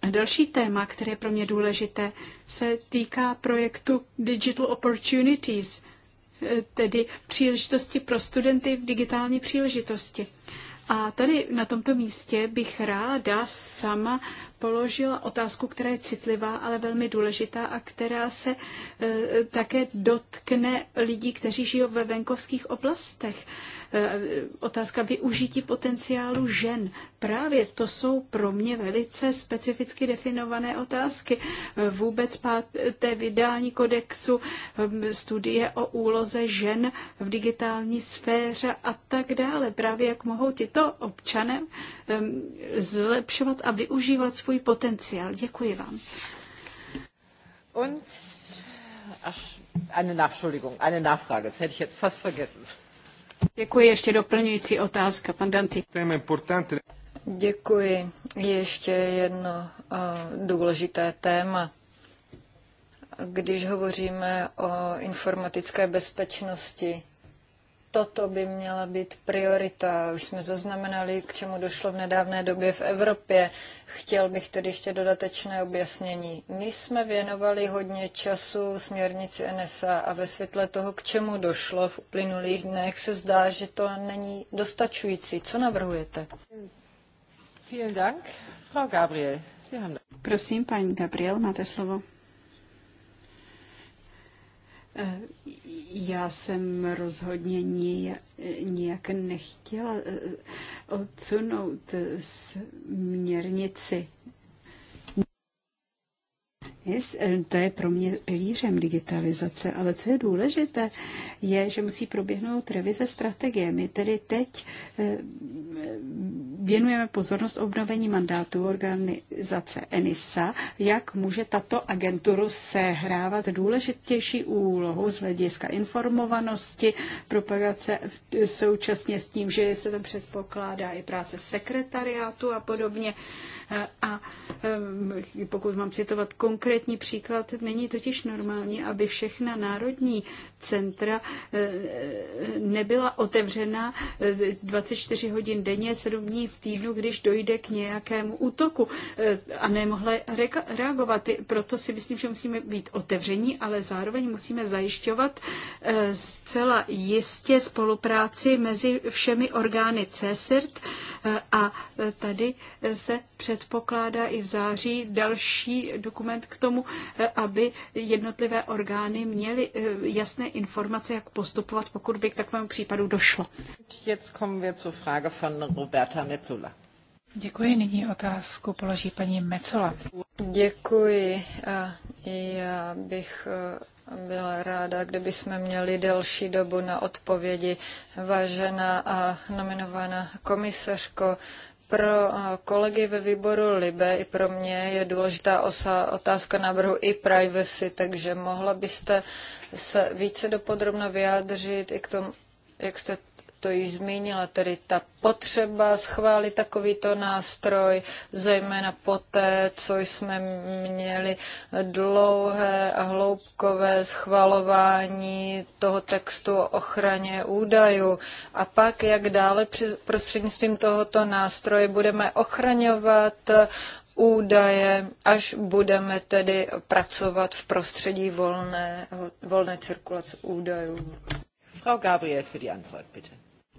A další téma, které je pro mě důležité, se týká projektu Digital Opportunities, eh, tedy příležitosti pro studenty v digitální příležitosti. A tady na tomto místě bych ráda sama položila otázku, která je citlivá, ale velmi důležitá a která se eh, také dotkne lidí, kteří žijí ve venkovských oblastech. Eh, otázka využití potenciálu žen. Právě to jsou pro mě velice specificky definované otázky. Eh, vůbec páté vydání kodexu, eh, studie o úloze žen v digitální sféře a tak dále. Právě jak mohou tyto občané zlepšovat a využívat svůj potenciál. Děkuji vám. Und Ach, eine Nachschuldigung, eine Nachfrage, das hätte ich jetzt fast vergessen. Děkuji. Ještě doplňující otázka, pan Danty. Děkuji. Ještě jedno eh, důležité téma. Když hovoříme o informatické bezpečnosti, toto by měla být priorita. Už jsme zaznamenali, k čemu došlo v nedávné době v Evropě. Chtěl bych tedy ještě dodatečné objasnění. My jsme věnovali hodně času směrnici NSA a ve světle toho, k čemu došlo v uplynulých dnech, se zdá, že to není dostačující. Co navrhujete? Vielen Dank. Gabriel, Prosím, paní Gabriel, máte slovo. Já jsem rozhodně nijak nechtěla eh, odsunout eh, směrnici to je pro mě pilířem digitalizace, ale co je důležité, je, že musí proběhnout revize strategie. My tedy teď eh, věnujeme pozornost obnovení mandátu organizace ENISA, jak může tato agenturu sehrávat důležitější úlohu z hlediska informovanosti, propagace současně s tím, že se tam předpokládá i práce sekretariátu a podobně. Eh, a eh, pokud mám citovat konkrétně, konkrétní příklad. Není totiž normální, aby všechna národní centra eh, eh, nebyla otevřena 24 eh, hodin denně, 7 dní v týdnu, když dojde k nějakému útoku a nemohla reagovat. Proto si myslím, že musíme být otevření, ale zároveň musíme zajišťovat zcela jistě spolupráci mezi všemi orgány CESIRT a tady se předpokládá i v září další dokument k tomu, eh, aby jednotlivé orgány měly eh, jasné informace, jak postupovat, pokud by k takovému případu došlo. Děkuji. Nyní otázku položí paní Mecola. Děkuji. Já bych eh, byla ráda, kdyby jsme měli delší dobu na odpovědi. Vážená a nominovaná komisařko, pro eh, kolegy ve výboru Libe i pro mě je důležitá osa, otázka návrhu i privacy, takže mohla byste se více dopodrobna vyjádřit i k tomu, jak jste to již zmínila, tedy ta potřeba schválit takovýto nástroj, zejména poté, co jsme měli dlouhé a hloubkové schvalování toho textu o ochraně údajů. A pak, jak dále při, prostřednictvím tohoto nástroje budeme ochraňovat údaje, až budeme tedy pracovat v prostředí volné, volné cirkulace údajů. Frau Gabriel für die Antwort, bitte.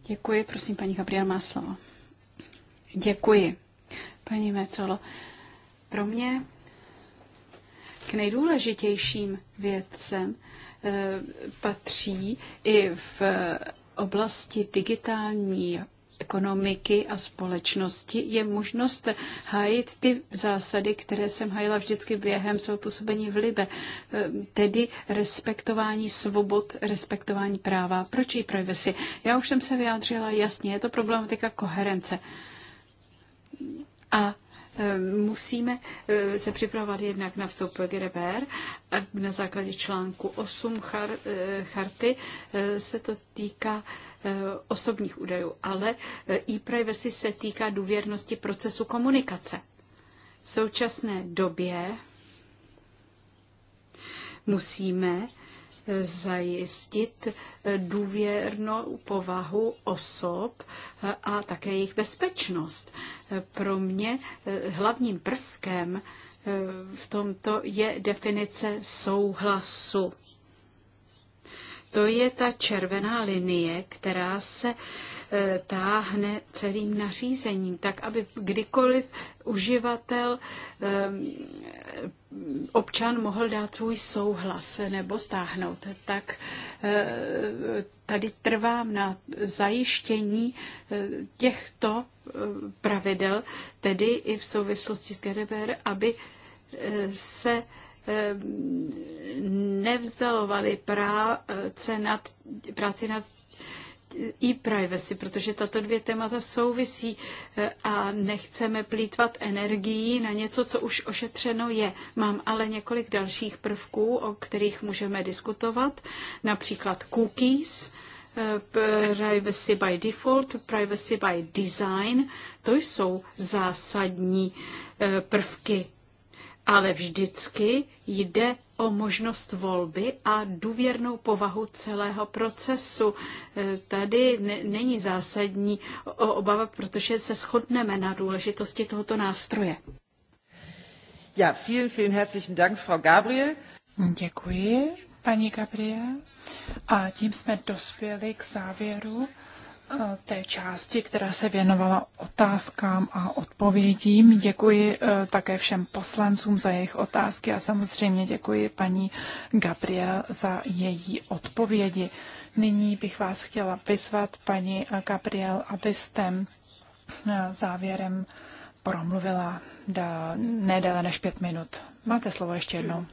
Děkuji, prosím, paní Gabriel má slovo. Děkuji, paní Mecolo. Pro mě k nejdůležitějším věcem eh, patří i v oblasti digitální ekonomiky a společnosti je možnost hájit ty zásady, které jsem hájila vždycky během svého působení v Libe, eh, tedy respektování svobod, respektování práva. Proč i privacy? Já už jsem se vyjádřila jasně, je to problematika koherence. A eh, musíme eh, se připravovat jednak na vstup GDPR. Na základě článku 8 charty se to týká Eh, osobních údajů, ale eh, e-privacy se týká důvěrnosti procesu komunikace. V současné době musíme eh, zajistit důvěrnou povahu osob a také jejich bezpečnost. Pro mě hlavním prvkem v tomto je definice souhlasu. To je ta červená linie, která se e, táhne celým nařízením, tak aby kdykoliv uživatel, e, občan mohl dát svůj souhlas nebo stáhnout. Tak e, tady trvám na zajištění těchto pravidel, tedy i v souvislosti s GDPR, aby se Ehm, nevzdalovali práce nad, práci nad e-privacy, protože tato dvě témata souvisí eh, a nechceme plítvat energií na něco, co už ošetřeno je. Mám ale několik dalších prvků, o kterých můžeme diskutovat, například cookies, eh, privacy by default, privacy by design. To jsou zásadní eh, prvky ale vždycky jde o možnost volby a důvěrnou povahu celého procesu. E, tady není zásadní obava, protože se shodneme na důležitosti tohoto nástroje. Ja, vielen, vielen herzlichen Dank, Frau Gabriel. Děkuji, paní Gabriel. A tím jsme dospěli k závěru Eh, té části, která se věnovala otázkám a odpovědím. Děkuji eh, také všem poslancům za jejich otázky a samozřejmě děkuji paní Gabriel za její odpovědi. Nyní bych vás chtěla vyzvat, paní Gabriel, abyste eh, závěrem promluvila nedále než pět minut. Máte slovo ještě jednou.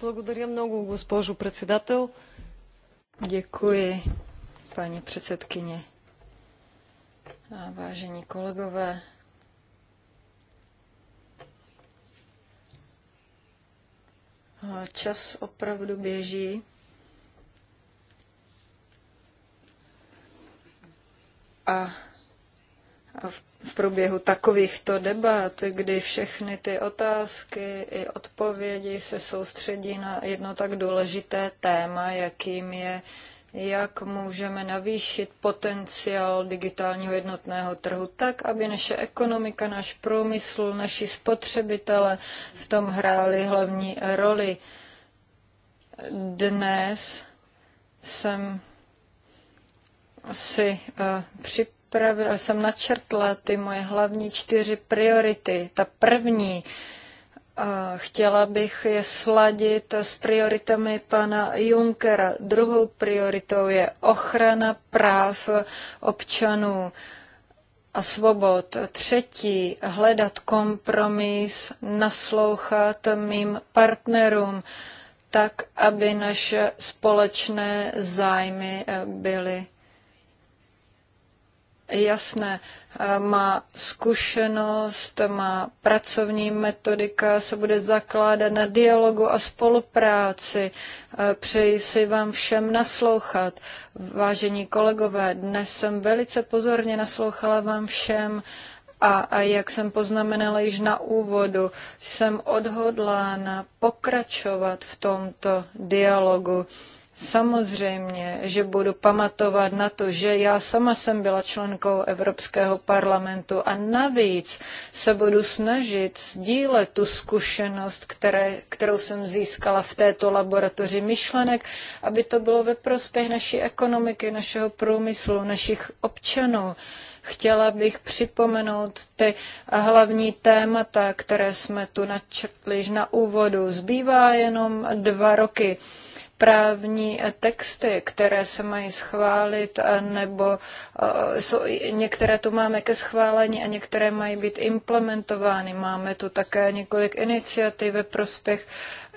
Благодаря много, госпожо председател. Děkuji, paní předsedkyně. A vážení kolegové, čas opravdu běží. A v průběhu takovýchto debat, kdy všechny ty otázky i odpovědi se soustředí na jedno tak důležité téma, jakým je, jak můžeme navýšit potenciál digitálního jednotného trhu tak, aby naše ekonomika, náš průmysl, naši spotřebitele v tom hráli hlavní roli. Dnes jsem si uh, eh, připravil, připravil, jsem načrtla ty moje hlavní čtyři priority. Ta první, chtěla bych je sladit s prioritami pana Junckera. Druhou prioritou je ochrana práv občanů a svobod. Třetí, hledat kompromis, naslouchat mým partnerům tak, aby naše společné zájmy byly jasné. Má zkušenost, má pracovní metodika, se bude zakládat na dialogu a spolupráci. Přeji si vám všem naslouchat. Vážení kolegové, dnes jsem velice pozorně naslouchala vám všem a, a jak jsem poznamenala již na úvodu, jsem odhodlána pokračovat v tomto dialogu Samozřejmě, že budu pamatovat na to, že já sama jsem byla členkou Evropského parlamentu a navíc se budu snažit sdílet tu zkušenost, které, kterou jsem získala v této laboratoři myšlenek, aby to bylo ve prospěch naší ekonomiky, našeho průmyslu, našich občanů. Chtěla bych připomenout ty hlavní témata, které jsme tu načrtli na úvodu. Zbývá jenom dva roky právní texty, které se mají schválit, nebo jsou, některé tu máme ke schválení a některé mají být implementovány. Máme tu také několik iniciativ ve prospěch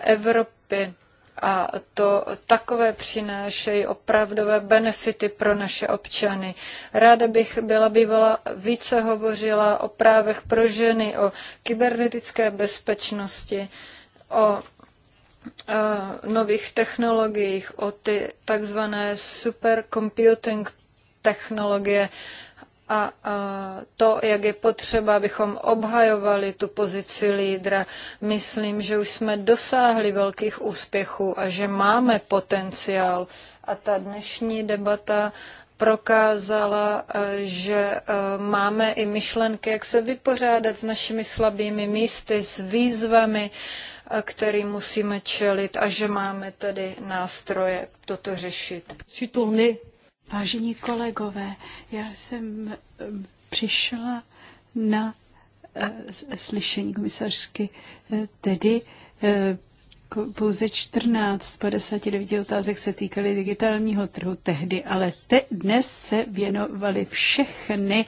Evropy a to takové přinášejí opravdové benefity pro naše občany. Ráda bych byla bývala více hovořila o právech pro ženy, o kybernetické bezpečnosti, o Eh, nových technologiích, o ty takzvané supercomputing technologie a, uh, to, jak je potřeba, abychom obhajovali tu pozici lídra. Myslím, že už jsme dosáhli velkých úspěchů a že máme potenciál. A ta dnešní debata prokázala, eh, že eh, máme i myšlenky, jak se vypořádat s našimi slabými místy, s výzvami, který musíme čelit a že máme tedy nástroje toto řešit. Vážení kolegové, já jsem eh, přišla na eh, slyšení komisařky, eh, tedy pouze 14 z 59 otázek se týkaly digitálního trhu tehdy, ale te, dnes se věnovaly všechny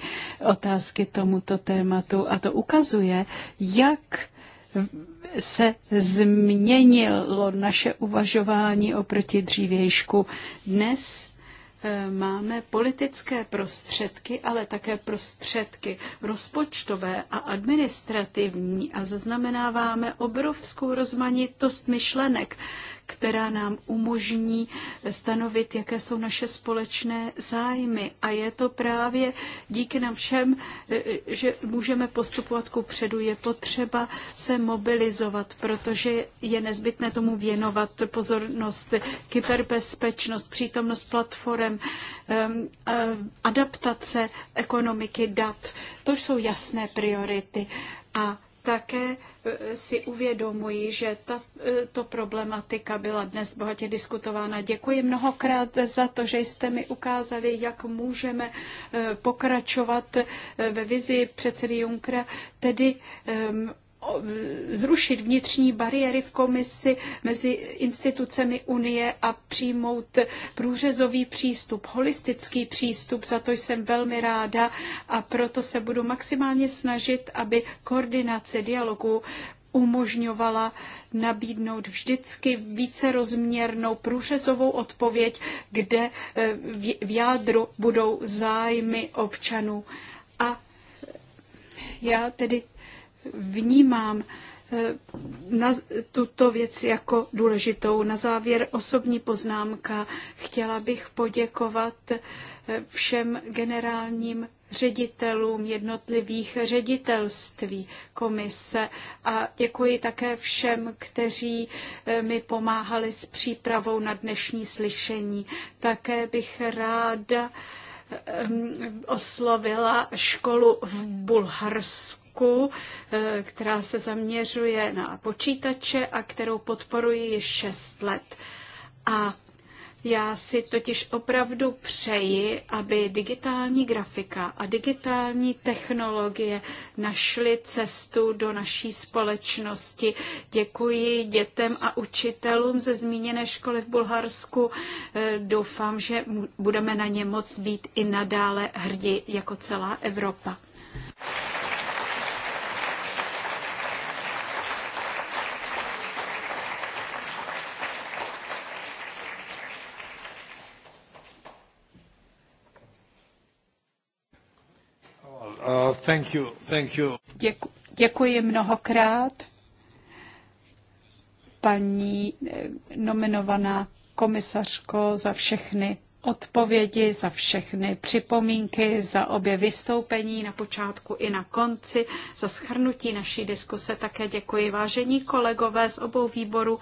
otázky tomuto tématu a to ukazuje, jak se změnilo naše uvažování oproti dřívějšku. Dnes eh, máme politické prostředky, ale také prostředky rozpočtové a administrativní a zaznamenáváme obrovskou rozmanitost myšlenek, která nám umožní stanovit, jaké jsou naše společné zájmy. A je to právě díky nám všem, že můžeme postupovat ku předu. Je potřeba se mobilizovat, protože je nezbytné tomu věnovat pozornost, kyberbezpečnost, přítomnost platform, eh, adaptace ekonomiky dat. To jsou jasné priority. A také si uvědomují, že tato e, problematika byla dnes bohatě diskutována. Děkuji mnohokrát za to, že jste mi ukázali, jak můžeme e, pokračovat e, ve vizi předsedy Junckera, tedy zrušit vnitřní bariéry v komisi mezi institucemi Unie a přijmout průřezový přístup, holistický přístup. Za to jsem velmi ráda a proto se budu maximálně snažit, aby koordinace dialogu umožňovala nabídnout vždycky vícerozměrnou průřezovou odpověď, kde e, v jádru budou zájmy občanů. A já tedy vnímám eh, na tuto věc jako důležitou. Na závěr osobní poznámka. Chtěla bych poděkovat eh, všem generálním ředitelům jednotlivých ředitelství komise a děkuji také všem, kteří eh, mi pomáhali s přípravou na dnešní slyšení. Také bych ráda oslovila školu v Bulharsku výuku, eh, která se zaměřuje na počítače a kterou podporuji již 6 let. A já si totiž opravdu přeji, aby digitální grafika a digitální technologie našly cestu do naší společnosti. Děkuji dětem a učitelům ze zmíněné školy v Bulharsku. Eh, doufám, že budeme na ně moc být i nadále hrdí jako celá Evropa. Uh, thank you, thank you. Děku, děkuji mnohokrát, paní eh, nominovaná komisařko, za všechny odpovědi, za všechny připomínky, za obě vystoupení na počátku i na konci, za schrnutí naší diskuse. Také děkuji vážení kolegové z obou výborů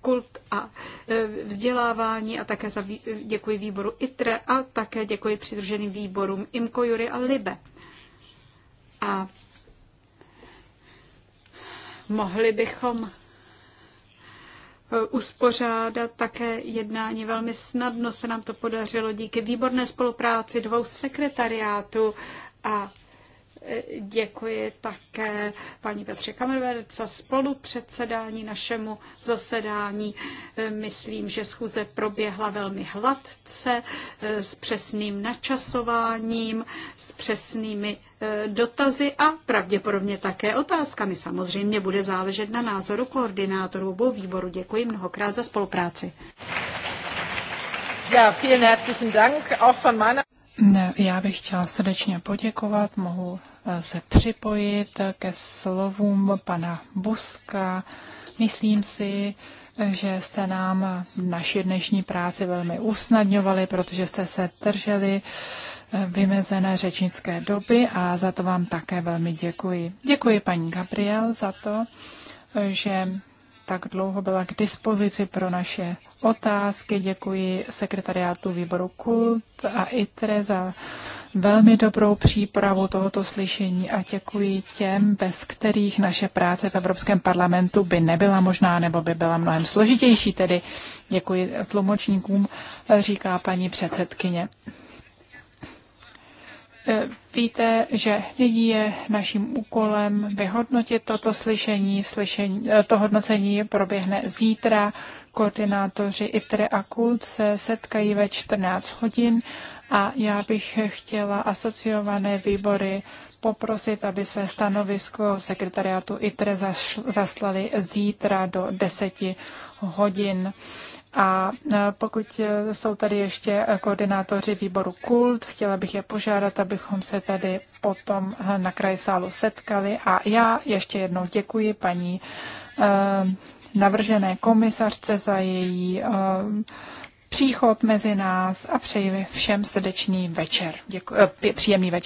kult a e, vzdělávání a také za, děkuji výboru ITRE a také děkuji přidruženým výborům IMKO, Jury a LIBE. A mohli bychom e, uspořádat také jednání. Velmi snadno se nám to podařilo díky výborné spolupráci dvou sekretariátů a Děkuji také paní Petře Kamerver za spolupředsedání našemu zasedání. Myslím, že schůze proběhla velmi hladce, s přesným načasováním, s přesnými eh, dotazy a pravděpodobně také otázkami. Samozřejmě bude záležet na názoru koordinátorů obou výboru. Děkuji mnohokrát za spolupráci. Ja, vielen herzlichen Dank auch von meiner já bych chtěla srdečně poděkovat, mohu se připojit ke slovům pana Buska. Myslím si, že jste nám naši dnešní práci velmi usnadňovali, protože jste se drželi eh, vymezené řečnické doby a za to vám také velmi děkuji. Děkuji paní Gabriel za to, že tak dlouho byla k dispozici pro naše otázky. Děkuji sekretariátu výboru Kult a ITRE za velmi dobrou přípravu tohoto slyšení a děkuji těm, bez kterých naše práce v Evropském parlamentu by nebyla možná nebo by byla mnohem složitější. Tedy děkuji tlumočníkům, říká paní předsedkyně. E, víte, že nyní je naším úkolem vyhodnotit toto slyšení. slyšení e, to hodnocení proběhne zítra. Koordinátoři ITRE a KULT se setkají ve 14 hodin a já bych chtěla asociované výbory poprosit, aby své stanovisko sekretariátu ITRE zaslali zítra do 10 hodin. A e, pokud jsou tady ještě koordinátoři výboru KULT, chtěla bych je požádat, abychom se tady potom na kraji sálu setkali. A já ještě jednou děkuji paní e, navržené komisařce za její e, příchod mezi nás a přeji všem srdečný večer. Děkuji, eh, příjemný večer.